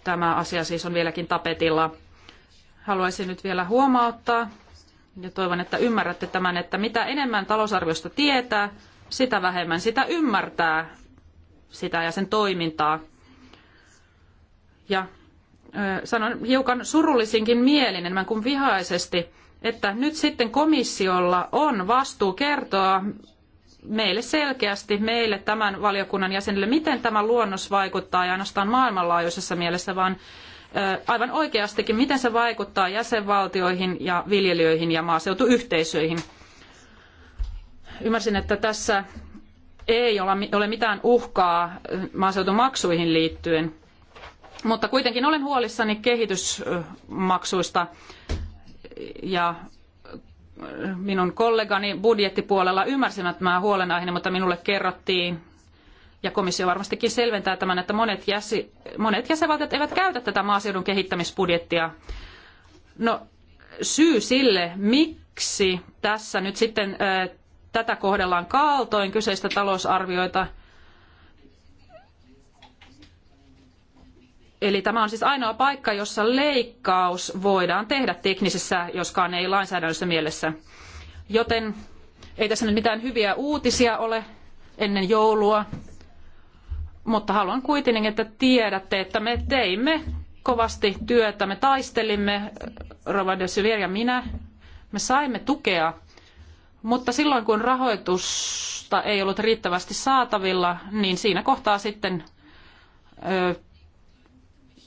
Tämä asia siis on vieläkin tapetilla. Haluaisin nyt vielä huomauttaa, ja toivon, että ymmärrätte tämän, että mitä enemmän talousarviosta tietää, sitä vähemmän sitä ymmärtää, sitä ja sen toimintaa. Ja sanon hiukan surullisinkin mielin, enemmän kuin vihaisesti, että nyt sitten komissiolla on vastuu kertoa meille selkeästi, meille tämän valiokunnan jäsenille, miten tämä luonnos vaikuttaa, ei ainoastaan maailmanlaajuisessa mielessä, vaan aivan oikeastikin, miten se vaikuttaa jäsenvaltioihin ja viljelijöihin ja maaseutuyhteisöihin. Ymmärsin, että tässä ei ole mitään uhkaa maaseutumaksuihin liittyen. Mutta kuitenkin olen huolissani kehitysmaksuista ja minun kollegani budjettipuolella ymmärsivät nämä huolenaiheeni, mutta minulle kerrottiin, ja komissio varmastikin selventää tämän, että monet, jäsi, monet jäsenvaltiot eivät käytä tätä maaseudun kehittämisbudjettia. No syy sille, miksi tässä nyt sitten tätä kohdellaan kaltoin kyseistä talousarvioita, Eli tämä on siis ainoa paikka, jossa leikkaus voidaan tehdä teknisessä, joskaan ei lainsäädännöllisessä mielessä. Joten ei tässä nyt mitään hyviä uutisia ole ennen joulua, mutta haluan kuitenkin, että tiedätte, että me teimme kovasti työtä, me taistelimme, Rova de Syvier ja minä, me saimme tukea, mutta silloin kun rahoitusta ei ollut riittävästi saatavilla, niin siinä kohtaa sitten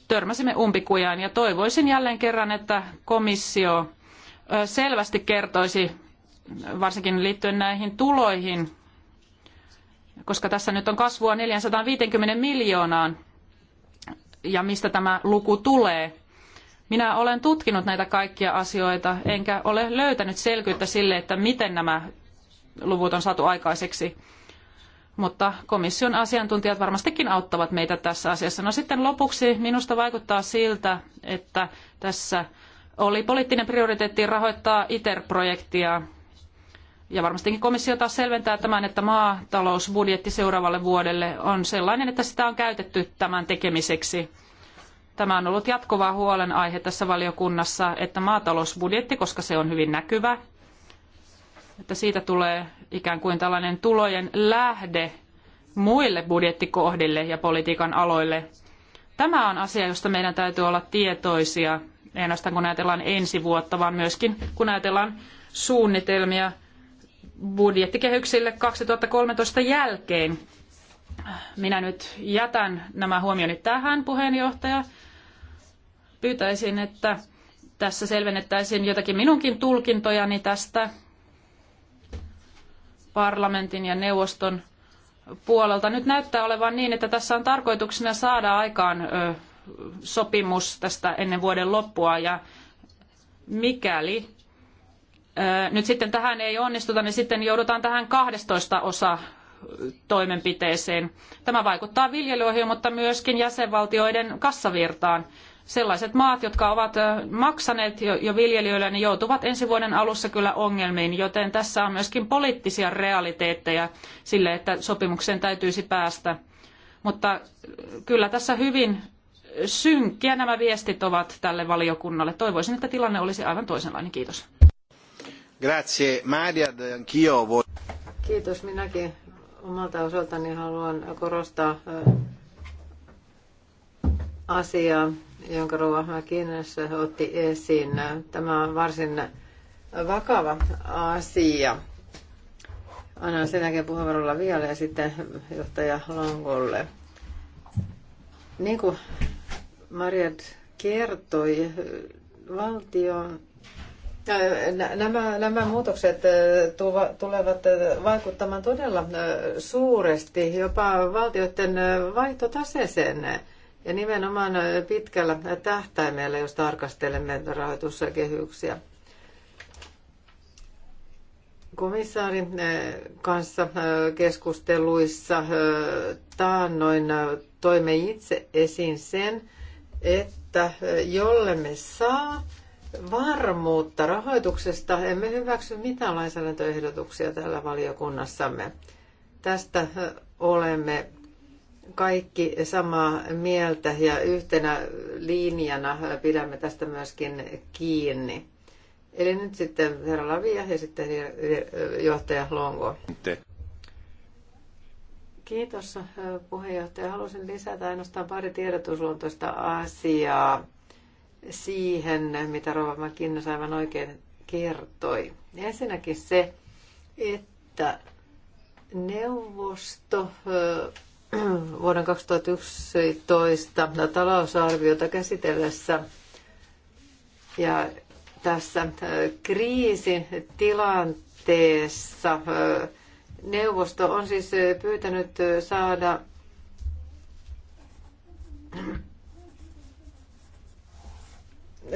törmäsimme umpikujaan ja toivoisin jälleen kerran, että komissio selvästi kertoisi, varsinkin liittyen näihin tuloihin, koska tässä nyt on kasvua 450 miljoonaan ja mistä tämä luku tulee. Minä olen tutkinut näitä kaikkia asioita, enkä ole löytänyt selkyyttä sille, että miten nämä luvut on saatu aikaiseksi mutta komission asiantuntijat varmastikin auttavat meitä tässä asiassa. No sitten lopuksi minusta vaikuttaa siltä, että tässä oli poliittinen prioriteetti rahoittaa ITER-projektia. Ja varmastikin komissio taas selventää tämän, että maatalousbudjetti seuraavalle vuodelle on sellainen, että sitä on käytetty tämän tekemiseksi. Tämä on ollut jatkuva huolenaihe tässä valiokunnassa, että maatalousbudjetti, koska se on hyvin näkyvä, että siitä tulee ikään kuin tällainen tulojen lähde muille budjettikohdille ja politiikan aloille. Tämä on asia, josta meidän täytyy olla tietoisia, ei ainoastaan kun ajatellaan ensi vuotta, vaan myöskin kun ajatellaan suunnitelmia budjettikehyksille 2013 jälkeen. Minä nyt jätän nämä huomioni tähän, puheenjohtaja. Pyytäisin, että tässä selvennettäisiin jotakin minunkin tulkintojani tästä parlamentin ja neuvoston puolelta. Nyt näyttää olevan niin, että tässä on tarkoituksena saada aikaan sopimus tästä ennen vuoden loppua ja mikäli nyt sitten tähän ei onnistuta, niin sitten joudutaan tähän 12 osa toimenpiteeseen. Tämä vaikuttaa viljelyihin, mutta myöskin jäsenvaltioiden kassavirtaan sellaiset maat, jotka ovat maksaneet jo viljelijöille, niin joutuvat ensi vuoden alussa kyllä ongelmiin, joten tässä on myöskin poliittisia realiteetteja sille, että sopimukseen täytyisi päästä. Mutta kyllä tässä hyvin synkkiä nämä viestit ovat tälle valiokunnalle. Toivoisin, että tilanne olisi aivan toisenlainen. Kiitos. Grazie, Mariad, Kiitos, minäkin omalta osaltani haluan korostaa asiaa, jonka Rova Kiinnes otti esiin. Tämä on varsin vakava asia. Annan sen jälkeen puheenvuorolla vielä ja sitten johtaja Longolle. Niin kuin Marjat kertoi, valtion äh, Nämä, nämä muutokset äh, tulevat vaikuttamaan todella äh, suuresti jopa valtioiden vaihtotaseeseen. Ja nimenomaan pitkällä tähtäimellä, jos tarkastelemme rahoituskehyksiä. Komissaarin kanssa keskusteluissa taannoin toimme itse esiin sen, että jollemme saa varmuutta rahoituksesta, emme hyväksy mitään lainsäädäntöehdotuksia täällä valiokunnassamme. Tästä olemme kaikki samaa mieltä ja yhtenä linjana pidämme tästä myöskin kiinni. Eli nyt sitten herra Lavia ja sitten johtaja Longo. Kiitos puheenjohtaja. Halusin lisätä ainoastaan pari tiedotusluontoista asiaa siihen, mitä Rova Mäkinnös aivan oikein kertoi. Ensinnäkin se, että neuvosto vuoden 2011 talousarviota käsitellessä ja tässä äh, kriisin tilanteessa äh, neuvosto on siis äh, pyytänyt saada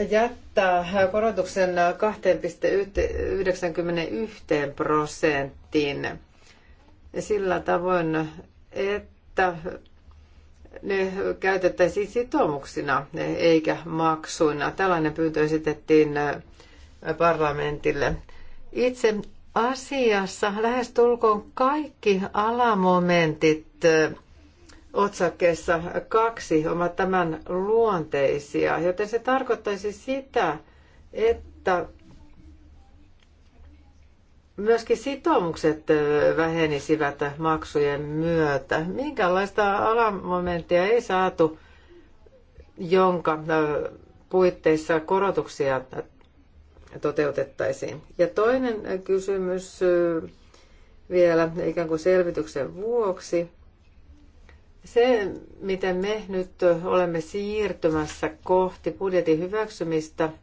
jättää korotuksen 2,91 prosenttiin sillä tavoin, että että ne käytettäisiin sitoumuksina eikä maksuina. Tällainen pyyntö esitettiin parlamentille. Itse asiassa lähestulkoon kaikki alamomentit otsakkeessa kaksi ovat tämän luonteisia, joten se tarkoittaisi sitä, että Myöskin sitoumukset vähenisivät maksujen myötä. Minkälaista alamomenttia ei saatu, jonka puitteissa korotuksia toteutettaisiin. Ja toinen kysymys vielä ikään kuin selvityksen vuoksi. Se, miten me nyt olemme siirtymässä kohti budjetin hyväksymistä –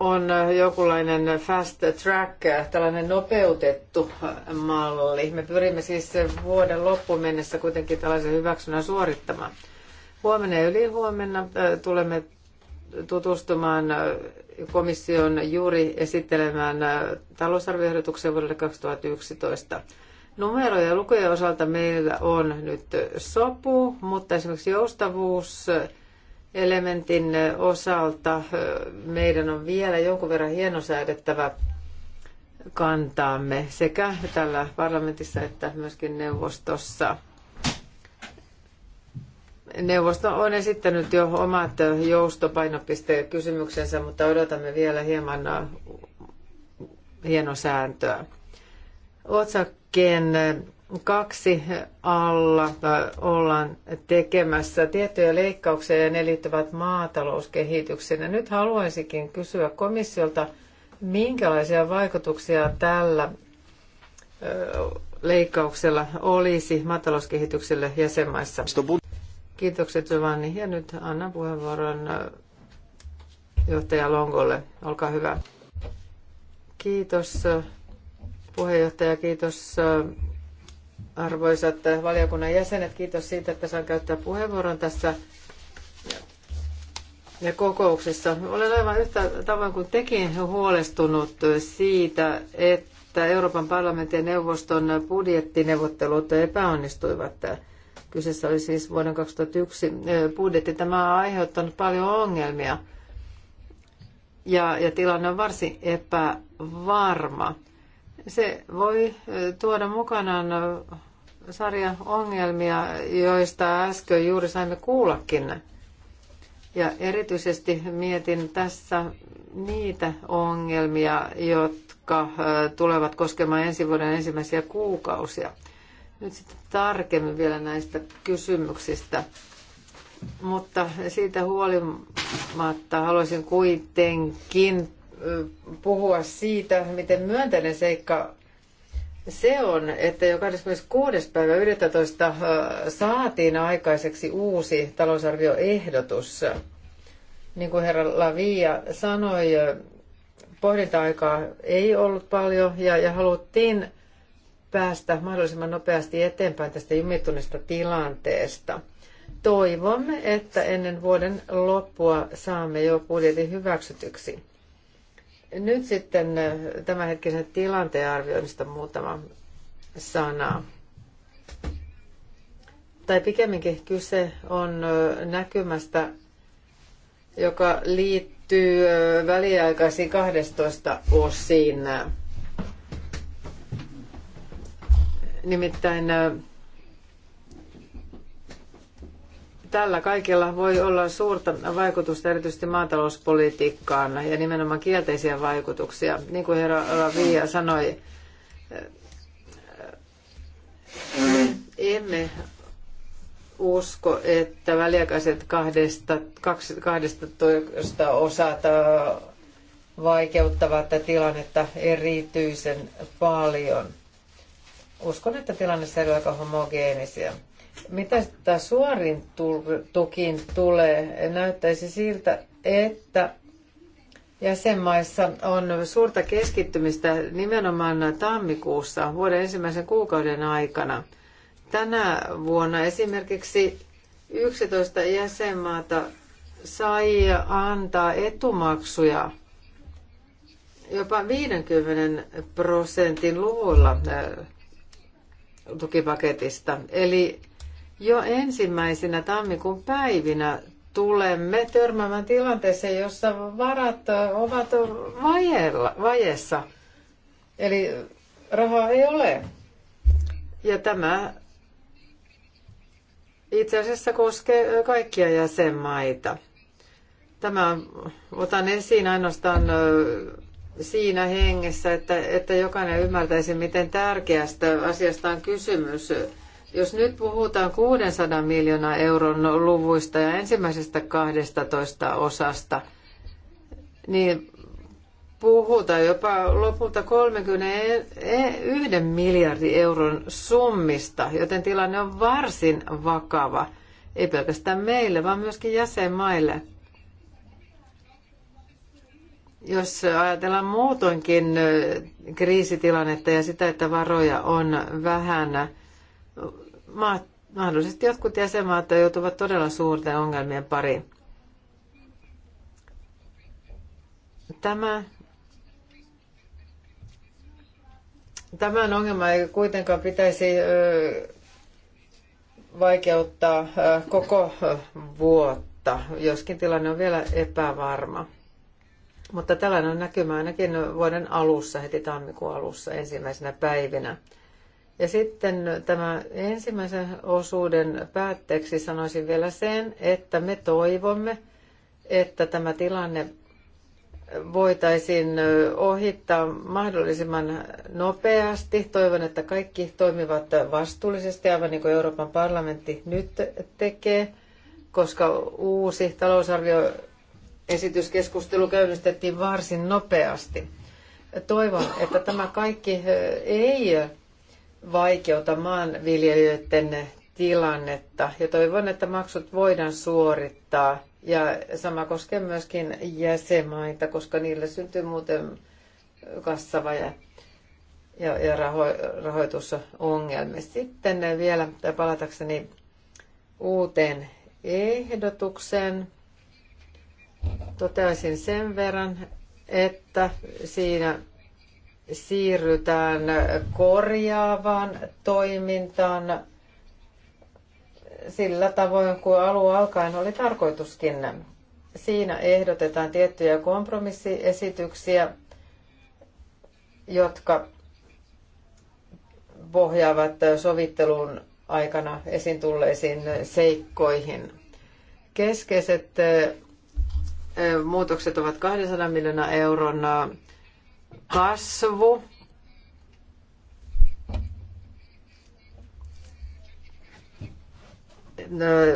on äh, jonkunlainen fast track, äh, tällainen nopeutettu äh, malli. Me pyrimme siis vuoden loppuun mennessä kuitenkin tällaisen hyväksynnän suorittamaan. Huomenna ja ylihuomenna tulemme tutustumaan komission juuri esittelemään talousarvioehdotuksen vuodelle 2011. Numeroja ja lukujen osalta meillä on nyt sopu, mutta esimerkiksi joustavuus elementin osalta meidän on vielä jonkun verran hienosäädettävä kantaamme sekä tällä parlamentissa että myöskin neuvostossa. Neuvosto on esittänyt jo omat joustopainopisteen kysymyksensä, mutta odotamme vielä hieman hienosääntöä. Otsakkeen kaksi alla ollaan tekemässä tiettyjä leikkauksia ja ne liittyvät maatalouskehitykseen. Ja nyt haluaisinkin kysyä komissiolta, minkälaisia vaikutuksia tällä leikkauksella olisi maatalouskehitykselle jäsenmaissa. Kiitokset Giovanni. Ja nyt annan puheenvuoron johtaja Longolle. Olkaa hyvä. Kiitos puheenjohtaja, kiitos Arvoisat valiokunnan jäsenet, kiitos siitä, että saan käyttää puheenvuoron tässä kokouksessa. Olen aivan yhtä tavoin kuin tekin huolestunut siitä, että Euroopan parlamentin ja neuvoston budjettineuvottelut epäonnistuivat. Kyseessä oli siis vuoden 2001 budjetti. Tämä on aiheuttanut paljon ongelmia ja, ja tilanne on varsin epävarma. Se voi tuoda mukanaan sarja ongelmia, joista äsken juuri saimme kuullakin. Ja erityisesti mietin tässä niitä ongelmia, jotka tulevat koskemaan ensi vuoden ensimmäisiä kuukausia. Nyt sitten tarkemmin vielä näistä kysymyksistä. Mutta siitä huolimatta haluaisin kuitenkin puhua siitä, miten myönteinen seikka se on, että jo 26. päivä 11. saatiin aikaiseksi uusi talousarvioehdotus. Niin kuin herra Lavia sanoi, pohdinta-aikaa ei ollut paljon ja, ja haluttiin päästä mahdollisimman nopeasti eteenpäin tästä jumittuneesta tilanteesta. Toivomme, että ennen vuoden loppua saamme jo budjetin hyväksytyksi. Nyt sitten äh, tämänhetkisen tilanteen arvioinnista muutama sana. Tai pikemminkin kyse on äh, näkymästä, joka liittyy äh, väliaikaisiin 12 osiin. Nimittäin tällä kaikella voi olla suurta vaikutusta erityisesti maatalouspolitiikkaan ja nimenomaan kielteisiä vaikutuksia. Niin kuin herra Lavia sanoi, emme usko, että väliaikaiset kahdesta, kahdesta toista osata vaikeuttavat tilannetta erityisen paljon. Uskon, että tilanne on aika homogeenisia. Mitä tämä suorin tukiin tulee, näyttäisi siltä, että jäsenmaissa on suurta keskittymistä nimenomaan tammikuussa vuoden ensimmäisen kuukauden aikana. Tänä vuonna esimerkiksi 11 jäsenmaata sai antaa etumaksuja jopa 50 prosentin luvulla tukipaketista. Eli jo ensimmäisenä tammikuun päivinä tulemme törmäämään tilanteeseen, jossa varat ovat vajella, vajessa. Eli rahaa ei ole. Ja tämä itse asiassa koskee kaikkia jäsenmaita. Tämä otan esiin ainoastaan siinä hengessä, että, että jokainen ymmärtäisi, miten tärkeästä asiasta on kysymys jos nyt puhutaan 600 miljoonaa euron luvuista ja ensimmäisestä 12 osasta, niin puhutaan jopa lopulta 31 miljardi euron summista, joten tilanne on varsin vakava, ei pelkästään meille, vaan myöskin jäsenmaille. Jos ajatellaan muutoinkin kriisitilannetta ja sitä, että varoja on vähän, maat, mahdollisesti jotkut jäsenmaat joutuvat todella suurten ongelmien pariin. Tämä, tämän ongelman ei kuitenkaan pitäisi vaikeuttaa koko vuotta, joskin tilanne on vielä epävarma. Mutta tällainen on näkymä ainakin vuoden alussa, heti tammikuun alussa ensimmäisenä päivinä. Ja sitten tämä ensimmäisen osuuden päätteeksi sanoisin vielä sen, että me toivomme, että tämä tilanne voitaisiin ohittaa mahdollisimman nopeasti. Toivon, että kaikki toimivat vastuullisesti, aivan niin kuin Euroopan parlamentti nyt tekee, koska uusi talousarvioesityskeskustelu käynnistettiin varsin nopeasti. Toivon, että tämä kaikki ei vaikeuta maanviljelijöiden tilannetta ja toivon, että maksut voidaan suorittaa. Ja sama koskee myöskin jäsenmaita, koska niille syntyy muuten kassavaja ja, ja raho, rahoitusongelmia. Sitten vielä palatakseni uuteen ehdotukseen. Toteaisin sen verran, että siinä siirrytään korjaavaan toimintaan sillä tavoin kuin alun alkaen oli tarkoituskin. Siinä ehdotetaan tiettyjä kompromissiesityksiä, jotka pohjaavat sovittelun aikana esiin tulleisiin seikkoihin. Keskeiset eh, muutokset ovat 200 miljoonaa euron eh, kasvu.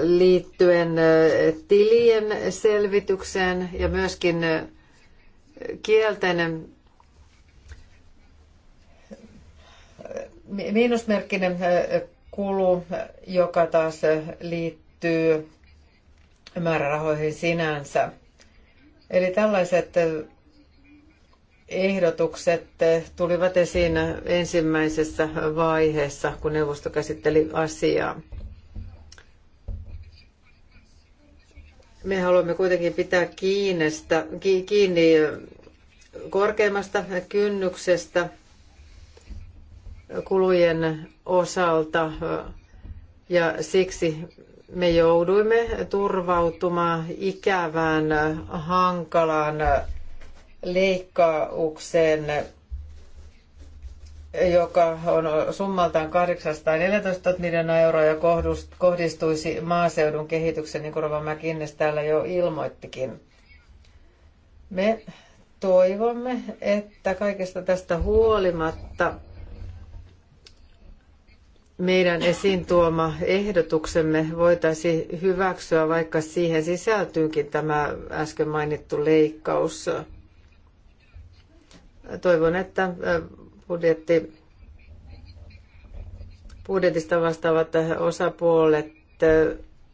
liittyen äh, tilien selvitykseen ja myöskin äh, kielten äh, miinusmerkkinen kulu, joka taas liittyy määrärahoihin sinänsä. Eli tällaiset ehdotukset tulivat esiin ensimmäisessä vaiheessa, kun neuvosto käsitteli asiaa. Me haluamme kuitenkin pitää kiinnestä, kiinni korkeimmasta kynnyksestä kulujen osalta ja siksi me jouduimme turvautumaan ikävään, hankalaan leikkauksen, joka on summaltaan 814 miljoonaa euroa ja kohdistuisi maaseudun kehityksen, niin kuin Rova täällä jo ilmoittikin. Me toivomme, että kaikesta tästä huolimatta meidän esiin tuoma ehdotuksemme voitaisiin hyväksyä, vaikka siihen sisältyykin tämä äsken mainittu leikkaus. Toivon, että budjetti, budjetista vastaavat osapuolet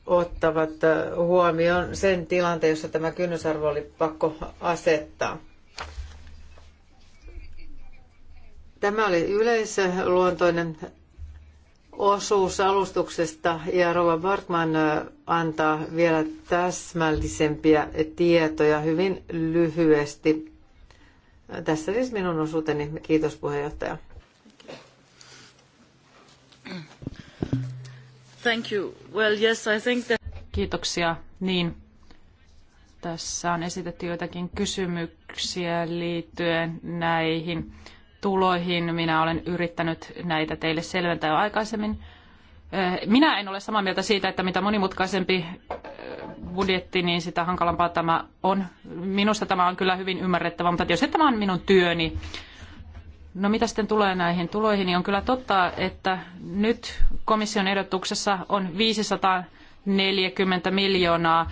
ottavat huomioon sen tilanteen, jossa tämä kynnysarvo oli pakko asettaa. Tämä oli yleisluontoinen osuus alustuksesta ja Rova Bartman antaa vielä täsmällisempiä tietoja hyvin lyhyesti tässä siis minun osuuteni. Kiitos puheenjohtaja. Thank you. Well, yes, I think that... Kiitoksia. Niin, tässä on esitetty joitakin kysymyksiä liittyen näihin tuloihin. Minä olen yrittänyt näitä teille selventää jo aikaisemmin. Minä en ole samaa mieltä siitä, että mitä monimutkaisempi budjetti, niin sitä hankalampaa tämä on. Minusta tämä on kyllä hyvin ymmärrettävä, mutta jos tämä on minun työni, No mitä sitten tulee näihin tuloihin, niin on kyllä totta, että nyt komission ehdotuksessa on 540 miljoonaa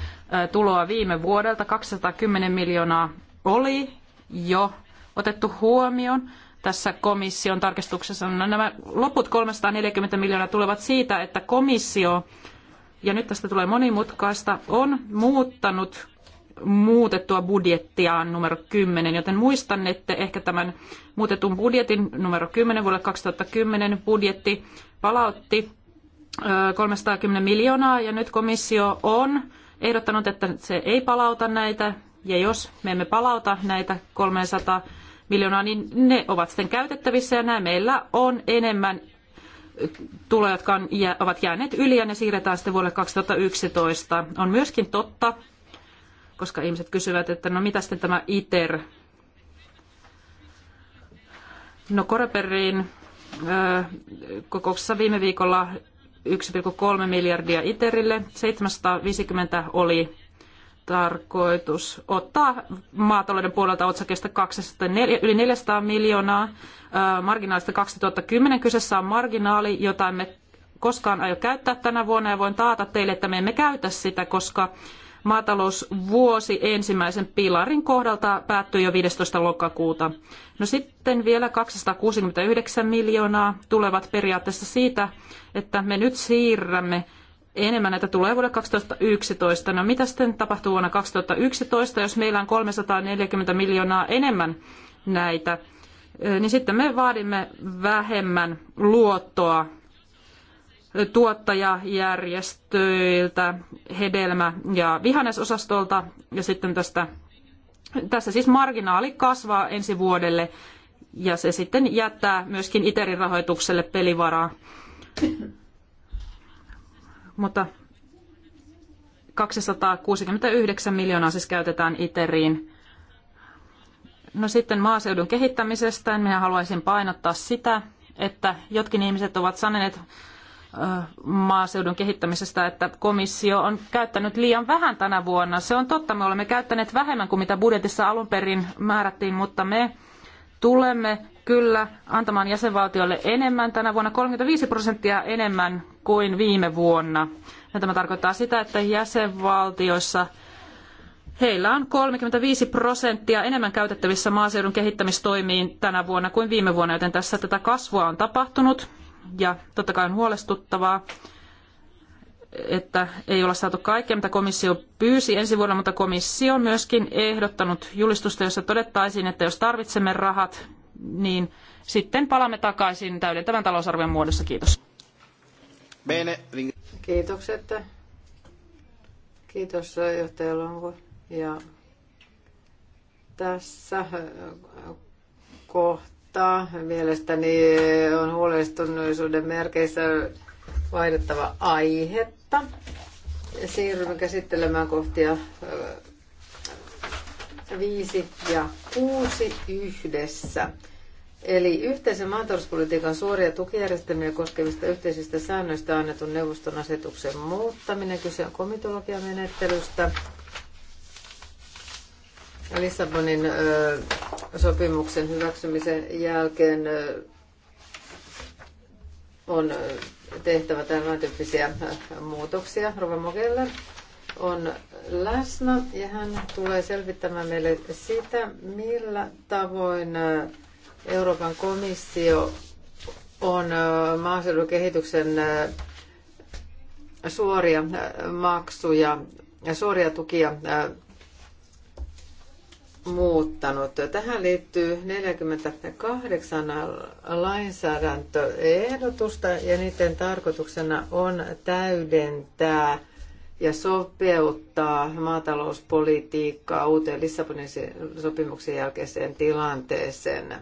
tuloa viime vuodelta, 210 miljoonaa oli jo otettu huomioon tässä komission tarkistuksessa. No, nämä loput 340 miljoonaa tulevat siitä, että komissio ja nyt tästä tulee monimutkaista, on muuttanut muutettua budjettiaan numero 10, joten muistannette ehkä tämän muutetun budjetin numero 10 vuodelle 2010 budjetti palautti 310 miljoonaa ja nyt komissio on ehdottanut, että se ei palauta näitä ja jos me emme palauta näitä 300 miljoonaa, niin ne ovat sitten käytettävissä ja näin meillä on enemmän tuloja, jotka on, ovat jääneet yli ja ne siirretään sitten vuodelle 2011. On myöskin totta, koska ihmiset kysyvät, että no mitä sitten tämä ITER? No Koreperin kokouksessa viime viikolla 1,3 miljardia ITERille, 750 oli tarkoitus ottaa maatalouden puolelta otsakesta 204, yli 400 miljoonaa, marginaalista 2010. Kyseessä on marginaali, jota emme koskaan aio käyttää tänä vuonna ja voin taata teille, että me emme käytä sitä, koska maatalousvuosi ensimmäisen pilarin kohdalta päättyy jo 15. lokakuuta. No sitten vielä 269 miljoonaa tulevat periaatteessa siitä, että me nyt siirrämme enemmän näitä tulee vuodelle 2011. No mitä sitten tapahtuu vuonna 2011, jos meillä on 340 miljoonaa enemmän näitä, niin sitten me vaadimme vähemmän luottoa tuottajajärjestöiltä, hedelmä- ja vihannesosastolta ja sitten tästä, tässä siis marginaali kasvaa ensi vuodelle ja se sitten jättää myöskin ITERin rahoitukselle pelivaraa mutta 269 miljoonaa siis käytetään ITERiin. No sitten maaseudun kehittämisestä, minä haluaisin painottaa sitä, että jotkin ihmiset ovat sanoneet maaseudun kehittämisestä, että komissio on käyttänyt liian vähän tänä vuonna. Se on totta, me olemme käyttäneet vähemmän kuin mitä budjetissa alun perin määrättiin, mutta me tulemme kyllä antamaan jäsenvaltioille enemmän tänä vuonna 35 prosenttia enemmän kuin viime vuonna. Ja tämä tarkoittaa sitä, että jäsenvaltioissa heillä on 35 prosenttia enemmän käytettävissä maaseudun kehittämistoimiin tänä vuonna kuin viime vuonna, joten tässä tätä kasvua on tapahtunut ja totta kai on huolestuttavaa, että ei olla saatu kaikkea, mitä komissio pyysi ensi vuonna, mutta komissio on myöskin ehdottanut julistusta, jossa todettaisiin, että jos tarvitsemme rahat, niin sitten palaamme takaisin täydentävän talousarvion muodossa. Kiitos. Bene. Kiitokset. Kiitos johtaja Lonko. Ja tässä äh, kohtaa mielestäni on huolestuneisuuden merkeissä vaihdettava aihetta. Siirrymme käsittelemään kohtia äh, viisi ja kuusi yhdessä. Eli yhteisen maatalouspolitiikan suoria tukijärjestelmiä koskevista yhteisistä säännöistä annetun neuvoston asetuksen muuttaminen. Kyse on komitologiamenettelystä. Lissabonin sopimuksen hyväksymisen jälkeen on tehtävä tämän tyyppisiä muutoksia. Rova Mogelle on läsnä ja hän tulee selvittämään meille sitä, millä tavoin Euroopan komissio on maaseudun kehityksen suoria maksuja ja suoria tukia muuttanut. Tähän liittyy 48 lainsäädäntöehdotusta ja niiden tarkoituksena on täydentää ja sopeuttaa maatalouspolitiikkaa uuteen Lissabonin sopimuksen jälkeiseen tilanteeseen.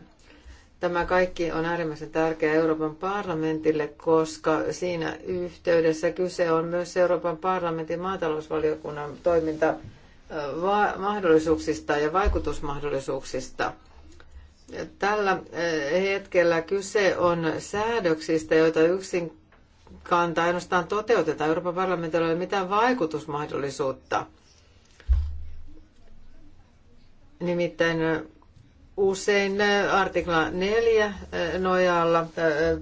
Tämä kaikki on äärimmäisen tärkeää Euroopan parlamentille, koska siinä yhteydessä kyse on myös Euroopan parlamentin maatalousvaliokunnan toimintamahdollisuuksista ja vaikutusmahdollisuuksista. Tällä hetkellä kyse on säädöksistä, joita yksin kantaa ainoastaan toteutetaan. Euroopan parlamentilla ei ole mitään vaikutusmahdollisuutta. Nimittäin usein äh, artikla 4 äh, nojalla äh,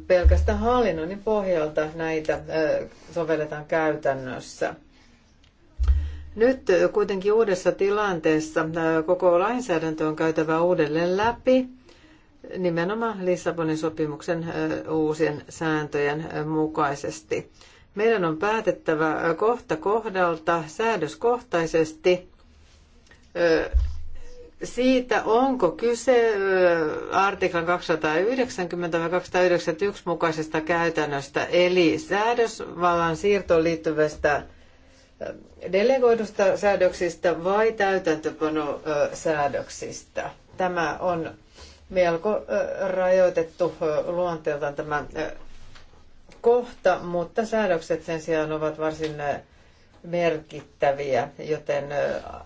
pelkästään hallinnoinnin pohjalta näitä sovelletaan käytännössä. Nyt kuitenkin uudessa tilanteessa koko lainsäädäntö on käytävä uudelleen läpi nimenomaan Lissabonin sopimuksen uusien sääntöjen mukaisesti. Meidän on päätettävä kohta kohdalta säädöskohtaisesti siitä, onko kyse artiklan 290 vai 291 mukaisesta käytännöstä, eli säädösvallan siirtoon liittyvästä delegoidusta säädöksistä vai täytäntöpanosäädöksistä. Tämä on melko rajoitettu luonteeltaan tämä kohta, mutta säädökset sen sijaan ovat varsin merkittäviä, joten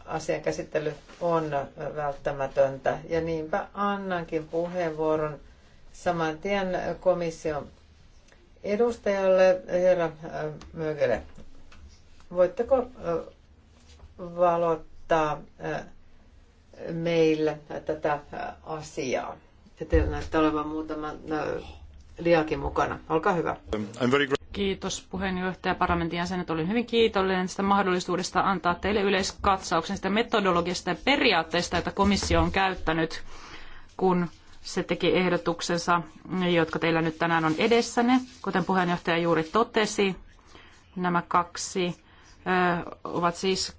asian käsittely on välttämätöntä. Ja niinpä annankin puheenvuoron saman tien komission edustajalle, herra Mögele. Voitteko valottaa meille tätä asiaa? Ja teillä näyttää olevan muutama liakin mukana. Olkaa hyvä. Kiitos puheenjohtaja parlamentin jäsenet. Olin hyvin kiitollinen tästä mahdollisuudesta antaa teille yleiskatsauksen sitä metodologiasta ja periaatteista, joita komissio on käyttänyt, kun se teki ehdotuksensa, jotka teillä nyt tänään on edessänne. Kuten puheenjohtaja juuri totesi, nämä kaksi ovat siis 30-29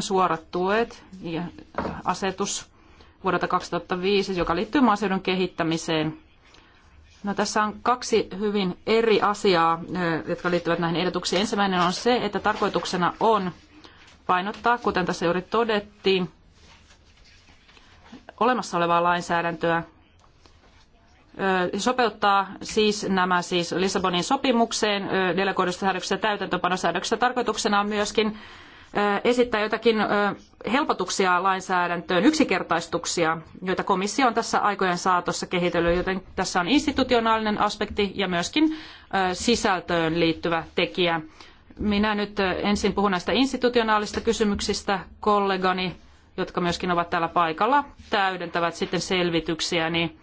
suorat tuet ja asetus vuodelta 2005, joka liittyy maaseudun kehittämiseen – No, tässä on kaksi hyvin eri asiaa, jotka liittyvät näihin ehdotuksiin. Ensimmäinen on se, että tarkoituksena on painottaa, kuten tässä juuri todettiin, olemassa olevaa lainsäädäntöä, sopeuttaa siis nämä siis Lissabonin sopimukseen delegoidusta säädöksestä ja täytäntöpanosäädöksestä. Tarkoituksena on myöskin esittää jotakin helpotuksia lainsäädäntöön, yksinkertaistuksia, joita komissio on tässä aikojen saatossa kehitellyt, joten tässä on institutionaalinen aspekti ja myöskin sisältöön liittyvä tekijä. Minä nyt ensin puhun näistä institutionaalista kysymyksistä. Kollegani, jotka myöskin ovat täällä paikalla, täydentävät sitten selvityksiä niin,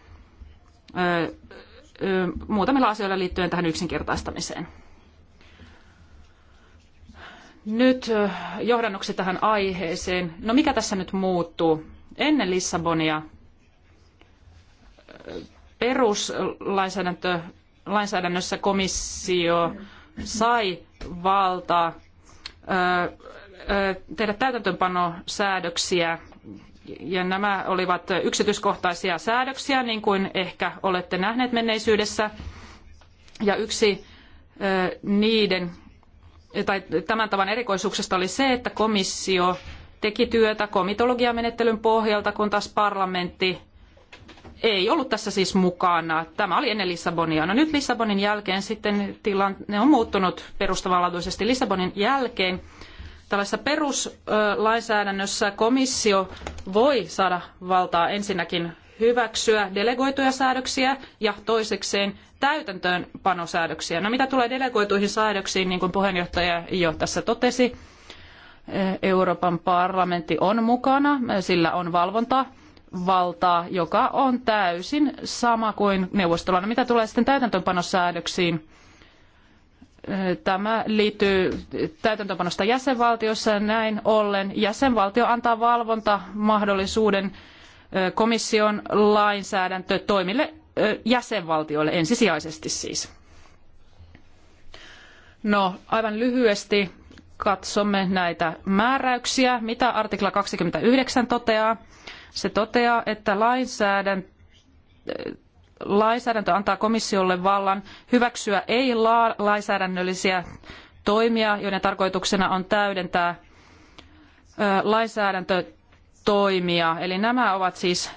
muutamilla asioilla liittyen tähän yksinkertaistamiseen. Nyt johdannoksi tähän aiheeseen. No mikä tässä nyt muuttuu? Ennen Lissabonia peruslainsäädännössä lainsäädännössä komissio sai valtaa tehdä täytäntöönpanosäädöksiä ja nämä olivat yksityiskohtaisia säädöksiä, niin kuin ehkä olette nähneet menneisyydessä. Ja yksi niiden tai tämän tavan erikoisuuksesta oli se, että komissio teki työtä komitologiamenettelyn pohjalta, kun taas parlamentti ei ollut tässä siis mukana. Tämä oli ennen Lissabonia. No nyt Lissabonin jälkeen sitten tilanne on muuttunut perustavanlaatuisesti. Lissabonin jälkeen tällaisessa peruslainsäädännössä komissio voi saada valtaa ensinnäkin hyväksyä delegoituja säädöksiä ja toisekseen täytäntöönpanosäädöksiä. No mitä tulee delegoituihin säädöksiin, niin kuin puheenjohtaja jo tässä totesi, Euroopan parlamentti on mukana, sillä on valvonta valtaa, joka on täysin sama kuin neuvostolla. No, mitä tulee sitten täytäntöönpanosäädöksiin, Tämä liittyy täytäntöönpanosta jäsenvaltiossa näin ollen. Jäsenvaltio antaa valvontamahdollisuuden komission toimille jäsenvaltioille ensisijaisesti siis. No, aivan lyhyesti katsomme näitä määräyksiä, mitä artikla 29 toteaa. Se toteaa, että lainsäädäntö lainsäädäntö antaa komissiolle vallan hyväksyä ei-lainsäädännöllisiä toimia, joiden tarkoituksena on täydentää lainsäädäntö toimia. Eli nämä ovat siis,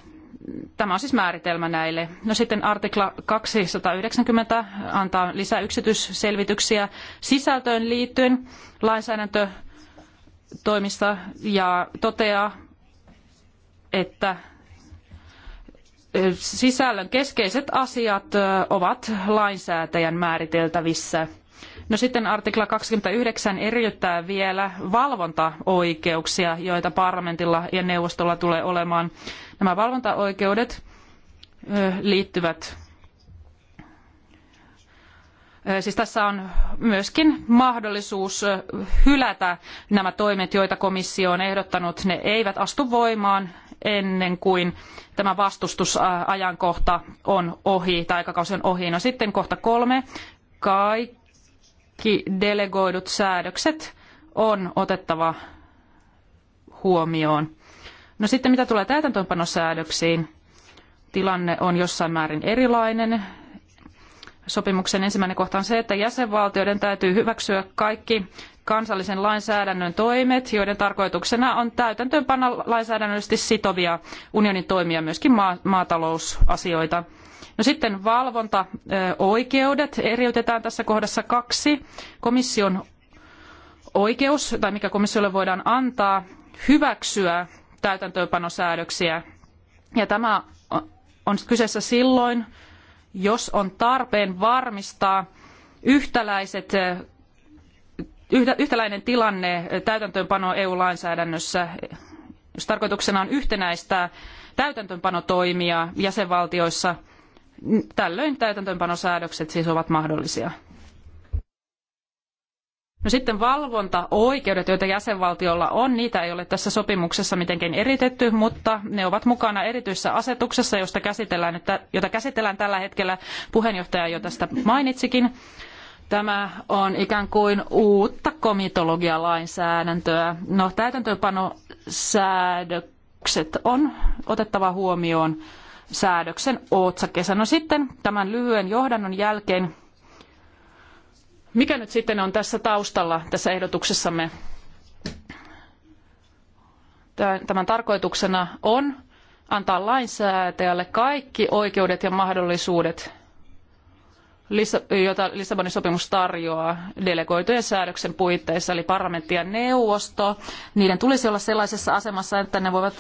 tämä on siis määritelmä näille. No sitten artikla 290 antaa lisää yksityisselvityksiä sisältöön liittyen lainsäädäntötoimista ja toteaa, että sisällön keskeiset asiat ovat lainsäätäjän määriteltävissä – No sitten artikla 29 eriyttää vielä valvontaoikeuksia, joita parlamentilla ja neuvostolla tulee olemaan. Nämä valvontaoikeudet liittyvät Siis tässä on myöskin mahdollisuus hylätä nämä toimet, joita komissio on ehdottanut. Ne eivät astu voimaan ennen kuin tämä vastustusajankohta on ohi tai aikakausi on ohi. No sitten kohta kolme. Kaikki kaikki delegoidut säädökset on otettava huomioon. No sitten mitä tulee täytäntöönpanosäädöksiin, tilanne on jossain määrin erilainen. Sopimuksen ensimmäinen kohta on se, että jäsenvaltioiden täytyy hyväksyä kaikki kansallisen lainsäädännön toimet, joiden tarkoituksena on täytäntöönpanna lainsäädännöllisesti sitovia unionin toimia, myöskin maatalousasioita – No sitten valvontaoikeudet eriytetään tässä kohdassa kaksi. Komission oikeus, tai mikä komissiolle voidaan antaa, hyväksyä täytäntöönpanosäädöksiä. Ja tämä on kyseessä silloin, jos on tarpeen varmistaa yhtäläiset yhtäläinen tilanne täytäntöönpano EU-lainsäädännössä, jos tarkoituksena on yhtenäistää täytäntöönpanotoimia jäsenvaltioissa – Tällöin täytäntöönpanosäädökset siis ovat mahdollisia. No sitten valvontaoikeudet, joita jäsenvaltiolla on, niitä ei ole tässä sopimuksessa mitenkään eritetty, mutta ne ovat mukana erityisessä asetuksessa, josta käsitellään, että, jota käsitellään tällä hetkellä. Puheenjohtaja jo tästä mainitsikin. Tämä on ikään kuin uutta komitologialainsäädäntöä. No täytäntöönpanosäädökset on otettava huomioon säädöksen otsakkeessa. No sitten tämän lyhyen johdannon jälkeen, mikä nyt sitten on tässä taustalla tässä ehdotuksessamme? Tämän tarkoituksena on antaa lainsäätäjälle kaikki oikeudet ja mahdollisuudet jota Lissabonin sopimus tarjoaa delegoitujen säädöksen puitteissa, eli parlamentti ja neuvosto. Niiden tulisi olla sellaisessa asemassa, että ne voivat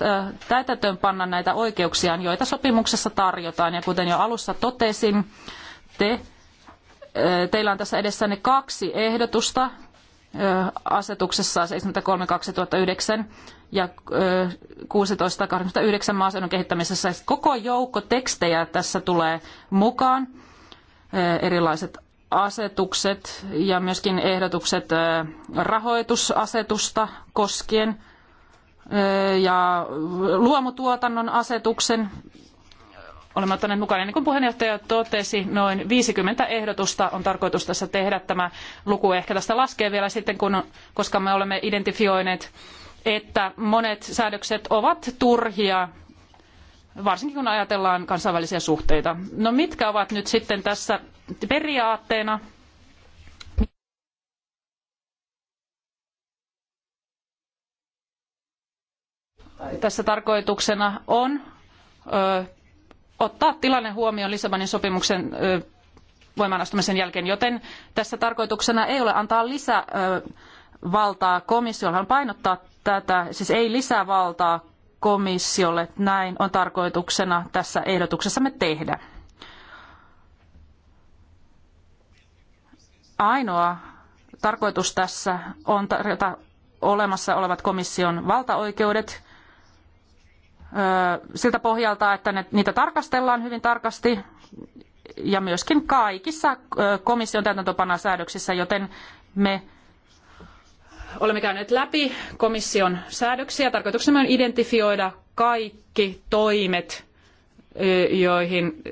täytäntöönpanna näitä oikeuksiaan, joita sopimuksessa tarjotaan. Ja kuten jo alussa totesin, te, teillä on tässä edessänne kaksi ehdotusta asetuksessa 73-2009 ja 16 maaseudun kehittämisessä. Koko joukko tekstejä tässä tulee mukaan Eh, erilaiset asetukset ja myöskin ehdotukset eh, rahoitusasetusta koskien eh, ja luomutuotannon asetuksen. Olemme ottaneet mukaan, niin kuin puheenjohtaja totesi, noin 50 ehdotusta on tarkoitus tässä tehdä. Tämä luku ehkä tästä laskee vielä sitten, kun, koska me olemme identifioineet, että monet säädökset ovat turhia varsinkin kun ajatellaan kansainvälisiä suhteita. No mitkä ovat nyt sitten tässä periaatteena? Tässä tarkoituksena on ö, ottaa tilanne huomioon Lissabonin sopimuksen ö, voimaanastumisen jälkeen, joten tässä tarkoituksena ei ole antaa lisävaltaa komissiolle, komissiolle, painottaa tätä, siis ei lisää valtaa komissiolle. Näin on tarkoituksena tässä ehdotuksessamme tehdä. Ainoa tarkoitus tässä on tarjota olemassa olevat komission valtaoikeudet siltä pohjalta, että niitä tarkastellaan hyvin tarkasti ja myöskin kaikissa komission täytäntöpana joten me olemme käyneet läpi komission säädöksiä. Tarkoituksena on identifioida kaikki toimet, joihin,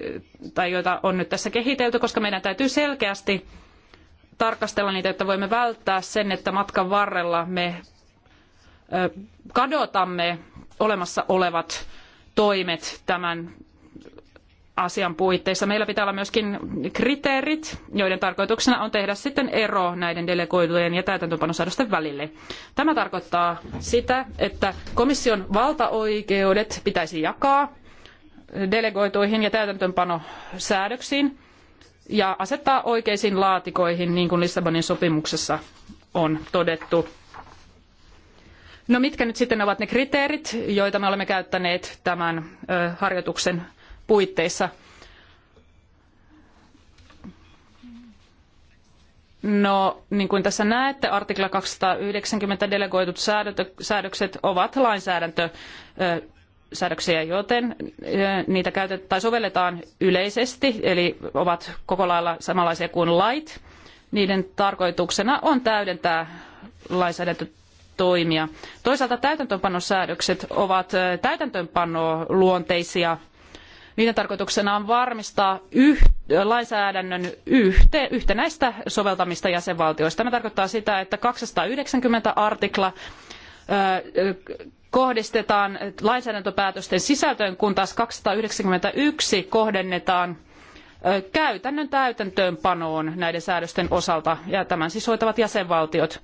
tai joita on nyt tässä kehitelty, koska meidän täytyy selkeästi tarkastella niitä, jotta voimme välttää sen, että matkan varrella me kadotamme olemassa olevat toimet tämän asian puitteissa. Meillä pitää olla myöskin kriteerit, joiden tarkoituksena on tehdä sitten ero näiden delegoitujen ja täytäntöönpanosäädösten välille. Tämä tarkoittaa sitä, että komission valtaoikeudet pitäisi jakaa delegoituihin ja täytäntöönpanosäädöksiin ja asettaa oikeisiin laatikoihin, niin kuin Lissabonin sopimuksessa on todettu. No mitkä nyt sitten ovat ne kriteerit, joita me olemme käyttäneet tämän harjoituksen puitteissa. No, niin kuin tässä näette, artikla 290 delegoidut säädökset ovat lainsäädäntösäädöksiä, joten niitä käytetään tai sovelletaan yleisesti, eli ovat koko lailla samanlaisia kuin lait. Niiden tarkoituksena on täydentää lainsäädäntötoimia. Toisaalta täytäntöönpanosäädökset ovat täytäntöönpanoluonteisia luonteisia niiden tarkoituksena on varmistaa lainsäädännön yhtenäistä soveltamista jäsenvaltioissa. Tämä tarkoittaa sitä, että 290 artikla kohdistetaan lainsäädäntöpäätösten sisältöön, kun taas 291 kohdennetaan käytännön täytäntöönpanoon näiden säädösten osalta, ja tämän siis hoitavat jäsenvaltiot.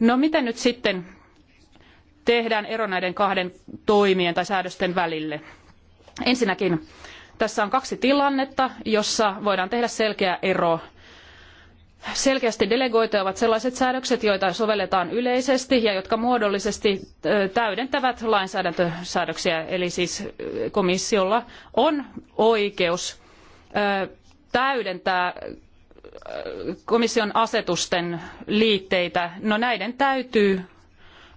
No miten nyt sitten tehdään ero näiden kahden toimien tai säädösten välille? Ensinnäkin tässä on kaksi tilannetta, jossa voidaan tehdä selkeä ero. Selkeästi delegoituja ovat sellaiset säädökset, joita sovelletaan yleisesti ja jotka muodollisesti täydentävät lainsäädäntösäädöksiä. Eli siis komissiolla on oikeus täydentää komission asetusten liitteitä. No näiden täytyy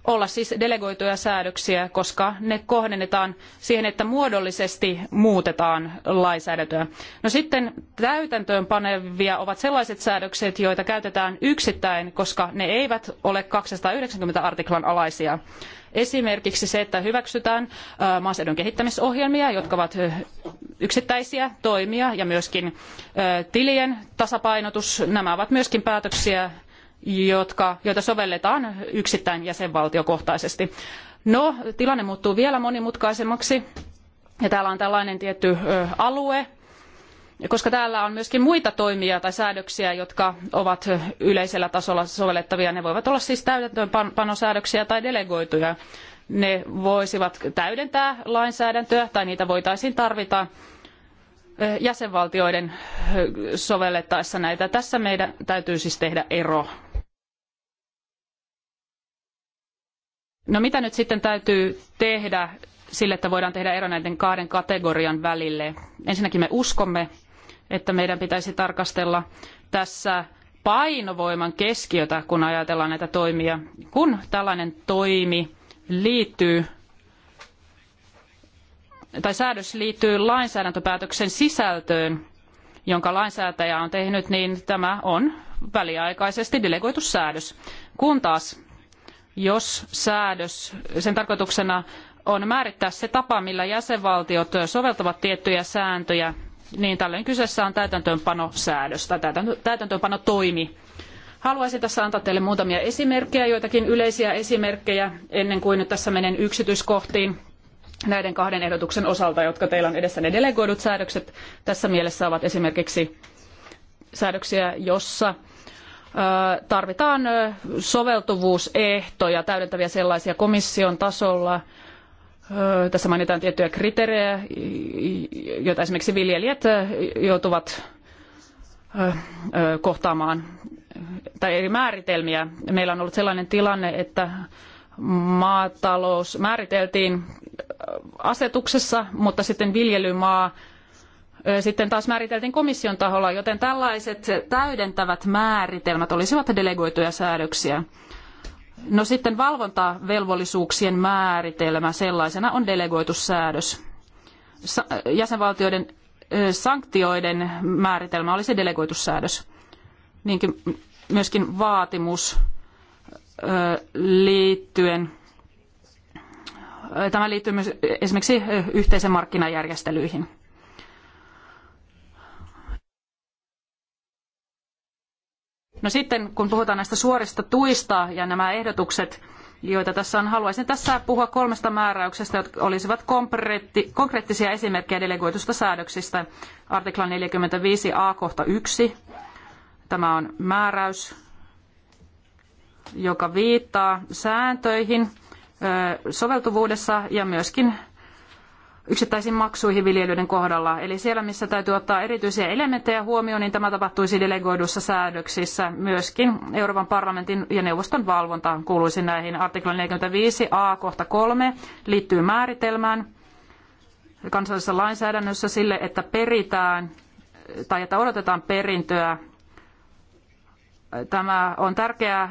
olla siis delegoituja säädöksiä, koska ne kohdennetaan siihen, että muodollisesti muutetaan lainsäädäntöä. No sitten täytäntöön panevia ovat sellaiset säädökset, joita käytetään yksittäin, koska ne eivät ole 290 artiklan alaisia. Esimerkiksi se, että hyväksytään äh, maaseudun kehittämisohjelmia, jotka ovat äh, yksittäisiä toimia ja myöskin äh, tilien tasapainotus. Nämä ovat myöskin päätöksiä, jotka, joita sovelletaan yksittäin jäsenvaltiokohtaisesti. No, tilanne muuttuu vielä monimutkaisemmaksi. Ja täällä on tällainen tietty alue, koska täällä on myöskin muita toimia tai säädöksiä, jotka ovat yleisellä tasolla sovellettavia. Ne voivat olla siis täytäntöönpanosäädöksiä tai delegoituja. Ne voisivat täydentää lainsäädäntöä tai niitä voitaisiin tarvita jäsenvaltioiden sovellettaessa näitä. Tässä meidän täytyy siis tehdä ero No mitä nyt sitten täytyy tehdä sille, että voidaan tehdä ero näiden kahden kategorian välille? Ensinnäkin me uskomme, että meidän pitäisi tarkastella tässä painovoiman keskiötä, kun ajatellaan näitä toimia. Kun tällainen toimi liittyy tai säädös liittyy lainsäädäntöpäätöksen sisältöön, jonka lainsäätäjä on tehnyt, niin tämä on väliaikaisesti delegoitu säädös. Kun taas jos säädös, sen tarkoituksena on määrittää se tapa, millä jäsenvaltiot soveltavat tiettyjä sääntöjä, niin tällöin kyseessä on täytäntöönpanosäädös tai täytäntöönpanotoimi. Haluaisin tässä antaa teille muutamia esimerkkejä, joitakin yleisiä esimerkkejä, ennen kuin nyt tässä menen yksityiskohtiin näiden kahden ehdotuksen osalta, jotka teillä on edessänne delegoidut säädökset. Tässä mielessä ovat esimerkiksi säädöksiä, jossa tarvitaan soveltuvuusehtoja, täydentäviä sellaisia komission tasolla. Tässä mainitaan tiettyjä kriteerejä, joita esimerkiksi viljelijät joutuvat kohtaamaan, tai eri määritelmiä. Meillä on ollut sellainen tilanne, että maatalous määriteltiin asetuksessa, mutta sitten viljelymaa sitten taas määriteltiin komission taholla, joten tällaiset täydentävät määritelmät olisivat delegoituja säädöksiä. No sitten valvontavelvollisuuksien määritelmä sellaisena on delegoitu säädös. jäsenvaltioiden sanktioiden määritelmä olisi delegoitu säädös. Niinkin myöskin vaatimus liittyen Tämä liittyy myös esimerkiksi yhteisen markkinajärjestelyihin. No sitten, kun puhutaan näistä suorista tuista ja nämä ehdotukset, joita tässä on, haluaisin tässä puhua kolmesta määräyksestä, jotka olisivat konkreettisia esimerkkejä delegoitusta säädöksistä. Artikla 45a kohta 1. Tämä on määräys, joka viittaa sääntöihin soveltuvuudessa ja myöskin yksittäisiin maksuihin viljelyiden kohdalla. Eli siellä, missä täytyy ottaa erityisiä elementtejä huomioon, niin tämä tapahtuisi delegoiduissa säädöksissä. Myöskin Euroopan parlamentin ja neuvoston valvontaan kuuluisi näihin. Artikla 45a kohta 3 liittyy määritelmään kansallisessa lainsäädännössä sille, että peritään tai että odotetaan perintöä. Tämä on tärkeää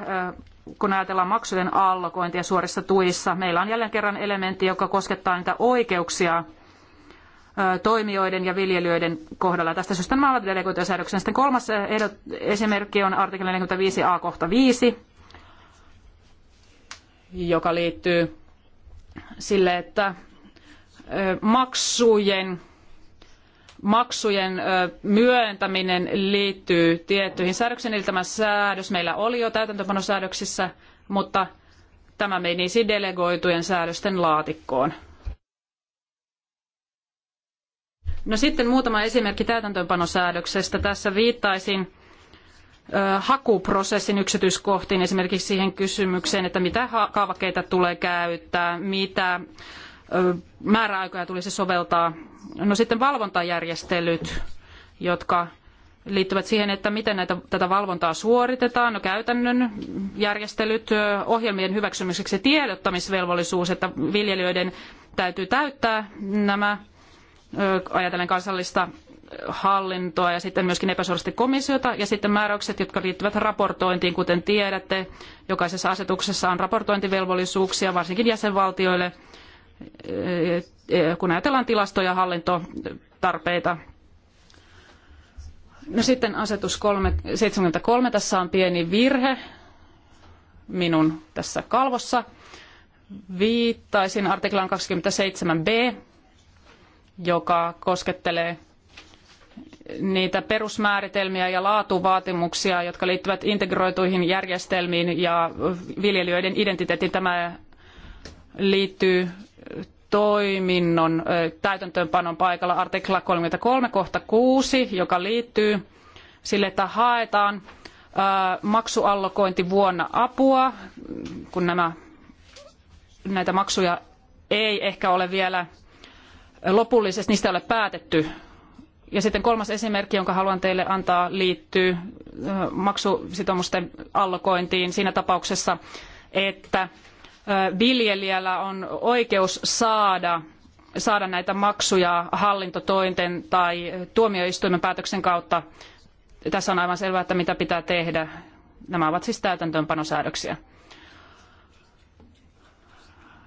kun ajatellaan maksujen allokointia suorissa tuissa, meillä on jälleen kerran elementti, joka koskettaa niitä oikeuksia toimijoiden ja viljelijöiden kohdalla. Tästä syystä maalatilidelegoitusäädöksen. Sitten kolmas ehdot, esimerkki on artikla 45a kohta 5, joka liittyy sille, että maksujen maksujen myöntäminen liittyy tiettyihin säädöksiin. Eli tämä säädös meillä oli jo täytäntöpanosäädöksissä, mutta tämä menisi siis delegoitujen säädösten laatikkoon. No sitten muutama esimerkki täytäntöönpanosäädöksestä. Tässä viittaisin hakuprosessin yksityiskohtiin, esimerkiksi siihen kysymykseen, että mitä kaavakkeita tulee käyttää, mitä määräaikoja tulisi soveltaa No sitten valvontajärjestelyt, jotka liittyvät siihen, että miten näitä, tätä valvontaa suoritetaan. No, käytännön järjestelyt ohjelmien hyväksymiseksi ja tiedottamisvelvollisuus, että viljelijöiden täytyy täyttää nämä, ajatellen kansallista hallintoa ja sitten myöskin epäsuorasti komissiota ja sitten määräykset, jotka liittyvät raportointiin, kuten tiedätte. Jokaisessa asetuksessa on raportointivelvollisuuksia, varsinkin jäsenvaltioille – kun ajatellaan tilasto- ja hallintotarpeita. No sitten asetus 73, tässä on pieni virhe minun tässä kalvossa. Viittaisin artiklan 27b, joka koskettelee niitä perusmääritelmiä ja laatuvaatimuksia, jotka liittyvät integroituihin järjestelmiin ja viljelijöiden identiteettiin. Tämä liittyy toiminnon täytäntöönpanon paikalla artikla 33 kohta 6, joka liittyy sille, että haetaan maksuallokointivuonna apua, kun nämä, näitä maksuja ei ehkä ole vielä lopullisesti, niistä ei ole päätetty. Ja sitten kolmas esimerkki, jonka haluan teille antaa, liittyy maksusitoumusten allokointiin siinä tapauksessa, että viljelijällä on oikeus saada saada näitä maksuja hallintotointen tai tuomioistuimen päätöksen kautta. Tässä on aivan selvää, että mitä pitää tehdä. Nämä ovat siis täytäntöönpanosäädöksiä.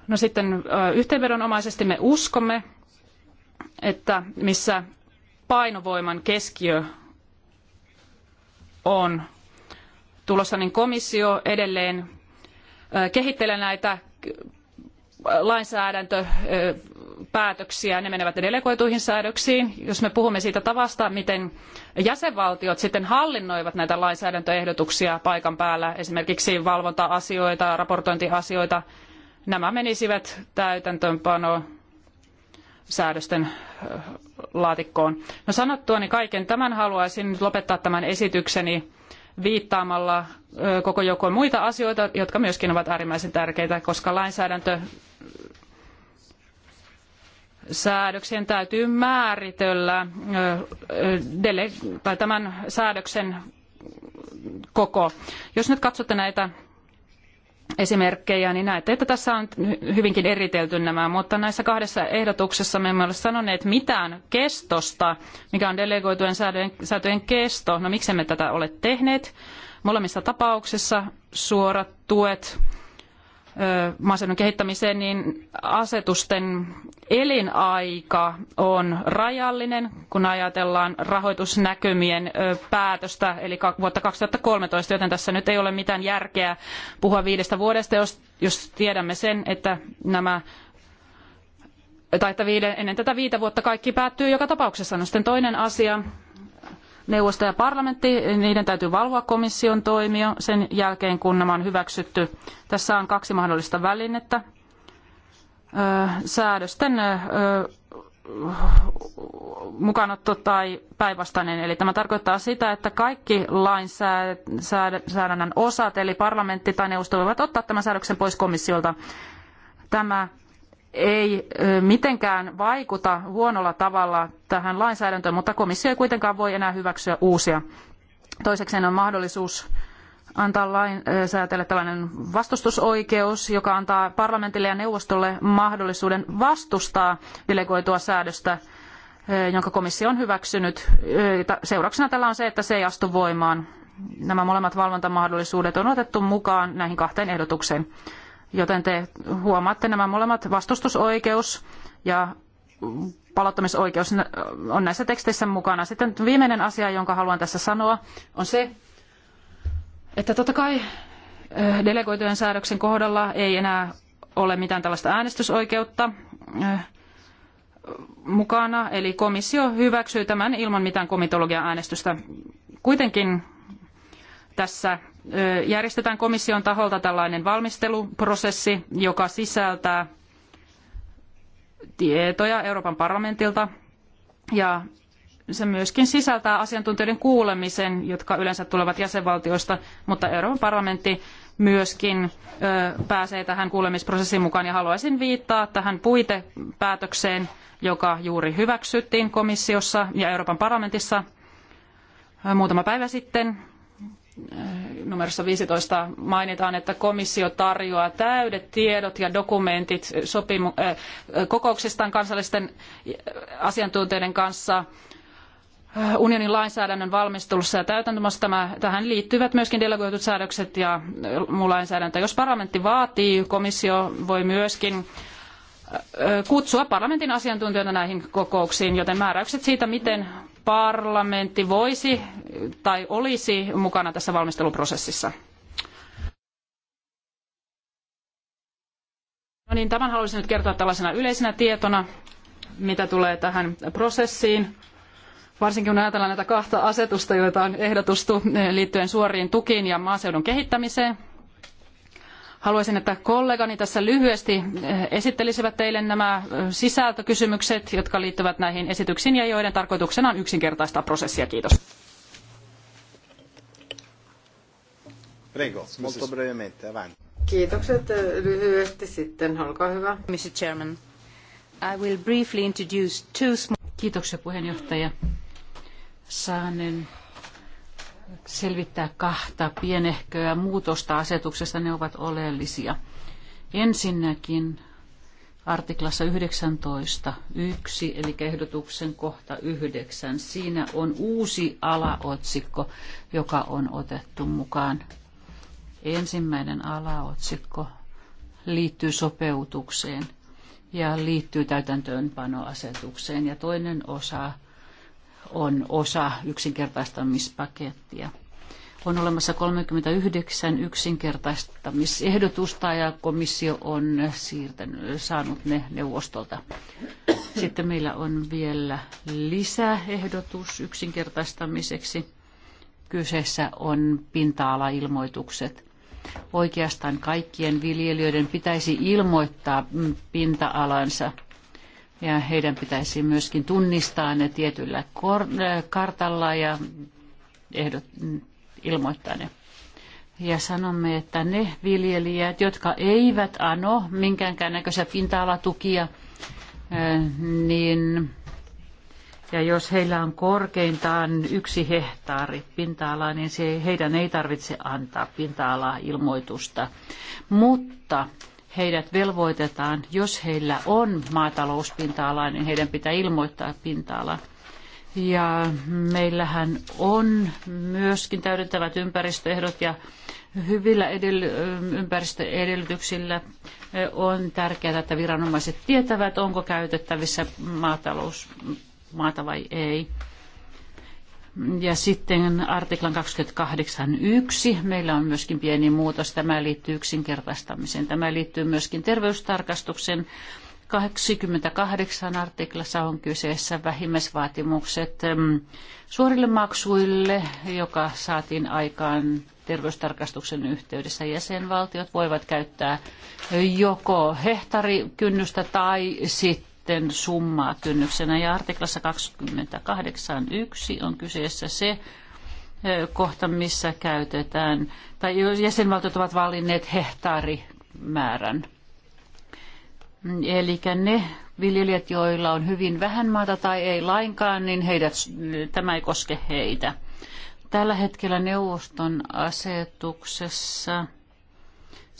No sitten yhteenvedonomaisesti me uskomme, että missä painovoiman keskiö on tulossa, niin komissio edelleen kehittele näitä lainsäädäntöpäätöksiä, ne menevät delegoituihin säädöksiin. Jos me puhumme siitä tavasta, miten jäsenvaltiot sitten hallinnoivat näitä lainsäädäntöehdotuksia paikan päällä, esimerkiksi valvonta-asioita, raportointiasioita, nämä menisivät täytäntöönpano säädösten laatikkoon. No sanottuani kaiken tämän haluaisin lopettaa tämän esitykseni viittaamalla koko joukkoon muita asioita, jotka myöskin ovat äärimmäisen tärkeitä, koska lainsäädäntö säädöksien täytyy määritellä tai tämän säädöksen koko. Jos nyt katsotte näitä esimerkkejä, niin näette, että tässä on hyvinkin eritelty nämä, mutta näissä kahdessa ehdotuksessa me emme ole sanoneet mitään kestosta, mikä on delegoitujen säätöjen kesto. No miksi me tätä ole tehneet? Molemmissa tapauksissa suorat tuet maaseudun kehittämiseen, niin asetusten elinaika on rajallinen, kun ajatellaan rahoitusnäkymien päätöstä, eli vuotta 2013, joten tässä nyt ei ole mitään järkeä puhua viidestä vuodesta, jos, jos tiedämme sen, että nämä tai että viiden, ennen tätä viitä vuotta kaikki päättyy joka tapauksessa. No sitten toinen asia, neuvosto ja parlamentti, niiden täytyy valvoa komission toimia sen jälkeen, kun nämä on hyväksytty. Tässä on kaksi mahdollista välinettä. Säädösten mukanotto tai päinvastainen. Eli tämä tarkoittaa sitä, että kaikki lainsäädännön osat, eli parlamentti tai neuvosto, voivat ottaa tämän säädöksen pois komissiolta. Tämä ei mitenkään vaikuta huonolla tavalla tähän lainsäädäntöön, mutta komissio ei kuitenkaan voi enää hyväksyä uusia. Toiseksi on mahdollisuus antaa lainsäätäjälle tällainen vastustusoikeus, joka antaa parlamentille ja neuvostolle mahdollisuuden vastustaa delegoitua säädöstä, jonka komissio on hyväksynyt. Seurauksena tällä on se, että se ei astu voimaan. Nämä molemmat valvontamahdollisuudet on otettu mukaan näihin kahteen ehdotukseen. Joten te huomaatte nämä molemmat vastustusoikeus ja palauttamisoikeus on näissä teksteissä mukana. Sitten viimeinen asia, jonka haluan tässä sanoa, on se, että totta kai eh, delegoitujen säädöksen kohdalla ei enää ole mitään tällaista äänestysoikeutta eh, mukana, eli komissio hyväksyy tämän ilman mitään komitologia äänestystä. Kuitenkin tässä järjestetään komission taholta tällainen valmisteluprosessi, joka sisältää tietoja Euroopan parlamentilta ja se myöskin sisältää asiantuntijoiden kuulemisen, jotka yleensä tulevat jäsenvaltioista, mutta Euroopan parlamentti myöskin pääsee tähän kuulemisprosessiin mukaan. Ja haluaisin viittaa tähän puitepäätökseen, joka juuri hyväksyttiin komissiossa ja Euroopan parlamentissa muutama päivä sitten numerossa 15 mainitaan, että komissio tarjoaa täydet tiedot ja dokumentit sopimu- kokouksistaan kansallisten asiantuntijoiden kanssa unionin lainsäädännön valmistelussa ja täytäntömässä. Tämä, tähän liittyvät myöskin delegoidut säädökset ja muu lainsäädäntö. Jos parlamentti vaatii, komissio voi myöskin kutsua parlamentin asiantuntijoita näihin kokouksiin, joten määräykset siitä, miten parlamentti voisi tai olisi mukana tässä valmisteluprosessissa. No niin, tämän haluaisin nyt kertoa tällaisena yleisenä tietona, mitä tulee tähän prosessiin. Varsinkin kun ajatellaan näitä kahta asetusta, joita on ehdotustu liittyen suoriin tukiin ja maaseudun kehittämiseen, Haluaisin, että kollegani tässä lyhyesti eh, esittelisivät teille nämä eh, sisältökysymykset, jotka liittyvät näihin esityksiin ja joiden tarkoituksena on yksinkertaistaa prosessia. Kiitos. Kiitokset eh, lyhyesti sitten, olkaa hyvä. Mr. Chairman, I will briefly introduce two small... Kiitoksia puheenjohtaja. Saanen selvittää kahta pienehköä muutosta asetuksesta. Ne ovat oleellisia. Ensinnäkin artiklassa 19.1, eli ehdotuksen kohta 9. Siinä on uusi alaotsikko, joka on otettu mukaan. Ensimmäinen alaotsikko liittyy sopeutukseen ja liittyy täytäntöönpanoasetukseen ja toinen osa on osa yksinkertaistamispakettia. On olemassa 39 yksinkertaistamisehdotusta ja komissio on siirtänyt, saanut ne neuvostolta. Sitten meillä on vielä lisäehdotus yksinkertaistamiseksi. Kyseessä on pinta-alailmoitukset – oikeastaan kaikkien viljelijöiden pitäisi ilmoittaa pinta-alansa ja heidän pitäisi myöskin tunnistaa ne tietyllä äh, kartalla ja ehdot, ilmoittaa ne. Ja sanomme, että ne viljelijät, jotka eivät ano minkäänkään näköisiä pinta-alatukia, äh, niin ja jos heillä on korkeintaan yksi hehtaari pinta-alaa, niin se, heidän ei tarvitse antaa pinta-alaa ilmoitusta. Mutta heidät velvoitetaan, jos heillä on maatalouspinta ala niin heidän pitää ilmoittaa pinta-ala. Ja meillähän on myöskin täydentävät ympäristöehdot ja hyvillä edell- ympäristöedellytyksillä on tärkeää, että viranomaiset tietävät, onko käytettävissä maatalous, maata vai ei. Ja sitten artiklan 28.1. Meillä on myöskin pieni muutos. Tämä liittyy yksinkertaistamiseen. Tämä liittyy myöskin terveystarkastuksen 28 artiklassa on kyseessä vähimmäisvaatimukset mm, suorille maksuille, joka saatiin aikaan terveystarkastuksen yhteydessä. Jäsenvaltiot voivat käyttää joko hehtarikynnystä tai sitten sitten summaa kynnyksenä. Ja artiklassa 28.1 on kyseessä se kohta, missä käytetään, tai jäsenvaltiot ovat valinneet hehtaarimäärän. Eli ne viljelijät, joilla on hyvin vähän maata tai ei lainkaan, niin heidät, tämä ei koske heitä. Tällä hetkellä neuvoston asetuksessa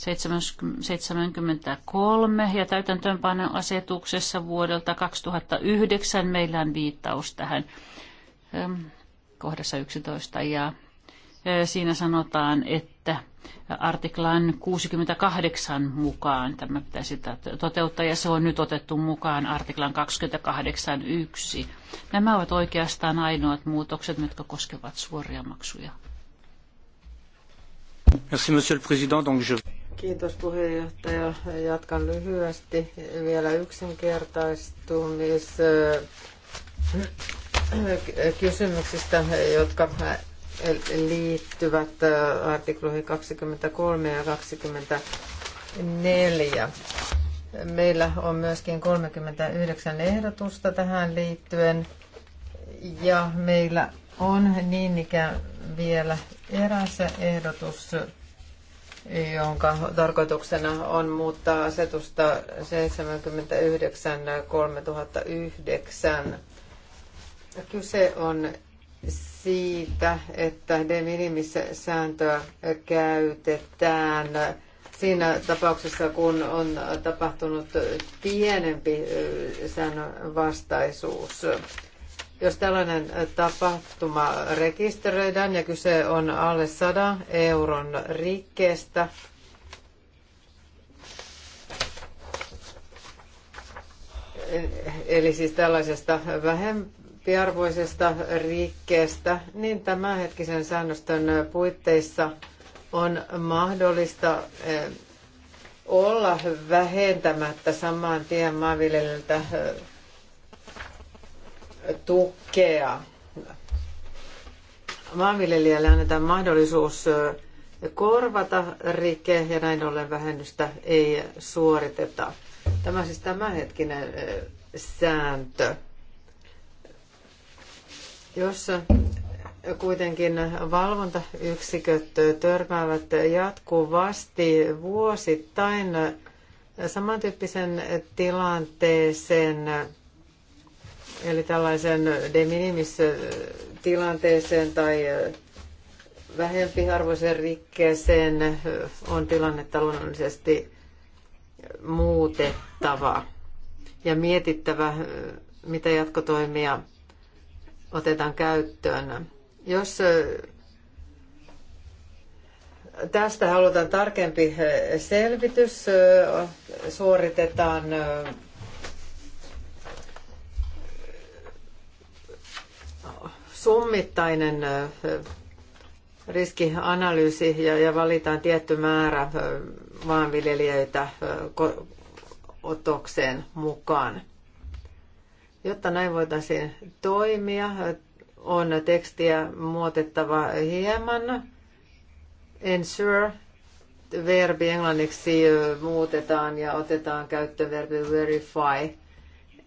73 ja täytäntöönpanon asetuksessa vuodelta 2009 meillä on viittaus tähän ähm, kohdassa 11 ja äh, siinä sanotaan, että artiklan 68 mukaan tämä pitäisi toteuttaa ja se on nyt otettu mukaan artiklan 28.1. Nämä ovat oikeastaan ainoat muutokset, jotka koskevat suoria maksuja. Merci, monsieur le président. Donc je... Kiitos puheenjohtaja. Jatkan lyhyesti vielä yksinkertaistumis kysymyksistä, jotka liittyvät äh, artikloihin 23 ja 24. Meillä on myöskin 39 ehdotusta tähän liittyen ja meillä on niin ikään vielä eräs ehdotus jonka tarkoituksena on muuttaa asetusta 79-3009. Kyse on siitä, että de minimis sääntöä käytetään siinä tapauksessa, kun on tapahtunut pienempi säännönvastaisuus. vastaisuus jos tällainen tapahtuma rekisteröidään ja kyse on alle 100 euron rikkeestä, eli siis tällaisesta vähempiarvoisesta rikkeestä, niin tämänhetkisen säännöstön puitteissa on mahdollista eh, olla vähentämättä saman tien maanviljelijältä eh, tukea. Maanviljelijälle annetaan mahdollisuus korvata rike ja näin ollen vähennystä ei suoriteta. Tämä siis tämänhetkinen sääntö. Jos kuitenkin valvontayksiköt törmäävät jatkuvasti vuosittain samantyyppisen tilanteeseen, Eli tällaisen de minimis tilanteeseen tai vähempiarvoiseen rikkeeseen on tilannetta luonnollisesti muutettava ja mietittävä, mitä jatkotoimia otetaan käyttöön. Jos tästä halutaan tarkempi selvitys, suoritetaan summittainen riskianalyysi ja, ja valitaan tietty määrä maanviljelijöitä otokseen mukaan. Jotta näin voitaisiin toimia, on tekstiä muotettava hieman. Ensure verbi englanniksi muutetaan ja otetaan käyttöverbi verify.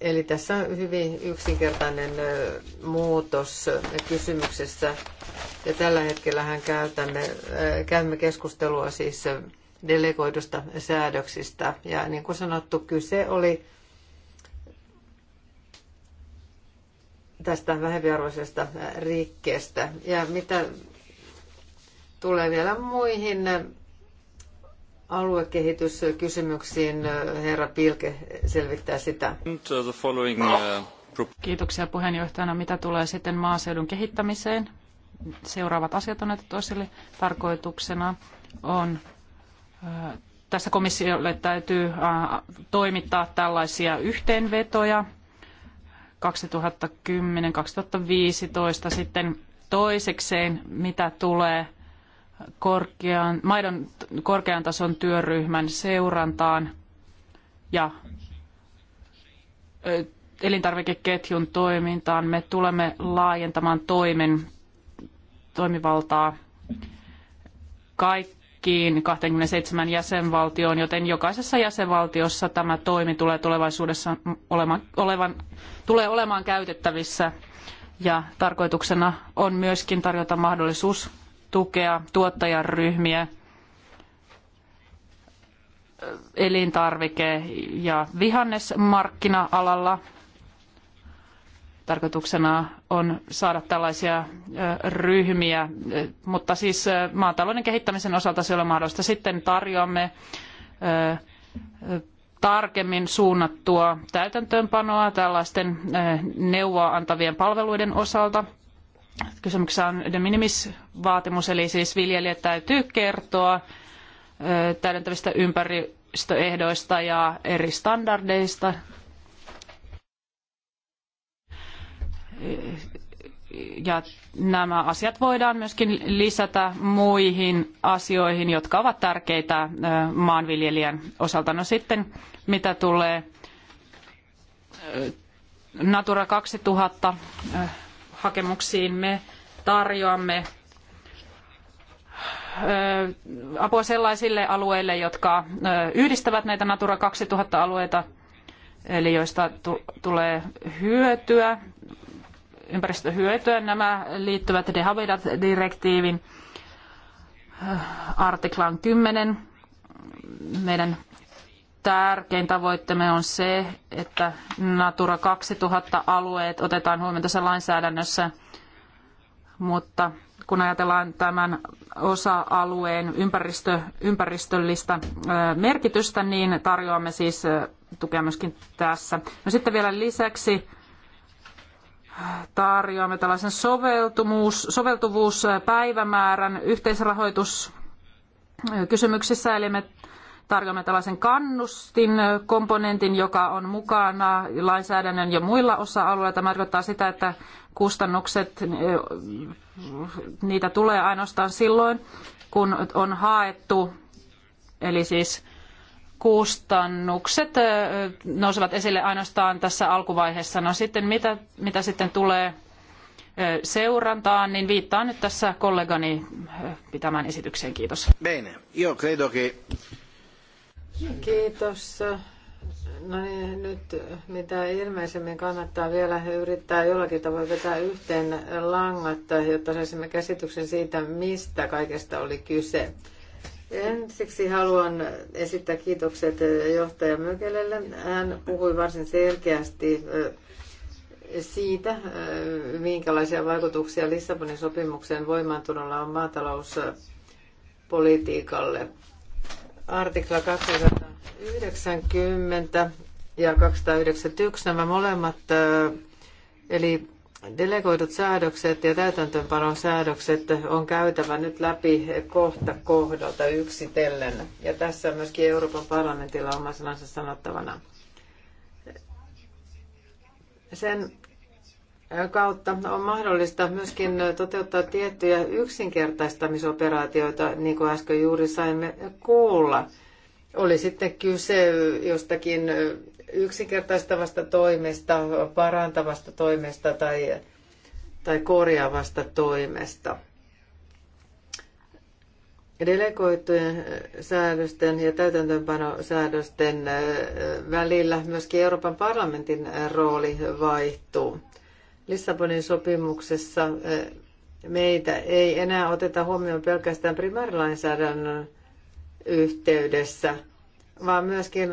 Eli tässä on hyvin yksinkertainen muutos kysymyksessä. Ja tällä hetkellähän käytämme, käymme keskustelua siis delegoidusta säädöksistä. Ja niin kuin sanottu, kyse oli tästä vähempiarvoisesta rikkeestä. Ja mitä tulee vielä muihin aluekehityskysymyksiin. Äh, herra Pilke selvittää sitä. Uh, uh, Kiitoksia puheenjohtajana. Mitä tulee sitten maaseudun kehittämiseen? Seuraavat asiat on otettu esille. Tarkoituksena on äh, tässä komissiolle täytyy äh, toimittaa tällaisia yhteenvetoja 2010-2015 sitten toisekseen, mitä tulee korkean, maidon korkean tason työryhmän seurantaan ja elintarvikeketjun toimintaan. Me tulemme laajentamaan toimen toimivaltaa kaikkiin 27 jäsenvaltioon, joten jokaisessa jäsenvaltiossa tämä toimi tulee tulevaisuudessa olemaan, olevan, tulee olemaan käytettävissä. Ja tarkoituksena on myöskin tarjota mahdollisuus tukea tuottajaryhmiä elintarvike- ja vihannesmarkkina-alalla. Tarkoituksena on saada tällaisia ryhmiä, mutta siis maatalouden kehittämisen osalta se ei ole mahdollista. Sitten tarjoamme tarkemmin suunnattua täytäntöönpanoa tällaisten neuvoa antavien palveluiden osalta – Kysymyksessä on de minimis-vaatimus, eli siis viljelijät täytyy kertoa täydentävistä ympäristöehdoista ja eri standardeista. Ja nämä asiat voidaan myöskin lisätä muihin asioihin, jotka ovat tärkeitä maanviljelijän osalta. No sitten mitä tulee Natura 2000 hakemuksiin. Me tarjoamme apua sellaisille alueille, jotka yhdistävät näitä Natura 2000-alueita, eli joista tulee hyötyä, ympäristöhyötyä. Nämä liittyvät De Habitat-direktiivin artiklaan 10 meidän tärkein tavoitteemme on se, että Natura 2000-alueet otetaan huomioon tässä lainsäädännössä, mutta kun ajatellaan tämän osa-alueen ympäristö, ympäristöllistä merkitystä, niin tarjoamme siis tukea myöskin tässä. No sitten vielä lisäksi tarjoamme tällaisen soveltuvuuspäivämäärän yhteisrahoituskysymyksissä, eli me tarjoamme tällaisen kannustin komponentin, joka on mukana lainsäädännön ja muilla osa-alueilla. Tämä tarkoittaa sitä, että kustannukset, niitä tulee ainoastaan silloin, kun on haettu, eli siis kustannukset nousevat esille ainoastaan tässä alkuvaiheessa. No sitten mitä, mitä sitten tulee seurantaan, niin viittaan nyt tässä kollegani pitämään esitykseen. Kiitos. Bene. Io credo che Kiitos. No niin, nyt mitä ilmeisemmin kannattaa vielä yrittää jollakin tavoin vetää yhteen langat, jotta saisimme käsityksen siitä, mistä kaikesta oli kyse. Ensiksi haluan esittää kiitokset johtaja Mökelelle. Hän puhui varsin selkeästi eh, siitä, eh, minkälaisia vaikutuksia Lissabonin sopimuksen voimaantulolla on maatalouspolitiikalle artikla 290 ja 291, nämä molemmat, äh, eli delegoidut säädökset ja täytäntöönpanon säädökset on käytävä nyt läpi kohta kohdalta yksitellen. Ja tässä myöskin Euroopan parlamentilla on oma sanansa sanottavana. Sen kautta on mahdollista myöskin toteuttaa tiettyjä yksinkertaistamisoperaatioita, niin kuin äsken juuri saimme kuulla. Oli sitten kyse jostakin yksinkertaistavasta toimesta, parantavasta toimesta tai, tai korjaavasta toimesta. Delegoitujen säädösten ja täytäntöönpanosäädösten välillä myöskin Euroopan parlamentin rooli vaihtuu. Lissabonin sopimuksessa eh, meitä ei enää oteta huomioon pelkästään primäärilainsäädännön yhteydessä, vaan myöskin